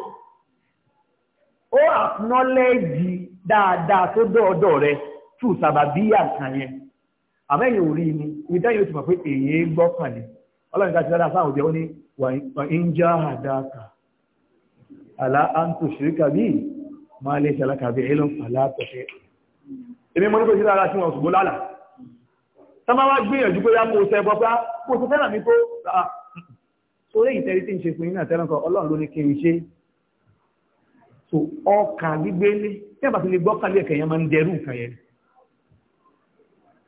ó àpọ́nlẹ́jì dáadáa tó dọ́ọ̀dọ̀ rẹ tù sábà bí àkànyẹn àmẹ́yìn orí ni ìdáyìí ó ti mọ̀ pé èyí gbọ́kànlé ọlọ́run ká ti dára sáwọn òjò ní wà ń já àdáka aláàntò ṣìríkà bí máa lè ṣàlákà bí ilẹ̀ aláàtọ̀ṣẹ́ èmi mọ́ nípa ìṣẹ́lára tí wọ́n ṣùgbọ́ lálà tá máa wá gbìyànjú pé yá mo ṣe ẹbọ pé ah, kò tó fẹ́ràn mi tó ah, sórí ìtẹ́rí tí ń ṣe fún yín náà tẹ́lẹ̀ kan ọlọ́run ló ní kí n ṣe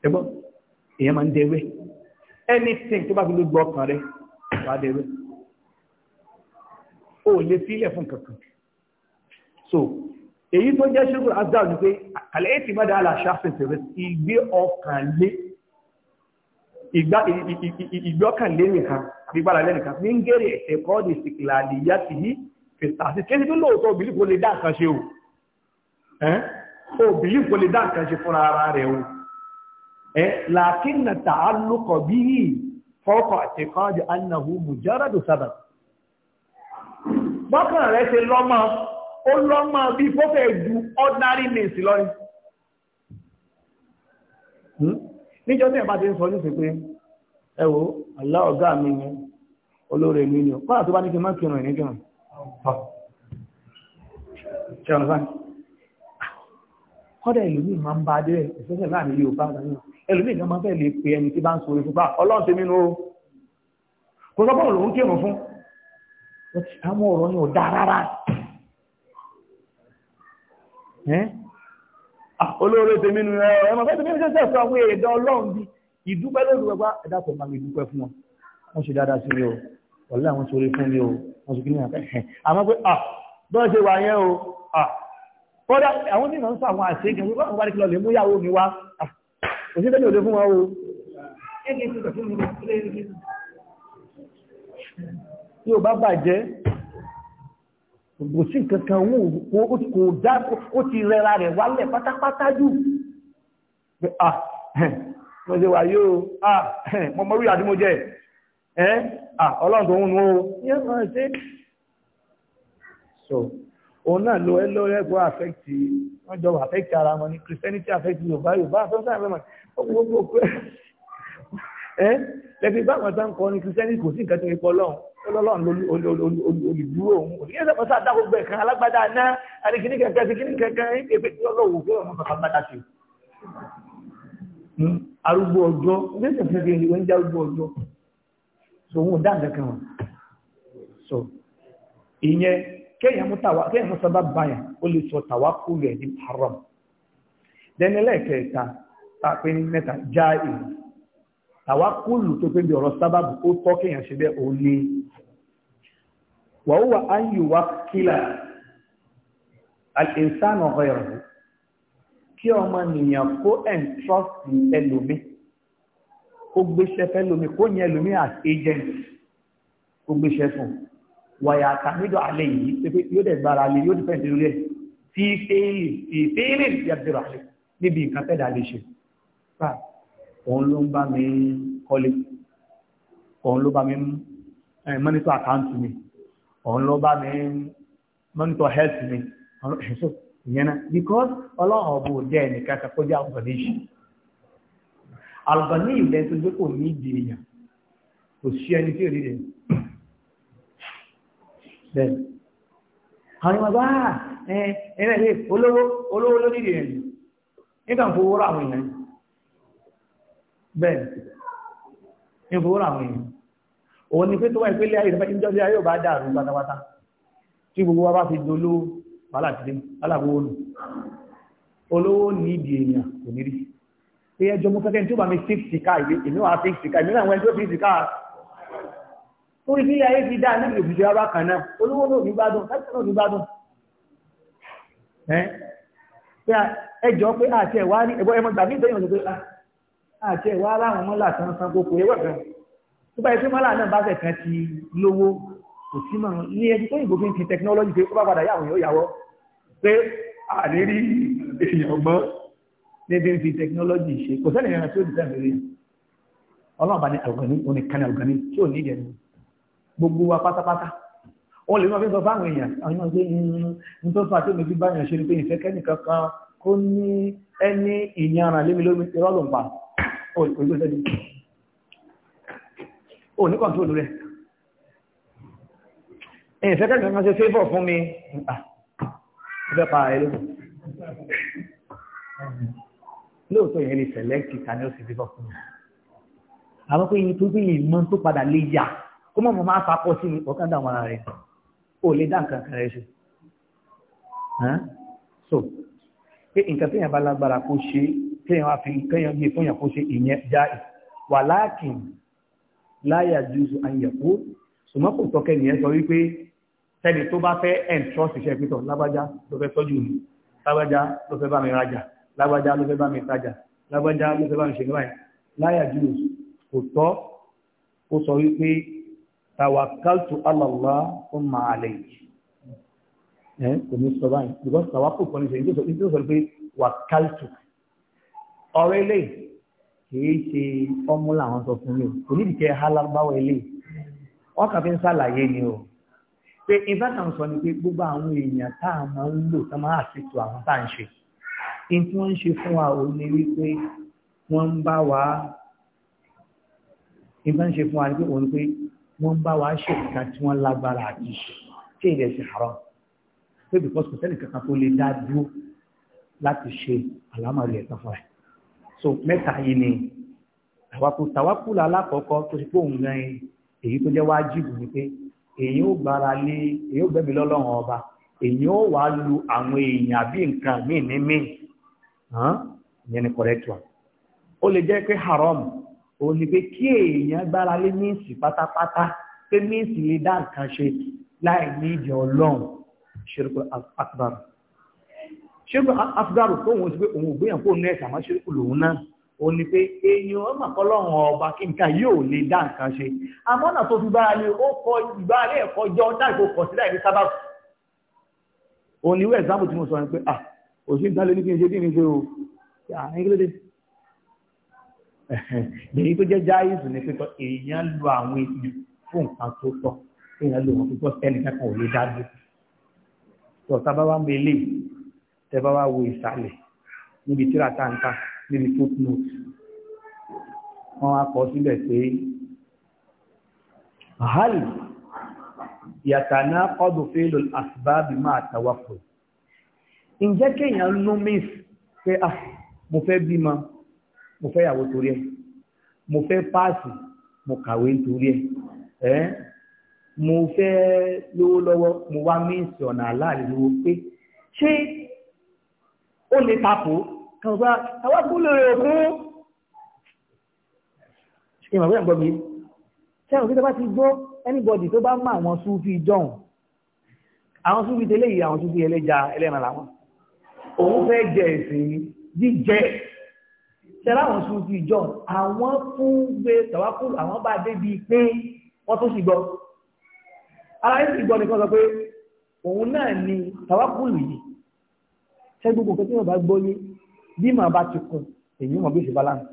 so anything tó bá fi ló gbọ́ ọkàn rẹ wàá dẹrú o lè sílẹ̀ fún kankan so èyí tó jẹ́ ṣubú azal ni pé àlẹ́ ètì mọ́dà aláṣà fèsì rẹ ìgbé ọkàn lé ìgbọ́kàn lé nìkan àbí gbára lé nìkan ní ń gèrè ẹ̀sẹ̀ kọ́ ní ìsìnkìlà àlìyá ti yí fèsà sí kéde tó lóòótọ́ òbílífò lè dá àkànṣe o òbílífò lè dá àkànṣe fúnra ara rẹ o. لكن التعلق به فوق اعتقاد أنه مجرد سبب bọ́kàn rẹ̀ ṣe lọ́mọ ó lọ́mọ bí fọ́fẹ́ ju ordinary means lọ́yìn hmm? tí ẹ̀bá ti ń sọ ní ìsìnkú àlá mi ni olóore mi ni kọ́nà tó bá ní kí n má kọ́dà ìlú ń bá dé ẹ̀ láàrin ẹlòmíì kan máa fẹ́ lè pe ẹni tí bá ń sọ orí fúnpá ọlọ́run tèmi nù o kò sọ́kọ́ òun kírun fún àwọn ọ̀rọ̀ yẹn ò dáa rárá ah, olóore tèmi nù ẹ ẹ máa fẹ́ tèmi nù sẹ́sẹ́ fún àwọn èèdè ọlọ́run bí ìdúpẹ́ lórí ẹgbá ẹ̀dá tó máa ń dúpẹ́ fún wọn wọ́n ṣe dáadáa sí o ọ̀lẹ́ àwọn sọ orí fún mi o wọ́n ṣe kí ní àpẹ́ àmọ́ pé ah bọ́ọ̀ ṣe wà yẹn o ah kọ́dà àwọn tí wọ́n ń sọ àwọn àṣẹ ìgbà wọn bá ní kí lọ lè mú ìyàwó mi wá ah, òsì tẹ́lẹ̀ òde fún wa o o bá bàjẹ́ òsì kankan wọn kò dá ó ti rẹra rẹ̀ wálẹ̀ pátápátá jù pé à mo ṣe wà yóò à mo mọ orí àdúgbò jẹ ẹ à ọlọ́run tó ń nu o yẹn máa òun náà lo ẹlọ́rẹ́gbọ́ àfẹ́kì wọ́n jọ àfẹ́kì ara wọn ni christianity àfẹ́kì yorùbá yorùbá àfẹ́kì ara wọn gbogbo pé ẹ lẹ́fi báwọn ni christianity kò sí nǹkan tó ń pọ̀ lọ́hùn ọlọ́run olùdúró òun kò ní ẹsẹ̀ pọ̀ sáà bẹ́ẹ̀ kan alágbádá náà kankan ọlọ́wọ́ pé ọmọ kankan bá dàtì. Hmm, arúgbó ọjọ́ wọ́n ń jẹ́ kéèyàn mú tàwa kéèyàn mú sábà báyà ó lè sọ tàwa kú rẹ̀ ní haram dẹni lẹ́ẹ̀kẹta tàpé ní mẹ́ta já ìlú tàwa kú lù tó pé bí ọ̀rọ̀ sábà ó tọ́ kéèyàn ṣe bẹ́ẹ̀ ó lé wàhùwà áyùwà kílà al-insanu ghayruhu kí ọmọ nìyàn kó ẹ̀ńtrọ́sì ẹlòmí kó gbéṣẹ́ fẹ́lòmí kó yẹn ẹlòmí as agent kó gbéṣẹ́ fún un wàyà àtàmídọ̀ alẹ́ yìí pé yóò dẹ̀ gbára lé yóò dìpẹ́ ìdílé rẹ̀ tí fẹ́ẹ̀lì tí fẹ́ẹ̀lì ti àdìrò alẹ́ níbi nǹkan fẹ́ẹ̀dà lè ṣe fà òun ló ń bá mi kọ́lé òun ló bá mi mọ́nítọ̀ àkáǹtì mi òun ló bá mi mọ́nítọ̀ health mi ẹ̀ṣọ́ ìyẹn náà because ọlọ́run ọ̀bù jẹ́ ẹnìkan kan kó jẹ́ alùpàdéṣì alùpàdéṣì lẹ́sọ̀ pé kò ní ìdè èèyàn kò sí ẹni tí ò bẹ́ẹ̀ àwọn ìmọ̀ bá ẹ ẹ̀rẹ́ ilé olówó olówó lórí rẹ̀ nígbà fowó rà àwọn èèyàn bẹ́ẹ̀ ní fowó rà àwọn èèyàn òun ni pé tó wà ìpínlẹ̀ ayé ìrẹ́fẹ́ ìjọba ayé ò bá dàrú pátápátá tí gbogbo wa bá fi dolówó wàhálà ti dé aláàbò olù olówó nídìí èèyàn kò ní rí pé ẹjọ́ mú fẹ́kẹ́ tí ó bá mi fífi ká ìwé èmi wà fífi ká ìmíràn àwọn ẹjọ́ fífi ká orí sílẹ̀ ayé fi dá níbi òfìsẹ́ ọba kan náà olówó náà nígbàdùn láti náà nígbàdùn ẹjọ́ pé àti ẹ̀wà ní ẹ̀bọ́ ẹmọ gbàmí ìtẹ́yìn ọ̀sẹ̀ pé àti ah, ẹ̀wà aláwọn mọ́là tán san kókò ẹwọ́ kan tó bá yẹ pé mọ́là náà bá fẹ̀ kan ti lówó kò sí mọ́ ní ẹni tó yìnbó fi ń ti tẹkinọ́lọ́jì pé ó bá padà yàwó yóò yàwó pé àní rí èèyàn gbọ́n níbi ń tẹkinọ́lọ́jì ṣe kò sẹ́ni ìrìnàjò tó ti tẹ̀ gbogbo wa pátápátá ó lè máa fi sọ fáwọn èèyàn àwọn èèyàn pé hmm, ní tó fà tó mi fi báyàn ni pé ìfẹ́ kẹ́nìkan kan kó ní ẹni ìyànrà lémi lómi irọ́ ló ń pa òyìnbó sẹ́ni ò ní kọ̀ǹtólù rẹ̀ ìfẹ́ kẹ́nìkan kan ṣe fẹ́fọ̀ fún mi ìfẹ́ ah, pa ẹ̀ lóko ìyẹn lè sẹ̀lẹ́kì ta ni ó sì fẹ́fọ̀ fún mi àwọn pé iye tó bí ìmọ̀ tó padà lè yà kó mọ̀ mọ̀ máa fapọ̀ sí mi ọ̀kan dà wọn rẹ̀ ó lè dá nǹkan kan rẹ̀ ṣe. so pé nǹkan téèyàn bá lágbára kó ṣe téèyàn wá fi kéèyàn gbé fún yàn kó ṣe ìyẹn já ì wà láàkìn láyà jùsù àyẹ̀kú ṣùgbọ́n kò tọ́kẹ́ nìyẹn sọ wípé sẹ́ni tó bá fẹ́ ẹ̀ǹtrọ́sì iṣẹ́ pítọ̀ lágbájá ló fẹ́ tọ́jú mi lágbájá ló fẹ́ bá mi rajà lágbájá ló fẹ́ bá mi tajà lágbájá ló fẹ́ bá mi ṣe níwáyé láyà jùsù kò tọ́ kó sọ wípé tàwàkàltù alàlá ọmọ àlẹ́ yìí ẹ kò ní sọ báyìí because tàwàkù kan ní sọ ní tó sọ pé wàkàltù ọ̀rọ̀ ilé kìí ṣe fọ́múlà àwọn sọ fún mi o kò ní ìdíkẹ́ alábáwọ̀ ilé wọ́n kà fi ń ṣàlàyé ni o pé ìfẹ́ta ń sọ ni pé gbogbo àwọn èèyàn tá a máa ń lò tá a máa àṣètò àwọn tá à ń ṣe in tí ń ṣe fún wa ò ní wípé wọ́n ń bá wa in ń ṣe fún wa ni pé òun pé wọ́n bá wa ṣe ìka tí wọ́n lágbára àti ṣe ilẹ̀ ṣe haram pé because kò sẹ́ni kankan tó lè dá dúró láti ṣe àlámọ̀rí ẹ̀tàn fún ẹ̀ so mẹ́ta yìí ni tàwákù tàwákù lálákọ̀ọ́kọ́ tó ṣe pé òun gan èyí tó jẹ́ wájìbù ni pé èyí ó gbára lé èyí ó gbẹ̀mí lọ́lọ́run ọba èyí ó wàá lu àwọn èèyàn àbí nǹkan míì ní míì ìyẹn ni correct one ó lè jẹ́ pé haram òun ni pé kí èèyàn gbára lé míǹsì pátápátá pé míǹsì lè dá nǹkan ṣe láì ní ìdí ọlọ́run ṣerúkú akbar ṣerúkú akbar tóun ti pé òun ò gbéyàn kó nú ẹ̀sà mọ́ ṣerúkú lòun náà ó ní pé èèyàn ọmọ kọlọ́run ọba kí nǹkan yóò lè dá nǹkan ṣe àmọ́ náà tó fi gbára lé ó kọ ìgbára ẹ̀kọ́ jọ dáìbò kọ̀ sílẹ̀ ní sábà òun ni wẹ́ẹ̀ sábà tí mo sọ ni pé ah òsì èyí tó jẹ́ jáìsì ni pé èèyàn lo àwọn èèyàn fún nǹkan tó tọ́ èèyàn lo wọn púpọ̀ sẹ́ni kankan ò lè dá dé tó ọ̀tá bá wá ń belé tẹ bá wá wo ìsàlẹ̀ níbi tíra táǹkà níbi footnote wọ́n wá kọ síbẹ̀ pé hal yàtàná ọdún fèlò àsìbáàbì máa tàwákò ǹjẹ́ kéèyàn lómìs pé ah mo fẹ́ bímọ mo fẹ́ ìyàwó torí ẹ̀ mo fẹ́ páàsì mo kàwé nítorí ẹ̀ ẹ́ mo fẹ́ lówó lọ́wọ́ mo wá míìsì ọ̀nà aláàlú lówó pé ṣé ó lè tapò kan bá àwọn akúlò rẹ̀ fún ìmọ̀ bẹ́ẹ̀ gbọ́ mi ṣé àwọn bá ti gbọ́ anybody tó bá mọ àwọn súfì jọ̀hún àwọn súfì tẹ́lẹ̀ yìí àwọn súfì ẹlẹ́ja ẹlẹ́ran làwọn òun fẹ́ jẹ ẹ̀sìn jíjẹ ṣẹláwọn sùn ti jọ àwọn fún gbé tàwákùlù àwọn bá débi pé wọ́n tó sì gbọ́ ara yìí sì gbọ́ nìkan sọ pé òun náà ni tàwákùlù yìí ṣé gbogbo nǹkan tí wọ́n bá gbọ́ yé bí màá bá ti kún èyí mọ̀ bí ó ṣe balance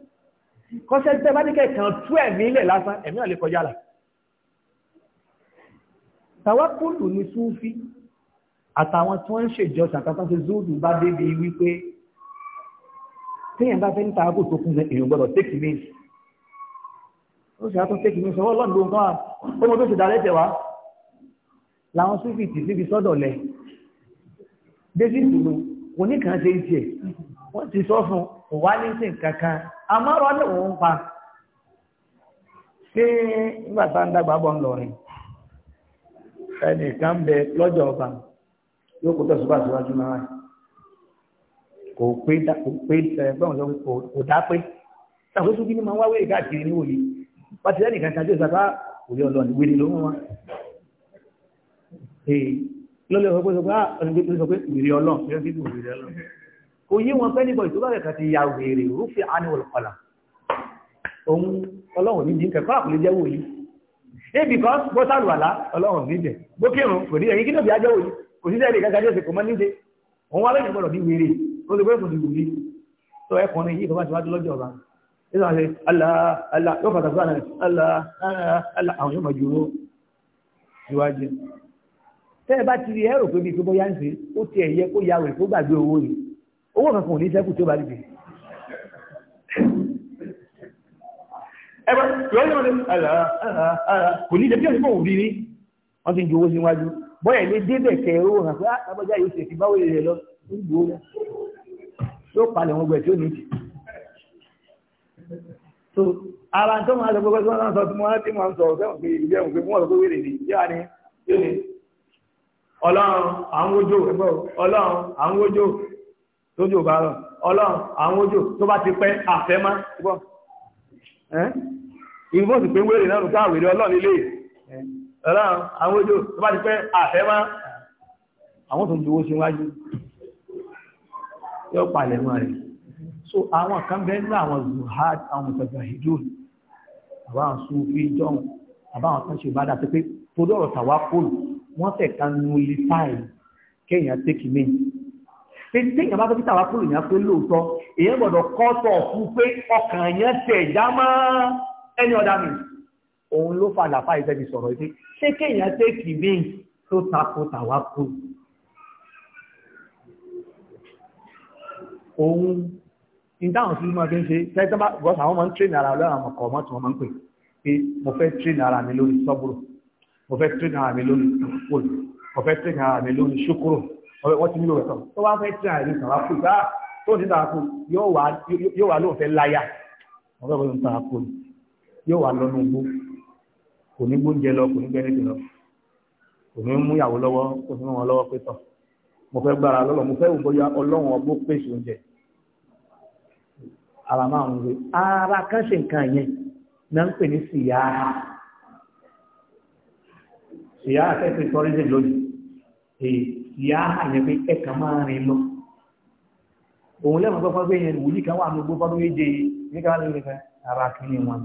kọ́ṣẹ́ tẹ́ bá ní kẹ̀kàn tú ẹ̀mí ilẹ̀ lásán ẹ̀mí náà lè kọjá là tàwákùlù ni súfí àtàwọn tí wọ́n ń ṣèjọsìn téèyàn bá fẹ́ ní tààbù tó kún èèyàn gbọ́dọ̀ tẹ́kì mí ó sì àtún tẹ́kì mí sọ́wọ́ lọ́nà lóhun kan wà ọmọ tó ṣe dàrẹ́ tẹ̀ wá làwọn sífìtì síbi sọ́dọ̀ lẹ̀ déjì ìṣòro oníkan ṣe ń tiẹ̀ wọ́n ti sọ fún kò wá ní sí nǹkan kan amárọ́ ní òun pa ṣé nígbà tá à ń dàgbà bọ̀ ńlọrin ẹnì kan bẹ lọ́jọ́ ọba yóò kó tẹ̀síwájú náà kò pé kò pé ẹgbẹ́rún sọ pé kò dá pé ṣàkóso sókí ni máa ń wá wéyè káàkiri ní òye pàtẹ́lẹ́ nìkan ṣáájú ìsàbá òye ọlọ́ọ̀ni wéré ló wọ́n wá lọ́lẹ́ ọ̀pọ̀ sọ pé ah, ọ̀nàgbẹ́gbẹ́ ah, sọ pé wèrè ọlọ́ọ̀ fi ọ́n fídíò wèrè ọlọ́ọ̀ kò yí wọn fẹ́ níbọ̀ ìtúbà kẹ̀kẹ́ ti ya wèrè rúfin annual kọlà òun ọlọ́run ní jíǹkẹ̀ kọ́ àpòlẹ́ jẹ́ wòlí ẹ bí kọ́ bọ́sàlù àlá ọlọ́run ní bẹ̀ gbókèrún kò ní ẹ̀yìn kí ló fi ajẹ́ wòlí kò sí sẹ́ẹ̀lì kankan jẹ́ kò mọ́ níṣe òun wá lẹ́yìn gbọ́dọ̀ bí wèrè ó lè gbẹ́sùn ìlú yìí tó ẹkùnrin yìí bàbá ìṣèwádìí lọ́jọ́ ọba nígbà wọn ṣe aláàlá yóò fàtàkì sáà náà aláàlá àwọn yóò máa ju owó síwájú tẹ́ ẹ bá ti rí ẹ̀rọ pé bíi pé bóyá ń ṣe ó tiẹ̀ yẹ kó yàwó ẹ̀ kó gbàgbé owó yìí owó kankan ò ní sẹ́kù tó bá dìde ẹgbẹ́ yọ́yọ́ ní kò wọ́n ti ń ju owó bọ́yẹ̀ lé débẹ̀ kẹ́ owó hàn pé àbájá yóò ṣèṣì báwo lè lọ ń gbòó yóò palẹ̀ wọn gbẹ̀ tí ó ní ìdí. so ara tó máa sọ gbogbo tí wọ́n sọ tí wọ́n ti máa ń sọ sẹ́wọ̀n pé ìdí ẹ̀wọ̀n pé wọ́n sọ pé wèrè ni yóò ní yóò ní ọlọ́run àwọn ojò ẹgbẹ́ ọlọ́run àwọn ojò tójú ò bá rọ ọlọ́run àwọn ojò tó bá ti pẹ́ àfẹ́ má gbọ́ ìfọ́sì pé wèrè náà nùkọ́ àwèrè ọlọ́run ilé ọlọ́run àwọn ojò tó bá ti pẹ́ àfẹ́ má àwọn tó ń juwó sí yóò palẹ̀ mọ́ rẹ̀ so àwọn kan bẹ́ẹ̀ ní àwọn zuhad àwọn mùsàgbà hijul àbáwọn sufi john àbáwọn kan ṣe bá dà sí pé torí ọ̀rọ̀ tàwa kóòlù wọ́n fẹ̀ ká nulifáì kéèyàn tẹ́kì méjì pé téèyàn bá fẹ́ kí tàwa kóòlù yẹn pé lóòótọ́ èèyàn gbọ́dọ̀ kọ́tọ̀ fún pé ọkàn yẹn tẹ̀ já mọ́ ẹni ọ̀dà mi òun ló fa àlàfáà ìfẹ́ mi sọ̀rọ̀ yìí pé ṣé kéèyàn tẹ́kì méjì tó takò tàwa kóòlù òun ìdáhùn sí máa fi ń ṣe tẹ́tẹ́bá gọ́sà àwọn máa ń tírìn ara lọ́rọ̀ àwọn ọkọ̀ ọmọ tí wọ́n máa ń pè pé mo fẹ́ tírìn ara mi lórí sọ́bùrù mo fẹ́ tírìn ara mi lórí kòkòrò mo fẹ́ tírìn ara mi lórí ṣókòrò wọ́n ti nílò ẹ̀tọ́ tó bá fẹ́ tírìn ara mi kàn wá kú bá tó ní tààkù yóò wá lóun fẹ́ láyà wọ́n fẹ́ bọ́lú tààkù yóò wá lọ́nu gbó kò ní gbóúnjẹ lọ kò ní gbẹ́ níbi lọ kò ní mú ìyàwó lọ́wọ́ mo fẹ́ gbára lọ́lọ́ mo fẹ́ wò bóyá ọlọ́run ọgbó pèsè oúnjẹ ara máa ń wé ara kan ṣe nǹkan yẹn náà ń pè ní síyára síyára fẹ́ẹ́ tourism lónìí èyí síyára yẹn pé ẹ̀ka máa rìn lọ òun lẹ́mọ̀ gbọ́gbọ́ gbé yẹn wùlí kan wà ní gbogbo ọdún méje ní káwọn lórí fẹ́ ara kìíní wọn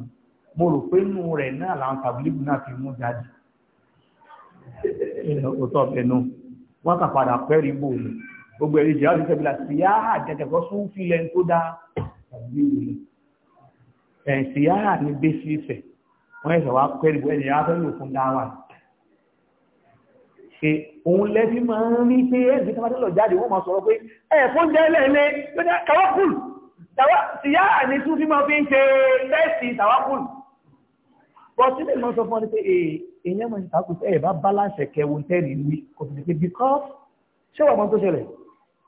mo rò pé inú rẹ̀ náà làwọn tàbílìkù náà fi mú jáde òtọ́ ẹnu wọ́n kà padà pẹ́rì bò ní gbogbo ẹ̀rí jẹ́ àdúgbò ìbílà sí yá tàbí ìwé ẹ̀sìn yára ní bẹ́sí ìfẹ́ wọ́n ẹ̀sẹ̀ wá pẹ́rì bọ́ ẹ̀yà fẹ́ lò fún dáwà ṣe òun lẹ́bí máa ń rí pé ẹ̀sìn tó máa tẹ́lọ̀ jáde wọ́n máa sọ̀rọ̀ pé ẹ̀ fún jẹ́lẹ̀ ilé yóò tàwákùl tí yára ní tún fi máa fi ń ṣe lẹ́sìn tàwákùl bọ́ sílẹ̀ máa sọ fún ọ pé èèyàn máa ń tàkùn ẹ̀ bá bá láṣẹ kẹwọn tẹ́rì wí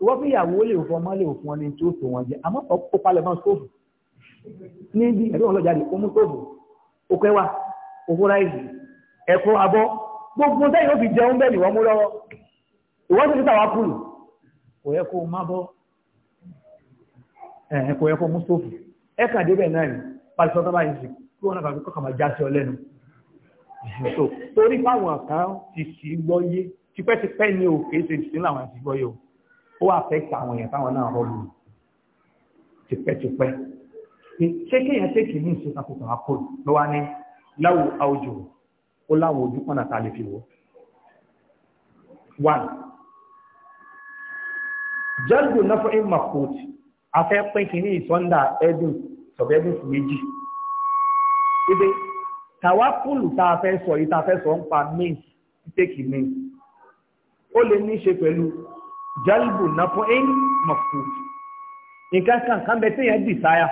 wọ́n fi ìyàwó lè fọ ọmọ lè fún ọ ní tí ó tó wọn jẹ àmọ́ kọ́ kó palẹ̀ mọ́ stóòfù níbi ẹ̀rí wọn lọ́jà rè ó mú stóòfù òkú ẹwà òkú ráìsì ẹ̀kọ́ abọ́ gbogbo sẹ́yìn ó fi jẹun bẹ́ẹ̀ ni wọ́n mú lọ́wọ́ ìwọ́n ti fi tàwa kùlù kò yẹ kó má bọ́ ẹ̀ kò yẹ kó mú stóòfù ẹ̀ kàn débẹ̀ náà ni pàṣẹ tó bá yìí sì kí wọ́n náà kọ́kàn máa já ọ lẹ́nu torí fáwọn kan ti sì gbọ́ yé tipẹ́tipẹ́ ni òkè ṣe sí làwọn ti gbọ́ yé o ó affect àwọn èèyàn táwọn náà rọ́ọ̀lù tipẹ́tipẹ́ ṣé kéèyàn ṣe kìíní ìṣe kan tuntun akọlù ló wá ní láwo àwùjọ ó láwọn ojú pọ̀nà tá a lè fi wọ́. one jalbu naf'in mafut afẹ́ pín kìíní ìsọ́ndà ẹ̀dùn sọ̀bẹ́dùn méjì. ibi tàwákùlù tá a fẹ́ sọ yìí tá a fẹ́ sọ ń pa mint títẹ́kì mint ó lè ní í ṣe pẹ̀lú jalbu nafo'in mafkud nǹkan kan kan bẹ téèyàn desire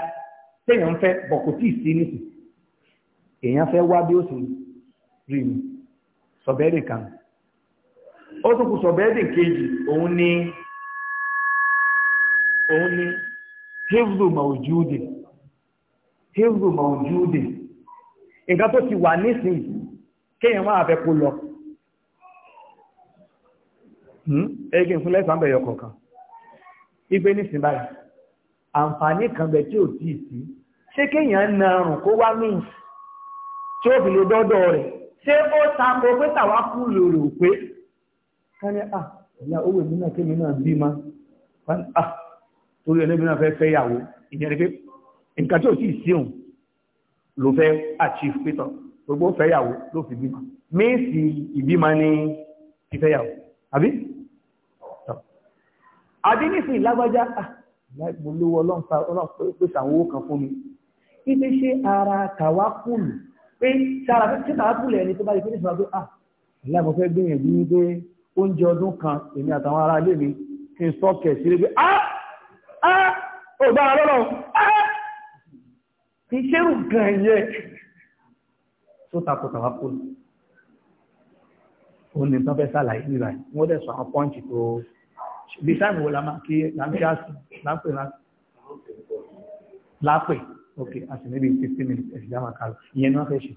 téèyàn ń fẹ́ bọ̀ kò tí ì èèyàn fẹ́ wá bí ó sì rí mi kan ó tún kù sọ̀bẹ́ẹ̀dì kejì òun ni òun ni hifdu mawjudi hifdu tó ti wà nísìnyí kéèyàn máa ẹgbẹ́ ìfún lẹ́sàn-án bẹ̀yọ kọ̀ọ̀kan igbe nísìn báyìí àǹfààní kan bẹ̀ tí ò tí ì sí ṣé kéèyàn na àrùn kó wá mí tí ó fi lè dọ́dọ̀ rẹ̀ ṣé ó tako pé tàwa kú lòrò pé ká a ah, à ìyá owó èmi náà kémi náà bí ma à ah, torí náà fẹ́ fẹ́ ìyẹn ni pé nǹkan tí ò tí ì sí òun ló fẹ́ gbogbo fẹ́ ló adínìsì lágbájá ah, mo lówó ọlọ́run pèsè àwọn owó kan fún mi ibi ṣe ara tàwákùlù pé sára tí tàwákùlù ẹni tó bá di pé nísìnyí pé ah ìlà mo fẹ́ gbìyànjú ní pé oúnjẹ ọdún kan èmi àtàwọn ará ilé mi kí n sọ kẹ̀sí rẹ pé ah ah ò gbára lọ́rọ̀ ah kì í ṣerú gan yẹ tó takò tàwákùlù ó ní tó fẹ́ sàlàyé nígbà yìí wọ́n dẹ̀ sọ àwọn pọ́ǹchì tó bí táìmù wo la máa kí láńpẹ́ àsì láńpẹ́ lápẹ́ ok àsì níbi fifteen minutes ẹ̀sìn dáhùn àkàrà ìyẹn ni wọ́n fẹ́ ṣe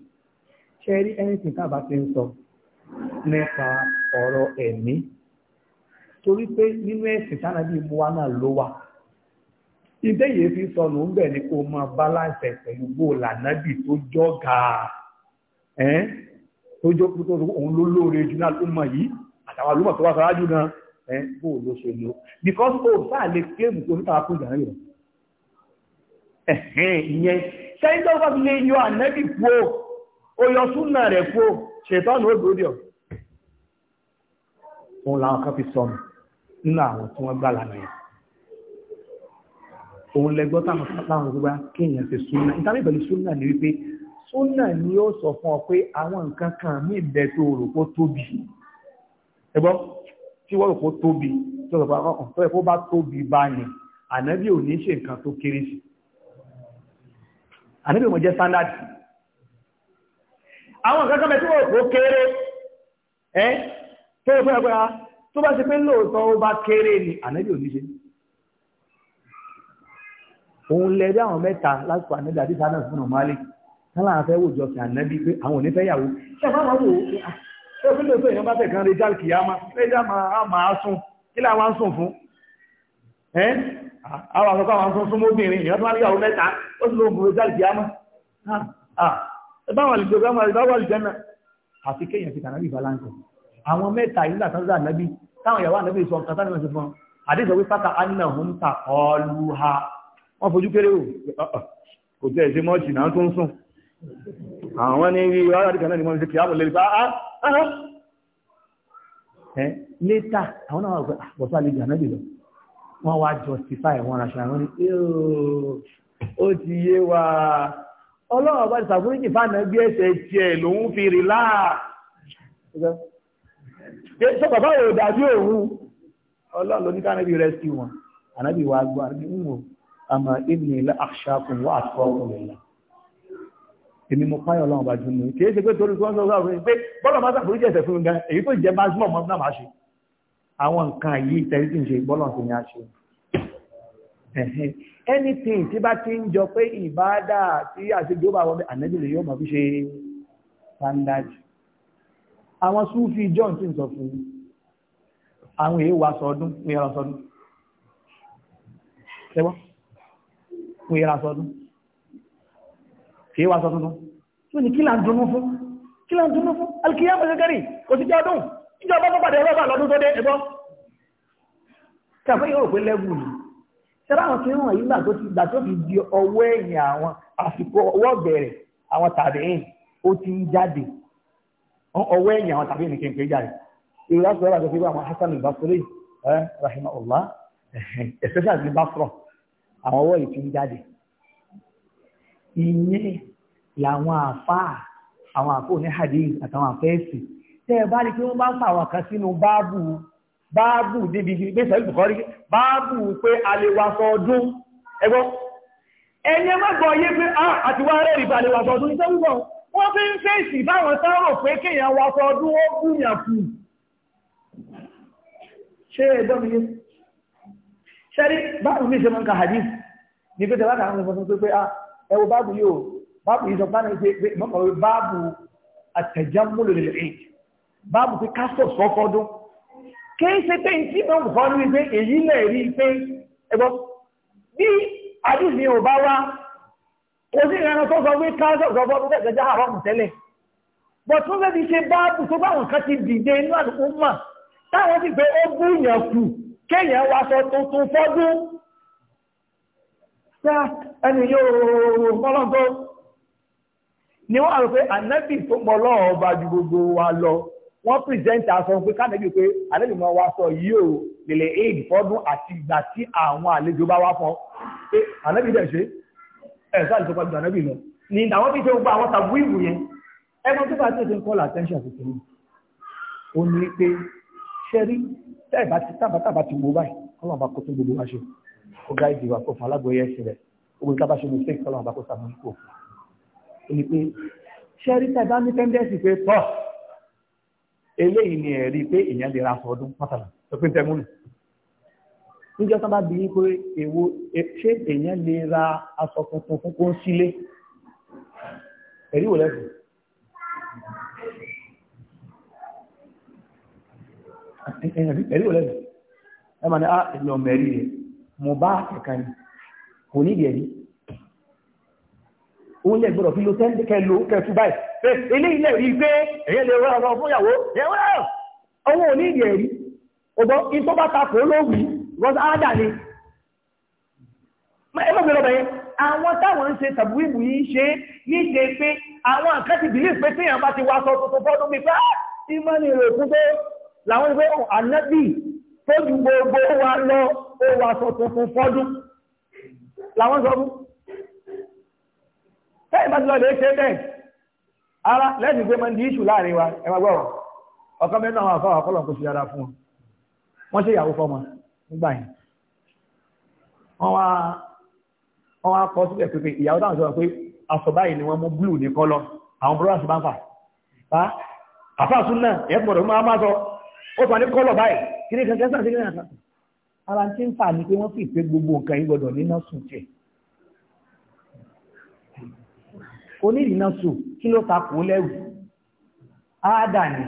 ṣe rí anything tá a bá ti ń sọ nípa ọ̀rọ̀ ẹ̀mí torí pé nínú ẹ̀sìn táwọn bíi mú wa náà ló wà ìdẹ́yẹ fi sọnù ń bẹ̀ ni kó máa balance pẹ̀lú bóòlà nábì tó jọ́gà ẹ́ tó jókòó tó òun ló lóore jù náà ló mọ̀ yìí àtàwọn àlùmọ̀ tó wá sọ́ra bó ló ṣe lò because o sáà lè claim tó níta fún ìyàrá rẹ̀ ẹ̀hẹ́n ìyẹn sẹ́yìn tó bá fi lè yọ ànẹ́bì po o yọ súnà rẹ̀ po ṣètọ́nù ó dòdì ọ̀ òun làwọn kan fi sọnù nínú àwọn tí wọ́n gbà lànà yẹn òun lẹ́gbọ́ táwọn gbogbo kéèyàn ṣe súnà ìtàbí pẹ̀lú súnà ni wípé súnà ni ó sọ fún ọ kan mí bẹ tó rò kó tóbi ẹgbọ́n tí wọ́n rò kó tóbi tí wọ́n rò ah, ah, kó tó bá tóbi bá ní ànábì ò ní ṣe nǹkan tó kéré sí ànábì ò mọ̀ jẹ́ standard àwọn nǹkan kan bẹ tí wọ́n rò kó kéré ẹ́ tó rò pé tó bá ṣe pé lóòótọ́ ó bá kéré ni ànábì ò ní ṣe òun lẹ bí àwọn mẹ́ta lásìkò ànábì àti sanad fún ọmọ alẹ́ kí fẹ́ wò jọ sí ànábì pé àwọn ò ní fẹ́ yàwó ṣé àbáwọn wò ó ah, ṣẹ́fílẹ̀ tó èèyàn bá tẹ̀ kan rejal kìyàmá rejal máa sùn kí láwọn ń sùn fún ẹ́ àwọn àkọ́kọ́ àwọn sùn sún mọ́bìnrin èèyàn tó wá níyàwó mẹ́ta ó sì lóògùn rejal kìyàmá ẹbáwọn àlejò gbámọ̀ ìbáwọ̀ àlìjẹ́nà àti kéèyàn ti kànábì balance àwọn mẹ́ta ìlú àtàzà ànábì táwọn ìyàwó ànábì sọ kàtà ní ọ̀sẹ̀ fún àdéjọ wí pátá anna hùn ta ọlú ha wọ́n fojú kéré o kò tẹ́ ẹ̀sẹ̀ mọ́ọ̀tì náà tó ń sùn àwọn ní rí ọ̀rọ̀ àdìkan náà ni wọ́n ti kìí àmọ̀lẹ́ nípa ààrẹ ẹ́ létà àwọn náà wọ́n ah, bọ̀sá lè jànábì lọ wọ́n wá justify wọn aṣọ àwọn ní ó ti yé wa ọlọ́run bá ti sàfúrìjì fáànà bí ẹsẹ̀ tiẹ̀ lòun fi rí láà ṣe bàbá yóò dàbí òun ọlọ́run ló ní kánábì rescue wọn ànábì wa gbọ́ ànábì ń wò àmọ́ ìbìnrin ilẹ̀ kùn wà àtúkọ́ èmi mo páyọ̀ ọlọ́run bá jù mí kì í ṣe pé torí tí wọ́n sọ wọ́n pé bọ́lá máa sàkórí jẹ̀sẹ̀ fún mi gan èyí tó jẹ́ máa mọ̀ náà máa ṣe àwọn nǹkan yìí tẹ̀lé tí ń ṣe bọ́lá ti ní a ṣe. anything tí bá ti ń jọ pé ìbáadà tí àti global wọlé ànájìlè yóò máa fi ṣe standard. àwọn sufi john ti ń sọ fún àwọn èèyàn wa sọdún wíyàrá sọdún. ṣé wọ́n wíyàrá sọdún kìí wá sọ tuntun tó ní kí là ń dunnú fún kí là ń dunnú fún alikiyama gẹ́gẹ́rì kò sí jẹ́ ọdún ìjọ ọba tó pàdé ọlọ́ba lọ́dún tó dé ẹ̀bọ́ kàfẹ́ yóò pé lẹ́gùn ni sẹ́rà àwọn tí wọ́n yìí gbà tó ti gbà tó fi di ọwọ́ ẹ̀yìn àwọn àsìkò ọwọ́ bẹ̀rẹ̀ àwọn tàbí ẹ̀yìn ó ti ń jáde ọwọ́ ẹ̀yìn àwọn tàbí ẹ̀yìn kéńké jáde ìrora sọ̀rọ̀ àti pé àwọn Hasan al-Basri rahimahullah ẹ̀sẹ̀ sí àwọn ọwọ́ yìí ti ń jáde ìyẹn làwọn àfáà àwọn àfáà ní hadith àtàwọn àfẹ́ẹ̀sì tẹ́ ẹ bá rí pé wọ́n bá ń fa àwọn kan sínú báàbù báàbù débi gbèsè ìbùkọ́rí báàbù pé a lè wà sọ ọdún ẹgbọ́n ẹni ẹmọ́gbọ̀ yé pé àti ah, wá rẹ̀ ìbà lè wà sọ ọdún ìtẹ́wùgbọ̀n wọ́n fi ń fèsì báwọn sọ́rọ̀ pé kéèyàn wà sọ ọdún ó gúnyàn fún ṣe ẹ̀dọ́mìyẹ ṣẹ́rí báwọn ní ṣe mọ́ ẹ wo báàbù yìí o báàbù yìí sọ báàbù yìí pé mọ́kàn wí báàbù àtẹ̀jámúlò lè rìn báàbù pé kásọ̀ sọ́fọ́dún kìí ṣe pé tí mọ̀ nǹkan ní pé èyí lẹ̀ rí pé ẹgbọ́ bí àdúsí ò bá wá kò sí ìrìnà tó sọ wí káàsọ̀ sọ fọ́dún tẹ̀sẹ̀já àrọ́mù bọ̀ tún fẹ́ fi ṣe báàbù tó báwọn kan ti dìde inú àdúgbò mà táwọn sì pé ó bú yàn kù kéèyàn wá sọ tuntun fọ́dún ẹni yóò mọ́lọ́ tó ni wọ́n àrò pé ànábì tó mọ́ lọ́wọ́ bá ju gbogbo wa lọ wọ́n pìrìsẹ́ńtà sọ pé kánẹ́bì pé ànábì mọ́ wa sọ yìí ò lèlè éèdì fọ́dún àti ìgbà tí àwọn àlejò bá wá fún ọ pé ànábì dẹ̀ ṣe ẹ̀ sáà tó pàdé ànábì lọ ni àwọn bí tó gba àwọn tàbí ìwù yẹn ẹgbẹ́ tó bá tètè ń kọ́lá attention sí tèmi ó ní pé ṣẹ́rí tẹ́ẹ̀bá ti tábàtàbà ti wò báyìí ọlọ́run kó gáìdì wà kó fún alágbóyè ẹ̀sìn rẹ̀ ogun ká bá ṣe mistake tọ́lọ́run bá kó sàmú kò ó ní pé ṣẹ́rí tàbí ní tẹ́ndẹ́sì pé tọ́ eléyìí ni ẹ̀rí pé èèyàn lè ra aṣọ ọdún pátánà tó pín tẹ́múnù níjọ́ tán bá bí i pé èwo e, ṣé èèyàn lè ra aṣọ tuntun fún kó ń sílé ẹ̀rí wò lẹ́sìn ẹ̀rí wò lẹ́sìn ẹ̀ máa ní á ẹ̀yàn mẹ́rí rẹ̀ mo bá ẹ̀ka ni kò ní ìdẹ̀rí òun lè gbọ́dọ̀ fi lo tẹ́ndé kẹlò kẹtù báyìí ilé ilẹ̀ rí pé èyẹ lè ni ẹgbẹ́ lọ́bẹ̀ yẹn àwọn táwọn ń ṣe tàbíwìbù yìí ṣe ní ṣe pé àwọn àkáti bìlí pé téèyàn bá ti wá sọ tuntun fọ́dún mi pé ah, ìmọ̀ ni èrò òkú pé làwọn ìwé oh, ànábì tó ju gbogbo wa lọ ó wà sọ tuntun fọ́dún làwọn sọ fún tẹ́yìn bá ti lọ lè ṣe bẹ́ẹ̀ ara lẹ́yìn pé máa ń di iṣu láàrin wa ẹ máa gbọ́rọ̀ ọ̀kan mẹ́rin àwọn àfáwà kọ́lọ̀ kò sí dára fún wọn wọ́n ṣe ìyàwó fọmọ nígbà yẹn wọ́n wá wọ́n wá kọ́ síbẹ̀ pé ìyàwó táwọn sọ̀rọ̀ pé aṣọ báyìí ni wọ́n mú blue ní kọ́lọ̀ àwọn brothers bá ń fà bá àfáà tún náà ẹ̀kùn mọ̀dọ̀ fún máa ó fà ní kọ́lọ̀ báyìí kí ni kankan sáà sí kí ni kankan ara ti ń fà ní pé wọ́n fi ìpè gbogbo nǹkan yìí gbọ́dọ̀ ní náà sùn tiẹ̀ onídìínà sùn kí ló ta kó lẹ́rù áádà ni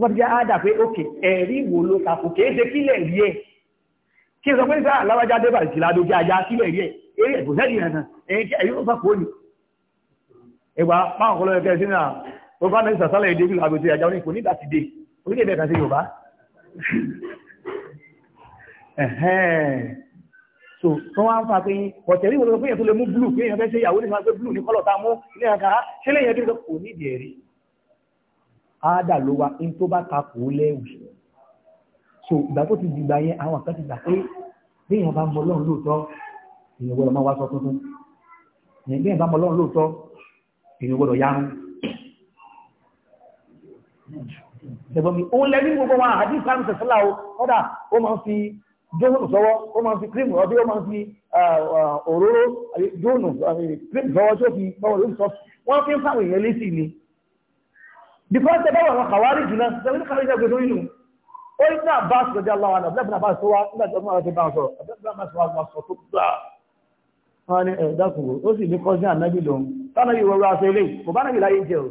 wọ́n ti jẹ́ áádà pé òkè ẹ̀rí wo ló ta kó kèé ṣe kílẹ̀ rí ẹ̀ kí n sọ pé sáà láwájá débà ìsìládójá ajá kílẹ̀ rí ẹ̀ eré ẹ̀bùsẹ́dì ẹ̀nà ẹ̀yìn kí ẹ̀yìn ọ̀fà kòó ni ẹgbà máa kọlọ́ ẹ̀kẹ́ sínú àwọn ọgbà mẹ́sàn sálẹ̀ èdè ìlú orílẹ̀-èdè kan sí Yorùbá so wọ́n wá ń fa pé ọ̀tẹ̀rí ìwòrán fún èèyàn tó lè mú blue pé èèyàn fẹ́ ṣe ìyàwó ní ìfẹ́ blue ní kọ́lọ̀ tá mú ní ẹ̀ka ṣé yẹn kí ló kò nídìí ẹ̀rí áádà ló wa in tó bá takò lẹ́wì so ìgbà tó ti dìgbà yẹn àwọn kan ti gbà pé béèyàn bá mọ Ọlọ́run lóòótọ́ èèyàn gbọ́dọ̀ máa wá sọ tuntun béèyàn bá mọ Ọlọ́run lóòótọ́ èèyàn gbọ́dọ̀ yá ṣẹ̀gbọ́n mi òun lẹ́ni gbogbo wọn àdí ìsìlámù sẹ̀sílà o kọ́dà ó máa ń fi jóònù sọ́wọ́ ó máa ń fi kírìmù ọdún ó máa ń fi òróró jóònù kírìmù sọ́wọ́ tó fi bọ́wọ́ ló ń sọ wọ́n fi ń fáwọn èèyàn létí ni. because ẹ bá wà wọn kàwárí jù náà ṣe ní kàwárí jẹ́ nínú ó ní náà bá sọ̀rọ̀ jẹ́ aláwa náà bẹ́ẹ̀ bá sọ wá nígbà tí wọ́n ti bá sọ̀rọ̀ bẹ́ẹ̀ bá sọ wá sọ tó gbà wọ́n ní ẹ̀ dákùnrin ó sì ní kọ́sí ànábì lòun tánàbì wọ́n wá aṣọ o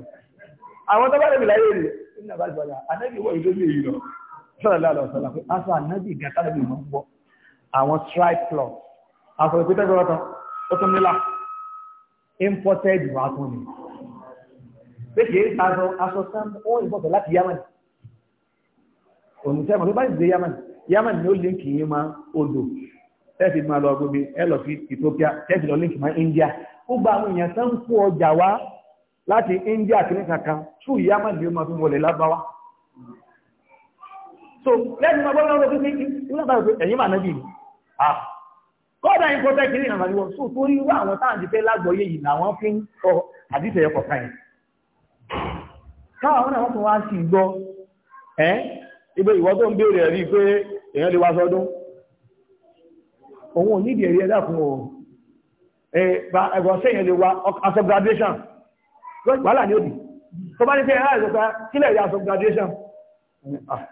àwọn nínú àbá ìgbàlá anábì wọ ìlú ilé yìí lọ sọ̀rọ̀ lálọ́ sọ̀rọ̀ pé aṣọ anábì ìgbà tábìlì ìmọ̀ ń bọ̀ àwọn strike plus aṣọ ìpínlẹ̀ tẹ́gbẹ̀rẹ̀ tán ó tún nílá imported wà tún ni pé kìí aṣọ aṣọ sam ó ìbọ̀tọ̀ láti Yemen òun sẹ́mọ̀ tó bá ìdè Yemen Yemen ni ó líǹkì yín máa odò tẹ́sí máa lọ gbogbo ẹ lọ sí Ethiopia tẹ́sí lọ líǹkì máa India ó gba àwọn èèyàn sẹ́ńkú ọjà wá láti India kìíní kankan ṣù ìyá máa lè máa fi wọlé lábáwá so lẹ́nu ọgbọ́n lọ́wọ́ tó fi ìlàbáwọ̀ pé ẹ̀yìn màá bí kọ́dà yìí kọ́tà kìíní àwọn àríwọ̀ so tó rí wá àwọn táà ti fẹ́ lágbọ̀ọ́yé yìí làwọn fi ń sọ àdìsẹ̀ ẹ̀kọ̀ kan yìí káwọn náà wọ́n tún wá sí gbọ́ ẹ́ ibẹ̀ ìwọ tó ń béèrè rí pé èèyàn lè wá sọdún òun ò nídìí ẹ̀rí ẹ̀dá fún òun ẹ̀gbọ́n sẹ́yìn lè wá aṣọ graduation wàhálà ni ó dì tó bá ní pé ẹ̀rọ ìjọba sílẹ̀ ìyá sọ graduation wọn ah,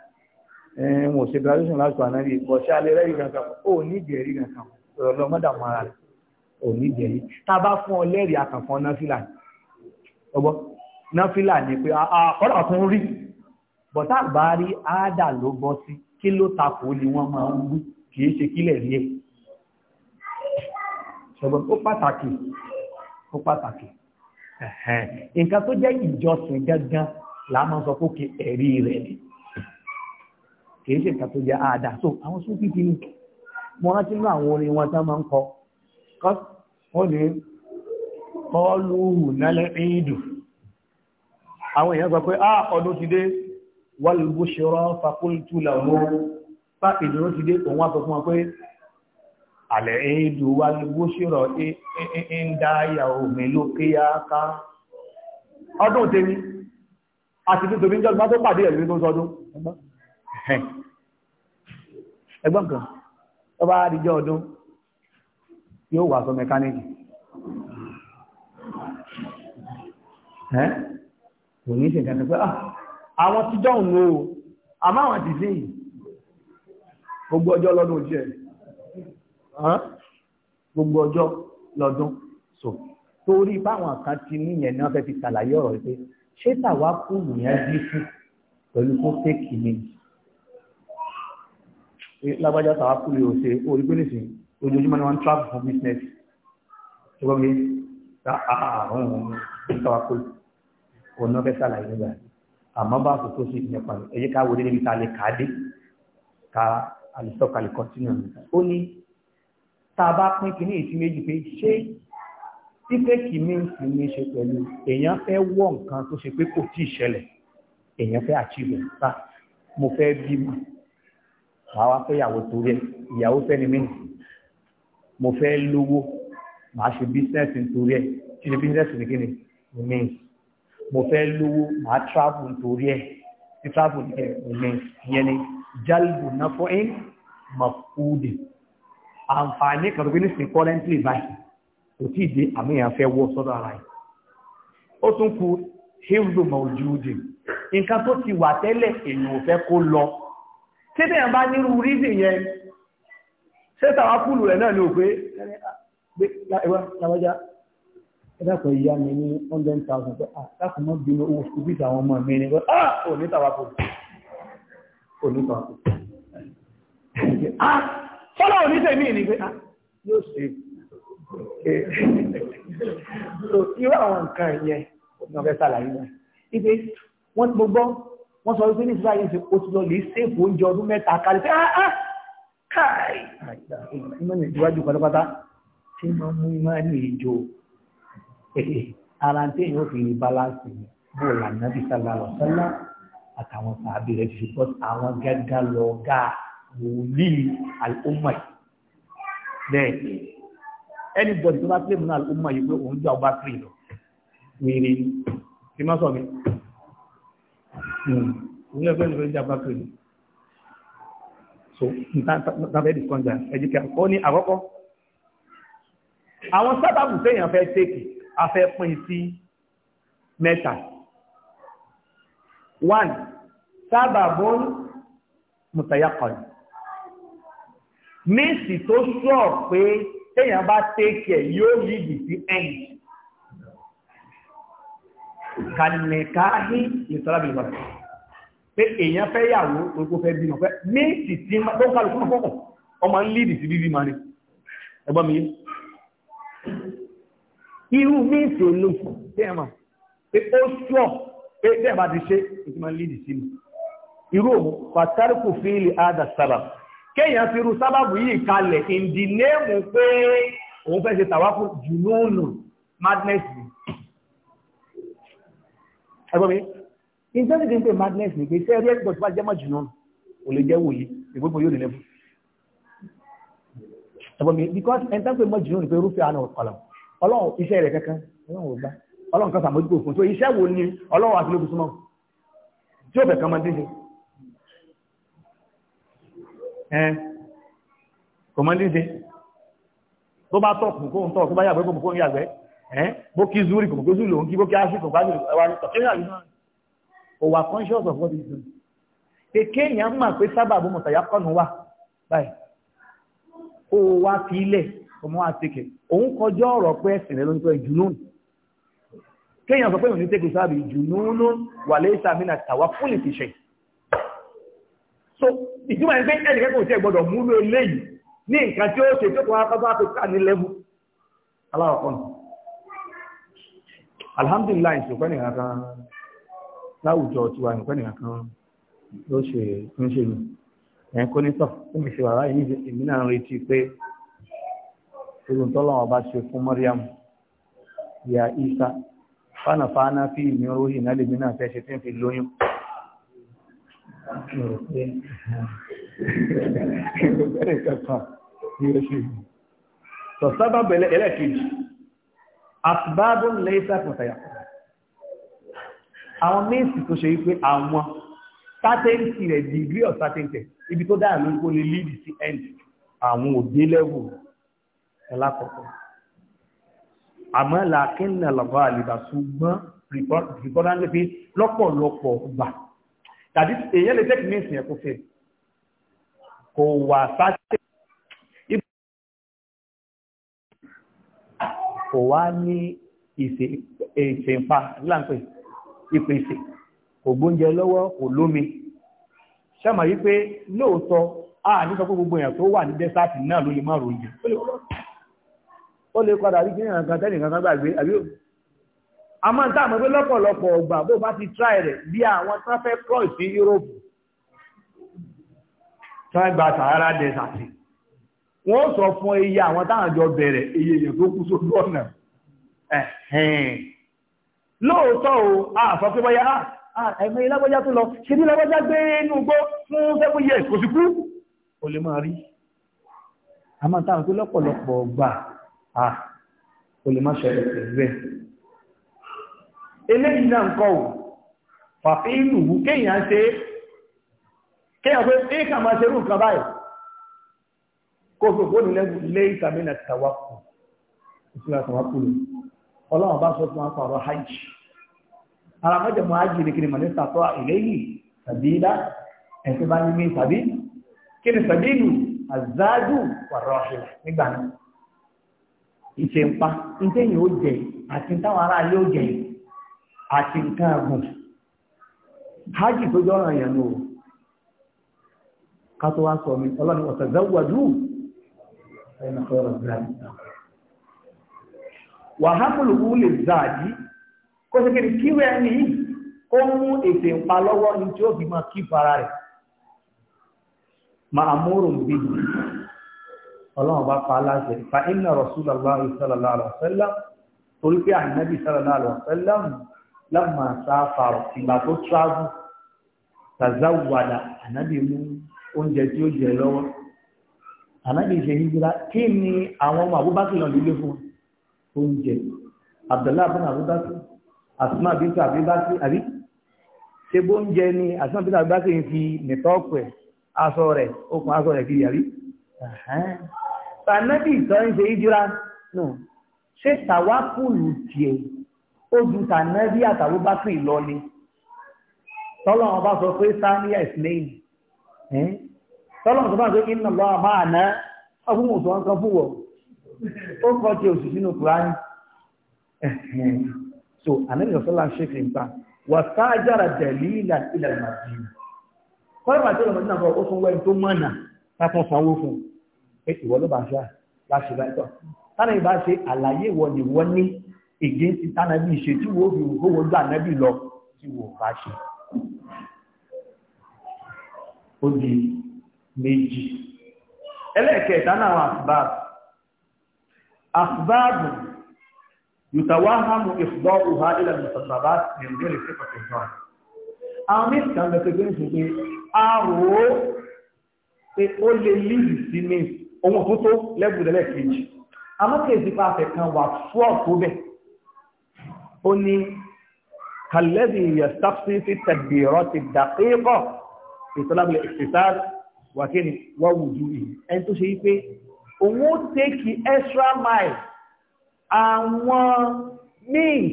ò eh, ṣe graduation lásìkò ànábì bọ̀ ṣe alẹ́ rẹ́rì kankan ó ní ìjẹ̀rí kankan ọ̀rọ̀ lọ mọ́dà mọ́ ara rẹ̀ ò ní ìjẹ̀rí tá a bá fún ọ lẹ́rìí àkànfọ́n náfìlà ọgbọ́n náfìlà ni pé àkọ́dà ah, ah, tún rí bọ̀tá bá rí áádà ló bọ́ sí kí ló takò ni wọ́n máa ń wú kì í ṣe kílẹ̀ rí ẹ̀ ṣọgbọ́n ó pàtàkì ó pàtàkì nǹkan tó jẹ́ ìjọsìn gángan là máa sọ fókè ẹ̀rí rẹ̀ ni kìí ṣe nǹkan tó jẹ́ àdá so àwọn sún fífi ni mo rántí nínú àwọn orin wọn tán máa ń kọ wọ́n ní kọ́ọ̀lù nálẹ́ ìdù àwọn èèyàn sọ pé á ọdún ti dé wàlúbùṣọ́rọ́ fakultù làwọn fa ìdúró ti dé òun wá sọ fún wọn pé àlẹ́ èédú wá ní gbóṣírọ̀ ń dá ìyàwó mi lókè áká ọdún tèmi àti tó tóbi ń jọ́ tó pàdé ẹ̀lú tó sọdún ẹgbọ́n kan tó bá dìjọ́ ọdún yóò wà sọ mẹkáníkì kò ní ṣe nǹkan pé ah, àwọn tíjọ́ ń lo àmáwọn ti sí gbogbo ọjọ́ lọ́dún ojú ẹ̀ gbogbo ọjọ́ lọ́dún so torí báwọn kan ti níyẹn náà fẹ́ fi ṣàlàyé ọ̀rọ̀ yìí pé ṣé tàwa kú nìyẹn bí fún pẹ̀lú kó fẹ́ẹ̀kì ni lágbájá tàwa kú yóò ṣe orí pé nìsín ojoojúmọ́ ni wọ́n ń travel for business ṣùgbọ́n mi ta àwọn ohun tàwa kú òun náà fẹ́ ṣàlàyé nígbà àmọ́ bá àkókò sí ìyẹ̀pà ẹ̀yẹ́ ká wọlé níbi tá a lè kà á dé ká àlùsọ̀kalẹ̀ kọ́tínù ó ní tá a bá pín kí ní ìsí méjì pé ṣé fífẹ́kì míǹsì ní ṣe pẹ̀lú èèyàn fẹ́ wọ nǹkan tó ṣe pé kò tí ì ṣẹlẹ̀ èèyàn fẹ́ achieve ta mo fẹ́ bímọ màá wá fẹ́ ìyàwó tó rẹ ìyàwó fẹ́ ni mí mo fẹ́ lówó màá ṣe business nítorí ẹ̀ tí ṣe business ní kíni ní mí mo fẹ́ lówó màá travel nítorí ẹ̀ tí travel ní kíni ní mí ìyẹn ni jálùbù náà fọ́ ẹ́ màkúdì àǹfààní kan tó gbé ní sin currently báyìí kò tí ì dé àmì èèyàn fẹ́ wọ́ sọ́dọ̀ ara yìí ó tún ku hildo mọ̀júùdì nǹkan tó ti wà tẹ́lẹ̀ èèyàn ò fẹ́ kó lọ tí èèyàn bá nírú rídì yẹn ṣé tàwa kúlù rẹ̀ náà ni ò pé ìyá mi ní 100,000 pé ah, mọ́ bínú owó ṣubí àwọn ọmọ mi ní pé ah ò tàwa kò ní tàwa kò Fọ́lá ò ní tèmi ní pé, ah, yóò ṣe so irú àwọn nǹkan ẹ̀yẹ náà fẹ́ sàlàyé náà. Ibi wọ́n ti gbọ́ wọ́n sọ wípé ní ìsúra yìí ṣe o ti lọ lè ṣèpò oúnjẹ ọdún mẹ́ta kalẹ̀ pé áá ah, ah, káì. Iná ní ìdíwájú pátápátá tí máa mú bí sálà sálà àtàwọn sàbí rẹ̀ ti àwọn gẹ́gẹ́ lọ gáà wòlíì àlùmọ̀ yìí bẹ́ẹ̀ ni anybody tó bá pè mí ní àlùmọ̀ yìí pé òun jẹ́ ọba kiri lọ wèrè ni kí má sọ mi hmm, òun lè fẹ́ ní ìfẹ́ jẹ́ ọba kiri so ntabẹ́ discount ẹ̀jẹ̀ kí ó ní àkọ́kọ́ àwọn sábàbù téèyàn fẹ́ tèkì a fẹ́ pín sí mẹ́ta one sábàbù mùtàyàkọ̀ọ́ míìsì tó sọ pé téèyàn bá tẹ́kẹ̀ yóò yídi sí ẹ̀yìn kànìkáhí ìtọ́lábìlì padà pé èèyàn fẹ́ yàwó orígbó fẹ́ bímọ fẹ́ míìsì tí ó ń kálukú fọ́kàn ọmọ ń lídì sí bíbí ma ní ẹgbọ́n mi irú míìsì olú téèyàn mà pé ó sọ pé téèyàn bá ti ṣe ìtì máa ń lídì sí mi irú òun pàtàkì fíìlì ádà sábà kéèyàn fi ru sábàbù yìí kalẹ̀ in the name pé òun fẹ́ ṣe tàwáfù jùlọ́ọ̀nù madness ni. ẹgbọ́n mi ìjọba ti ń pè madness ni pé ṣé ẹrí ẹgbẹ́ tó bá jẹ́ mọ́ jùlọ́ọ̀nù ò lè jẹ́ wòye ìgbógbó yóò lè lẹ́bù. ẹgbọ́n mi because ẹni tó ń pè mọ́ jùlọ́ọ̀nù ni pé irúfẹ́ àánú ọ̀kọ̀lọ̀ ọlọ́run iṣẹ́ rẹ̀ kankan ọlọ́run ò gbá ọlọ́run kan sàmójúkò fún tó iṣẹ́ wo ni ọlọ́run àti lóbi súnmọ́ tí ẹ́ kò mọ́ líde tó bá tọ́pù kó ń tọ́ tó bá yàgbẹ́ kò kó ń yàgbẹ́ ẹ́ bó kí zúrí kò kó zúrí òun kí bó kí áṣì kò kájú ẹwà ní tọ́kẹ́yà yìí náà ó wà conscious of what is doing kéèké èèyàn mà pé sábà bó mọ̀ tàyà kọ́nù wà báyìí ó wá fi ilẹ̀ ọmọ àtẹkẹ̀ òun kọjọ́ ọ̀rọ̀ pé ẹ̀sìn rẹ̀ ló ń pẹ́ jù lónìí kéèyàn sọ pé òun ní núnú wà lẹ́sàmínà tàwa fúlì ti so ìtumọ̀ ẹgbẹ́ ẹnìkan kò tiẹ̀ gbọ́dọ̀ múlò eléyìí ní nǹkan tí ó ṣe tó kọ́ akọ́tọ́ afrika ní lẹ́bù aláwọ̀kọ́ nù alhamdulillah ìṣòkọ́ nìkan kan láwùjọ tiwa nìkan nìkan kan ló ṣe ń ṣe mi ẹ̀ kó ní tọ̀ fún mi ṣe wàrà yìí ní ya Isa fánafáná fi ìmíròhìn náà lèmi náà fẹ́ ṣe tí fi lóyún kí ọ̀rọ̀ pé ẹ̀rẹ̀ kẹfà ní ẹṣẹ́ ìlú. sọ sábà bẹ̀lẹ̀ ẹlẹ́kejì asbábùn lẹ́sà pọ̀tàyà àwọn méjì tó ṣe wípé àwọn sátẹ́ǹtì rẹ̀ degree of sátẹ́ǹtì ibi tó dáa lórí kó lè lead sí end àwọn òbí level ẹlákọ̀ọ́kọ́ àmọ́ làákínà lọ́gọ́ àlèbà ṣùgbọ́n rìpọ́nlẹ́pẹ́ lọ́pọ̀lọpọ̀ gbà tàbí èèyàn lè tẹ́kì míìsì yẹn kó fẹ́ kò wà sáté kò wá ní ìṣèǹpa láǹpẹ̀ ìpèsè kò gbóúnjẹ lọ́wọ́ kò lómi ṣàmà yí pé lóòótọ́ a ní sọ pé gbogbo èèyàn tó wà ní dẹ́sáàtì náà ló lè má ròyìn ó lè padà rí kí ní ìrànkan tẹ́lẹ̀ ìrànkan gbàgbé àbí a máa ń tàà mọ́ pé lọ́pọ̀lọpọ̀ ọgbà bó bá ti try rẹ̀ bí àwọn tán fẹ́ cross sí Europe tán gba Sahara desert wọ́n sọ fún iye àwọn táwọn jọ bẹ̀rẹ̀ iye èèyàn tó kú sójú ọ̀nà lóòótọ́ o àfọ́ pé bọ́yá ẹ̀mọ́ ilábọ́já tó lọ ṣe ní lábọ́já gbé inú gbó fún seven years kò sí kú o lè máa rí a máa táwọn tó lọ́pọ̀lọpọ̀ gbà o lè má ṣẹlẹ̀ pẹ̀lú eléyìí náà ń kọ́ ò fàfí ìlú kéèyàn ṣe kéèyàn pé kéèkà máa ṣe rú nǹkan báyìí kó fi kó nílẹ̀ ilé ìtàmínà tàwákù ìtura tàwákù ni ọlọ́run bá sọ fún wa pàrọ̀ hajj ara mọ́jọ mọ́ hajj ní kiri mọ̀lẹ́sà tó ilé yìí tàbí ilá ẹ̀sẹ̀ bá ní mí tàbí kí ni tàbí ìlú àzáàdù pàrọ̀ ọ̀hìn nígbà náà ìṣèǹpa ìtẹ̀yìn ó jẹ àti táwọn aráàlú ó jẹ yìí àti nǹkan àgùn hajji tó jọ ọ̀ràn ìyànú o ká tó wá sọ mi ọlọ́ni ọ̀tẹ̀zẹ́wọ̀dú ẹ̀nà ọ̀rọ̀ ìgbàlẹ̀ wàhámùlù wúlè záàdì kó ṣe kiri kíwẹ́ ní kó mú ètè ń pa lọ́wọ́ ní tí ó fi máa ọlọ́run bá pa aláṣẹ fa inna rasulallah sallallahu alaihi wa sallam torí pé ànábì lọ́mọ àsáfà ìgbà tó travel tazawada ànábì mú oúnjẹ tí ó jẹ lọ́wọ́ ànábì ṣe hijira kí ni àwọn ọmọ abúbákì náà lílé fún oúnjẹ abdullahi abúlé abúbákì asma bintu abúbákì àbí ṣe bó ni asma bintu abúbákì ń fi nìtọ́ọ̀pù ẹ̀ aṣọ rẹ̀ okùn aṣọ rẹ̀ kiri àbí tànábì tó ń ṣe hijira ṣe tàwákùlù tiẹ̀ ojú tànẹ́bí àtàbúbákì lọ ni tọ́lọ́wọ́n bá sọ pé sáníà ìsìlẹ́yìn tọ́lọ́wọ́n tó bá sọ pé iná lọ́wọ́ máa ná ọgbọ́n òṣùwọ́ nǹkan fún wọ̀ ó kọ́ ti òṣì sínú kùránì so ànábì sọ́lá ń ṣèkì nípa wà sáájára tẹ̀lé ìlà ìlà ìmàjì kọ́lá bàtí ọ̀rọ̀ mọ́tò náà ó tún wẹ́ni tó mọ̀nà látún sanwó fún ìwọ ló bá ṣe láṣìbáyìí tọ́ ègé ti tánàbí ṣe tí wọ́n fi owó gbà nẹ́bí lọ tí wọ́n bá ṣe ó di méjì ẹlẹ́ẹ̀kẹta náà àwọn asbáàbù asbáàbù yùtàwáhámù ìfúgbọ́ òhà ilẹ̀ mùsàtàbá nìgbèrè sí pàtàkì àwọn méjì kan lọ́tọ́ gbé ń sọ pé a rò ó pé ó lè lílì sí mi ohun tó tó lẹ́bùdẹ́lẹ̀ kejì amókèsí pàfẹ́ kan wà fúọ̀ tó bẹ́ẹ̀ ó ní kàlẹ́bì yẹ̀sọ́fí fi tẹ̀gbìrọ́ ti dàkíkọ̀ ìtọ́lábìlẹ̀ ìfẹ̀sáà wà kí ni wọ́n wùdú yìí ẹni tó ṣe yí pé òun ó tẹ́kì extra mile àwọn means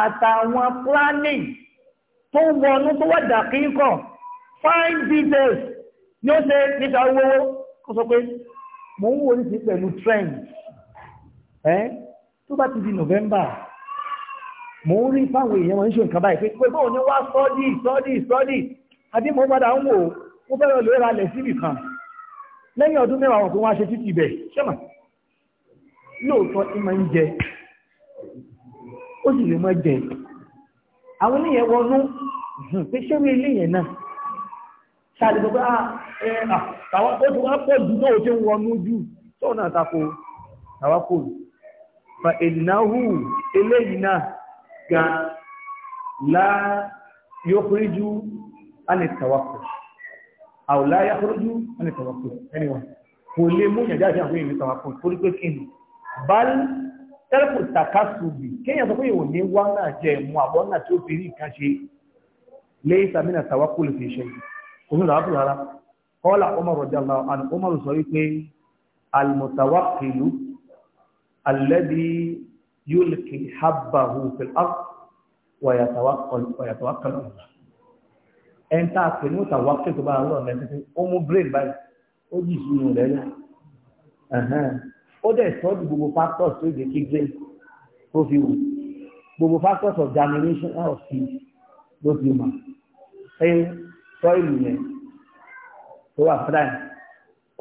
àtàwọn planning tó wọnú tó wà dàkíkọ̀ fine details ni ó ṣe níta owó kó sọ pé mò ń wò ní sí pẹ̀lú trend tó bá ti di November mo ń rí fáwọn èèyàn máa ń ṣe nǹkan báyìí pé pé bóun ni wá sọ́dí sọ́dí sọ́dí àbí mo padà ń wò ó fẹ́rẹ̀ lóra lẹ̀ síbì kan lẹ́yìn ọdún mẹ́wàá wọn tó wá ṣe títì ibẹ̀ ṣẹ́mà lóòótọ́ ní máa ń jẹ ó sì lè máa jẹ àwọn oníyẹn wọnú pé ṣẹ́wé eléyẹn náà ṣáàlì gbogbo àwọn ó ti wá pọ̀ jù náà ó ti ń wọnú jù tó náà tako àwọn kò fa ìnáhù eléyìí náà gan la yukhriju anit tawakkul aw la yukhriju anit tawakkul anyway kò lè mú ìyànjá àti àwọn èèyàn tawakkul torí pé kí ni bal tẹ́lẹ̀kù takasubi kéèyàn sọ pé ìwò ní wá náà jẹ ìmú àbọ̀ náà tí ó fi rí nǹkan ṣe lẹ́yìn sàmínà tawakkul fi ṣe òun làwọn fún rárá kọ́lá Umar radiyallahu anhu Umar sọ wípé al-mutawakkilu يلقي حبه في الأرض ويتوكل ويتوكل على الله ẹn tá a pè ní òtà wákìtì tó bá ń lọ lẹ́nu tí ó mú brain báyìí ó yí ìṣúná rẹ̀ lọ ó dẹ̀ sọ́ọ́dù gbogbo factors tó yẹ kí brain tó fi wù gbogbo factors of germination of seed ló fi mà ṣé sọ́ìlì yẹn tó wà fúláì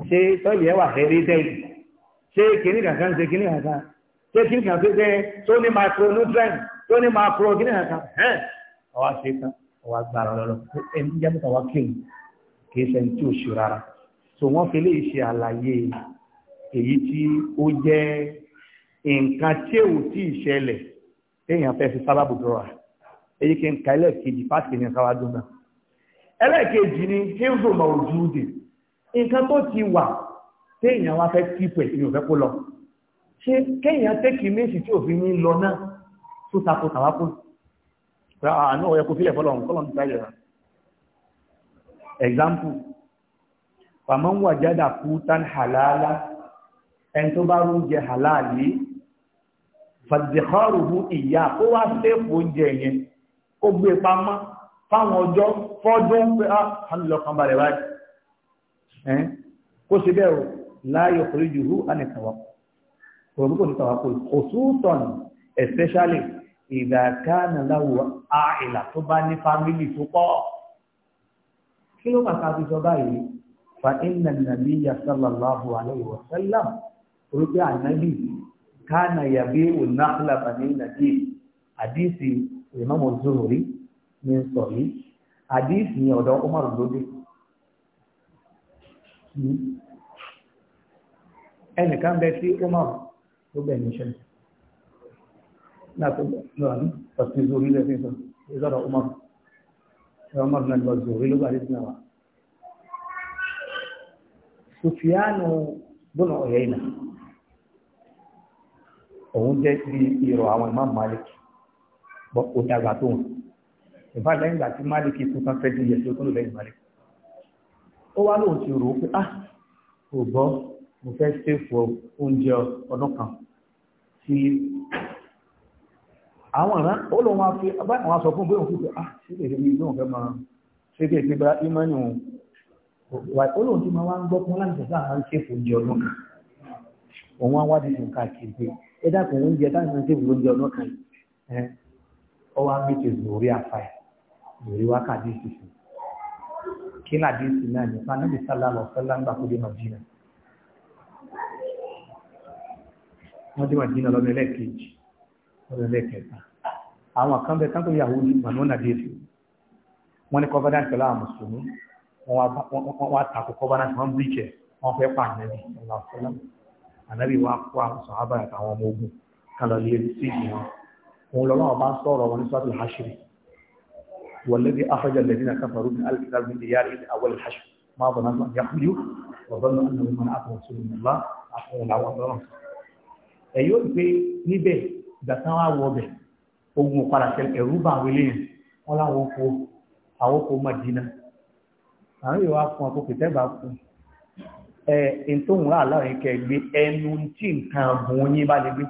ṣé sọ́ìlì yẹn wà fẹ́ẹ́ rí tẹ́lẹ̀ ṣé kìnnìkan kan ṣe kìnnìkan kan ṣé kí nìkan tó jẹ́ tó ní micronutrient tó ní macro kí nìkan kan hẹ́n ọwọ́ ṣe tán ọwọ́ agbára lọ́lọ́ ẹni jẹ́ mẹ́ta wá kí n kì í ṣẹni tí ò ṣe rárá so wọ́n fi lè ṣe àlàyé èyí tí ó jẹ́ nǹkan tí ò tí ì ṣẹlẹ̀ téèyàn fẹ́ fi sábàbù dọ́ra èyí kí n ka ẹlẹ́ẹ̀kejì pàtàkì ní káwá dùn ẹlẹ́ẹ̀kejì ni hildo mawujudi nǹkan tó ti wà téèyàn wá fẹ́ kíp ẹ̀ ṣe kéèyàn tẹ́kì méjì tí òfin ní lọ náà tó tako tàwákùn ah, àánú ọ̀yẹ́ kò fílẹ̀ fọ́lọ̀n kọ́lọ̀n ti táyẹ̀ rán example fàmọ́ ń wàjádà kú tán halálá ẹni tó bá rú jẹ halálí fàdìkọ́rùhù ìyá ó wá sẹ́ẹ̀fù oúnjẹ yẹn ó gbé e pamọ́ fáwọn ọjọ́ fọ́dún pé á ah, hànlọ́kan balẹ̀ báyìí kó ṣe bẹ́ẹ̀ o láyọ̀ pẹ̀lú jùhú ànìkàwọ́pọ̀ orúkọ ní tàwákò òṣùtọ̀n especially ìdàkánà láwù àìlà tó bá ní fámílì tó pọ̀ kí ló máa káàkiri sọ báyìí fa inna nabiyya sallallahu alayhi wa sallam orúkọ ànábì kánà yàbí ònàkùlà bàní nàdí àdìsí ìmọ̀mọ̀ zuhuri ní sọ yìí àdìsí ní ọ̀dọ̀ Umar lóde hmm? ẹnìkan bẹ sí Umar gbogbo ẹ̀mí ṣẹlẹ̀ náà na lọ́wọ́ ní ọ̀sìn ìzòrí lẹ́sìn sọ ìzọ́rọ̀ Umar Umar náà lọ zòrí ló bá rí sínú wa Sufiyanu bọ́nà ọ̀yẹ́ ìnà òun jẹ́ ti ìrọ̀ àwọn Imam Malik bọ́ ah mo fẹ́ ṣèfò oúnjẹ ọdún kan sí àwọn ìran ó lóun wá fi báyìí wọn sọ fún bóyá òkú pé ah síbẹ̀ ìdíbi ìgbé òun fẹ́ máa ṣe kí ìgbé bá ìmọ̀nì òun wà ó lóun ti máa wá ń gbọ́ fún láti sọ̀tà àwọn ṣèfò oúnjẹ ọdún kan òun wá wá di nǹkan àkìrí pé ẹ dákun oúnjẹ táwọn ìran ṣèfò oúnjẹ ọdún kan yìí ọwọ́ àmìtì lórí àfàì lórí wákàtí ìsìsì kí ládìsì náà nípa níbi sálà lọ sálà ńgbà kó dé Madina wọ́n ti Madina lọ́nà ẹlẹ́ẹ̀kejì lọ́nà ẹlẹ́ẹ̀kẹta àwọn kan bẹ sáńtò Yahudi mọ̀nà déètì wọ́n ní covenant pẹ̀lú àwọn mùsùlùmí wọ́n wá tako covenant wọ́n bí jẹ wọ́n fẹ́ pa ànábì ọ̀là ọ̀sọ́lá ànábì wa kó àwọn sọ̀hábà àtàwọn ọmọ ogun kan lọ lé sí ìdí wọn òun lọ́wọ́ bá sọ̀rọ̀ wọn ní sọ́tù hashiri والذي أخرج الذين كفروا من أهل الكتاب من ديارهم أول الحشر ما ظننتم أن يخرجوا وظنوا أنهم منعتهم رسول الله عفوا الله ẹ̀ yóò rí pé níbẹ̀ ìgbà tán wá wọ ọbẹ̀ ogun padà ṣẹlẹ̀ ẹ̀rú bá àwọn eléyìí wọn láwọn oko àwọn oko Madina àwọn yóò wá fún akókò tẹ́gbà fún ẹ ẹ̀ tó ń rà láwọn kẹ gbé ẹnu tí nǹkan ọ̀gbìn yín bá lè gbé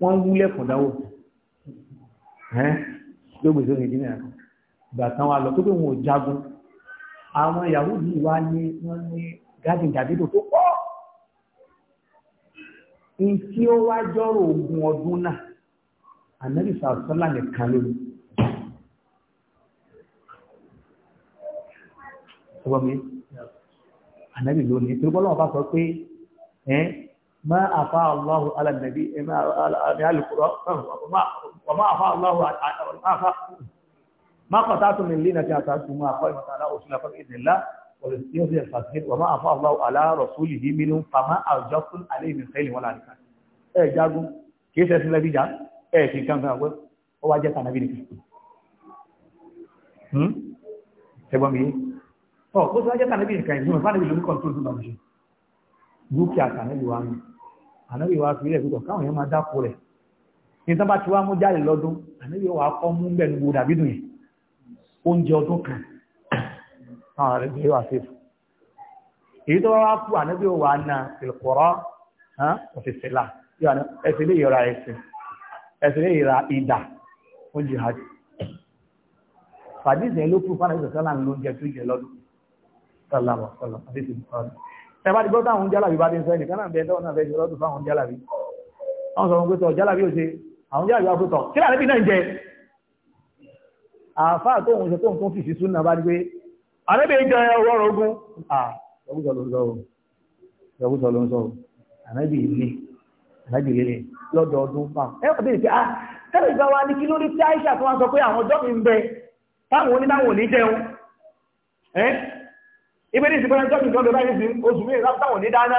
wọ́n wúlẹ̀ fún dáwọ́ ẹ́ lóògbé sórí ìdí náà ìgbà tán lọ tó pé wọn ò jagun àwọn Yahudi wá ní wọ́n ní gádìn dàbídò tó pọ̀ tí ó wá jọ́rọ̀ ogun ọdún náà ànábì sàásọ́là nìkan ló ní. Ṣọ́bọ̀ mi, ànábì ló ní, torí bọ́lá ọba sọ pé ẹ má àfa Allahu alànàbí ẹ má alùpùpù ọmọ àfa Allahu àfa má kọ̀tà tó mi lé nàìjíríà tó mú àkọ́ ìmọ̀tàlá òṣèlú àfọ́lẹ́ ìdìlá. وليخزي الفاسقين وما أفاء الله على رسوله منهم فما أوجبتم عليه من خيل ولا ركاب ẹ jagun kìí ṣe sílẹ̀ bíjà ẹ fi nǹkan kan pé ó wá jẹ́ tànàbí nìkan hmm? ṣẹgbọ́n mi ọ kó tó wá jẹ́ tànàbí nìkan ìdúmọ̀ fánàbí lórí kọ́ńtúrò tó bá mi ṣe dúkìá tànàbí wa mi ànábì wa fi ilẹ̀ pípọ̀ ní tán káwọn rẹ̀ gbé wà fífò èyí tó wá kú ànábì wà ná ìlkọ̀rọ̀ òfìsìlá ẹ̀sìn lè yọra ẹ̀sìn ẹ̀sìn lè yọra ìdà fún jihad fàdíìsì ẹ̀ ló kú fún ànábì sọ́lá ló ń jẹ tó jẹ lọ́dún sọ́lá wà sọ́lá àdíìsì bùkọ́rọ̀ tẹ́bá ti gbọ́ táwọn jálàbí bá ti ń sọ ẹnìkan náà bẹ́ẹ̀ tọ́wọ́n náà fẹ́ ṣe lọ́dún fáwọn jálàbí àwọn sọ̀rọ̀ pé tọ̀ jálàbí ò ṣe àwọn jálàbí wá pé tọ̀ kí àrẹ́bẹ̀ ìjọ ọ̀rọ̀ ogun ààbùsọ̀ ló ń sọ̀rọ̀ àrẹ́bẹ̀ ilé àrẹ́bẹ̀ ilé lọ́dọọdún pa ẹ̀kọ́ bèèrè pé a tẹ́lẹ̀ ìgbà wa ní kí lórí tí Aisha tó wá sọ pé àwọn ọjọ́ mi ń bẹ táwọn oníláwọn ò ní jẹun ẹ́ ibi ní ìsìnkú ọjọ́ mi kan lọ́dọ̀ báyìí sí oṣù mi láwọn ò ní dáná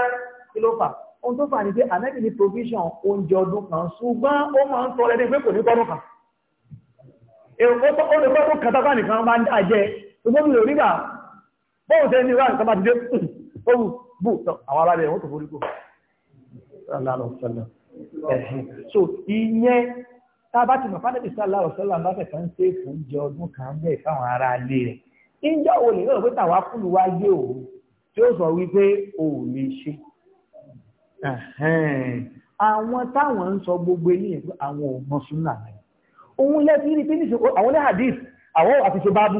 kí ló fà ohun tó fà ní pé àrẹ́bẹ̀ ní provision oúnjẹ ọdún kan ṣùgbọ́n ó máa ń tọrẹ ní pé kò ní tọ́dún kan èrò ó lè tọ́dún kan tábà nìkan máa ń dá jẹ ṣùgbọ́n mi ò rí gbà bọ́ọ̀ tẹ́ ní ìwà nǹkan bá ti dé ohun bù àwọn ará rẹ̀ tó forí kò so ìyẹn tá a bá ti mọ̀ fánẹ́bí sálà ọ̀sọ́là bá fẹ̀ kan ṣe fún jẹ ọdún kan bẹ́ẹ̀ fáwọn ará ilé rẹ̀ ìjọ wo nìyẹn pé tàwa kúlù wá yé òun tí ó sọ wípé o ò ṣe àwọn táwọn ń sọ gbogbo eléyìí pé àwọn ò mọ súnà rẹ̀ òun lẹ́sìn ní pé níṣẹ́ àwọn ní hadith àwọn àti ṣe báàbù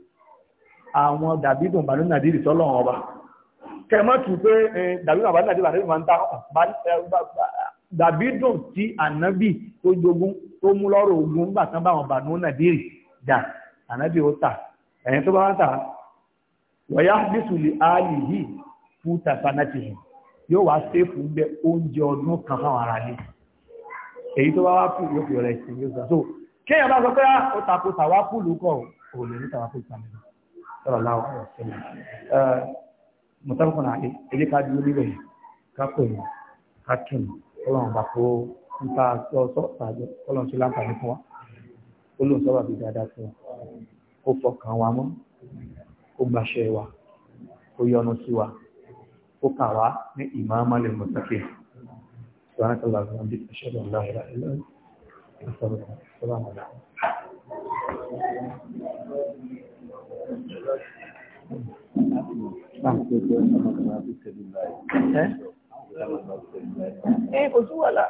àwọn dàbídùn bàánú nàdírì sọ́lọ́run ọba kẹmọ́tù pé dàbídùn bàánú nàdírì bàánú máa ń ta dàbídùn tí ànábì tó jogún tó mú lọ́rọ̀ ogun nígbà tán báwọn bàánú nàdírì dà ànábì ó tà ẹ̀yìn tó bá wá tà wọ̀yá bísùlì áàlì yìí fúta fanatìsì yóò wá séèfù gbẹ oúnjẹ ọdún kan fáwọn ara ní èyí tó bá wá fún yóò fi rẹ̀ sí yóò sọ kéèyàn bá sọ pé ó takò tàwa púlù kọ òòlù ní tàwa púlù tàwa sọ̀rọ̀ láwọ̀ ọ̀sẹ̀lẹ̀ mọ̀tàbùkún àyè ẹ̀jẹ̀ ká dúró níbẹ̀ ká pè mí ká tù mí ọlọ́run bá kó ń ta sọ́ọ̀sọ́ ṣáájú ọlọ́run ṣe láǹfààní fún wa olóhùn sọ́wọ́ dáadáa fún wa kó fọkàn wa mọ́ kó gbaṣẹ́ wa kó yọ́nú sí wa kó kà wá ní ìmáàmá lè mọ̀ sókè sọ́wọ́n kọ́lá ọ̀gbọ́n bí ṣẹ́gun láìra ẹ̀ lọ́wọ́ ẹ eh, eh, kò sí wàhálà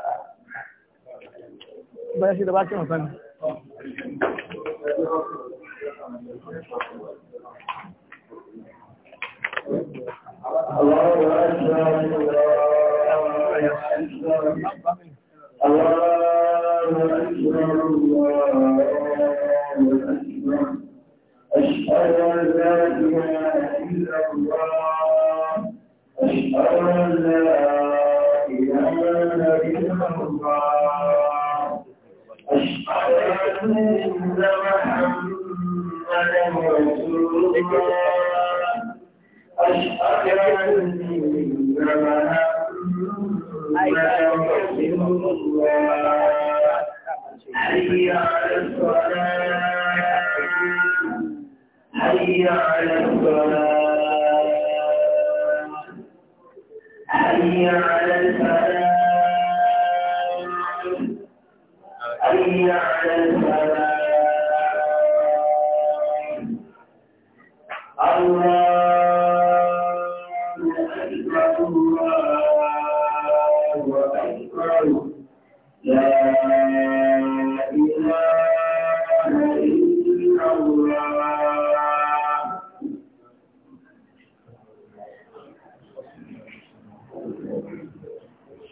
bẹ́ẹ̀ ṣe lọ́ba kírun sani. Allahu Akbar Allahu Akbar Allahu Akbar أشهد أن لا إله إلا الله أشهد أن لا إله إلا الله أشهد أن محمدا رسول الله أشهد أن محمدا رسول الله حي على الصلاة حي على الصلاة حي على الفلاح حي على الفلاح الله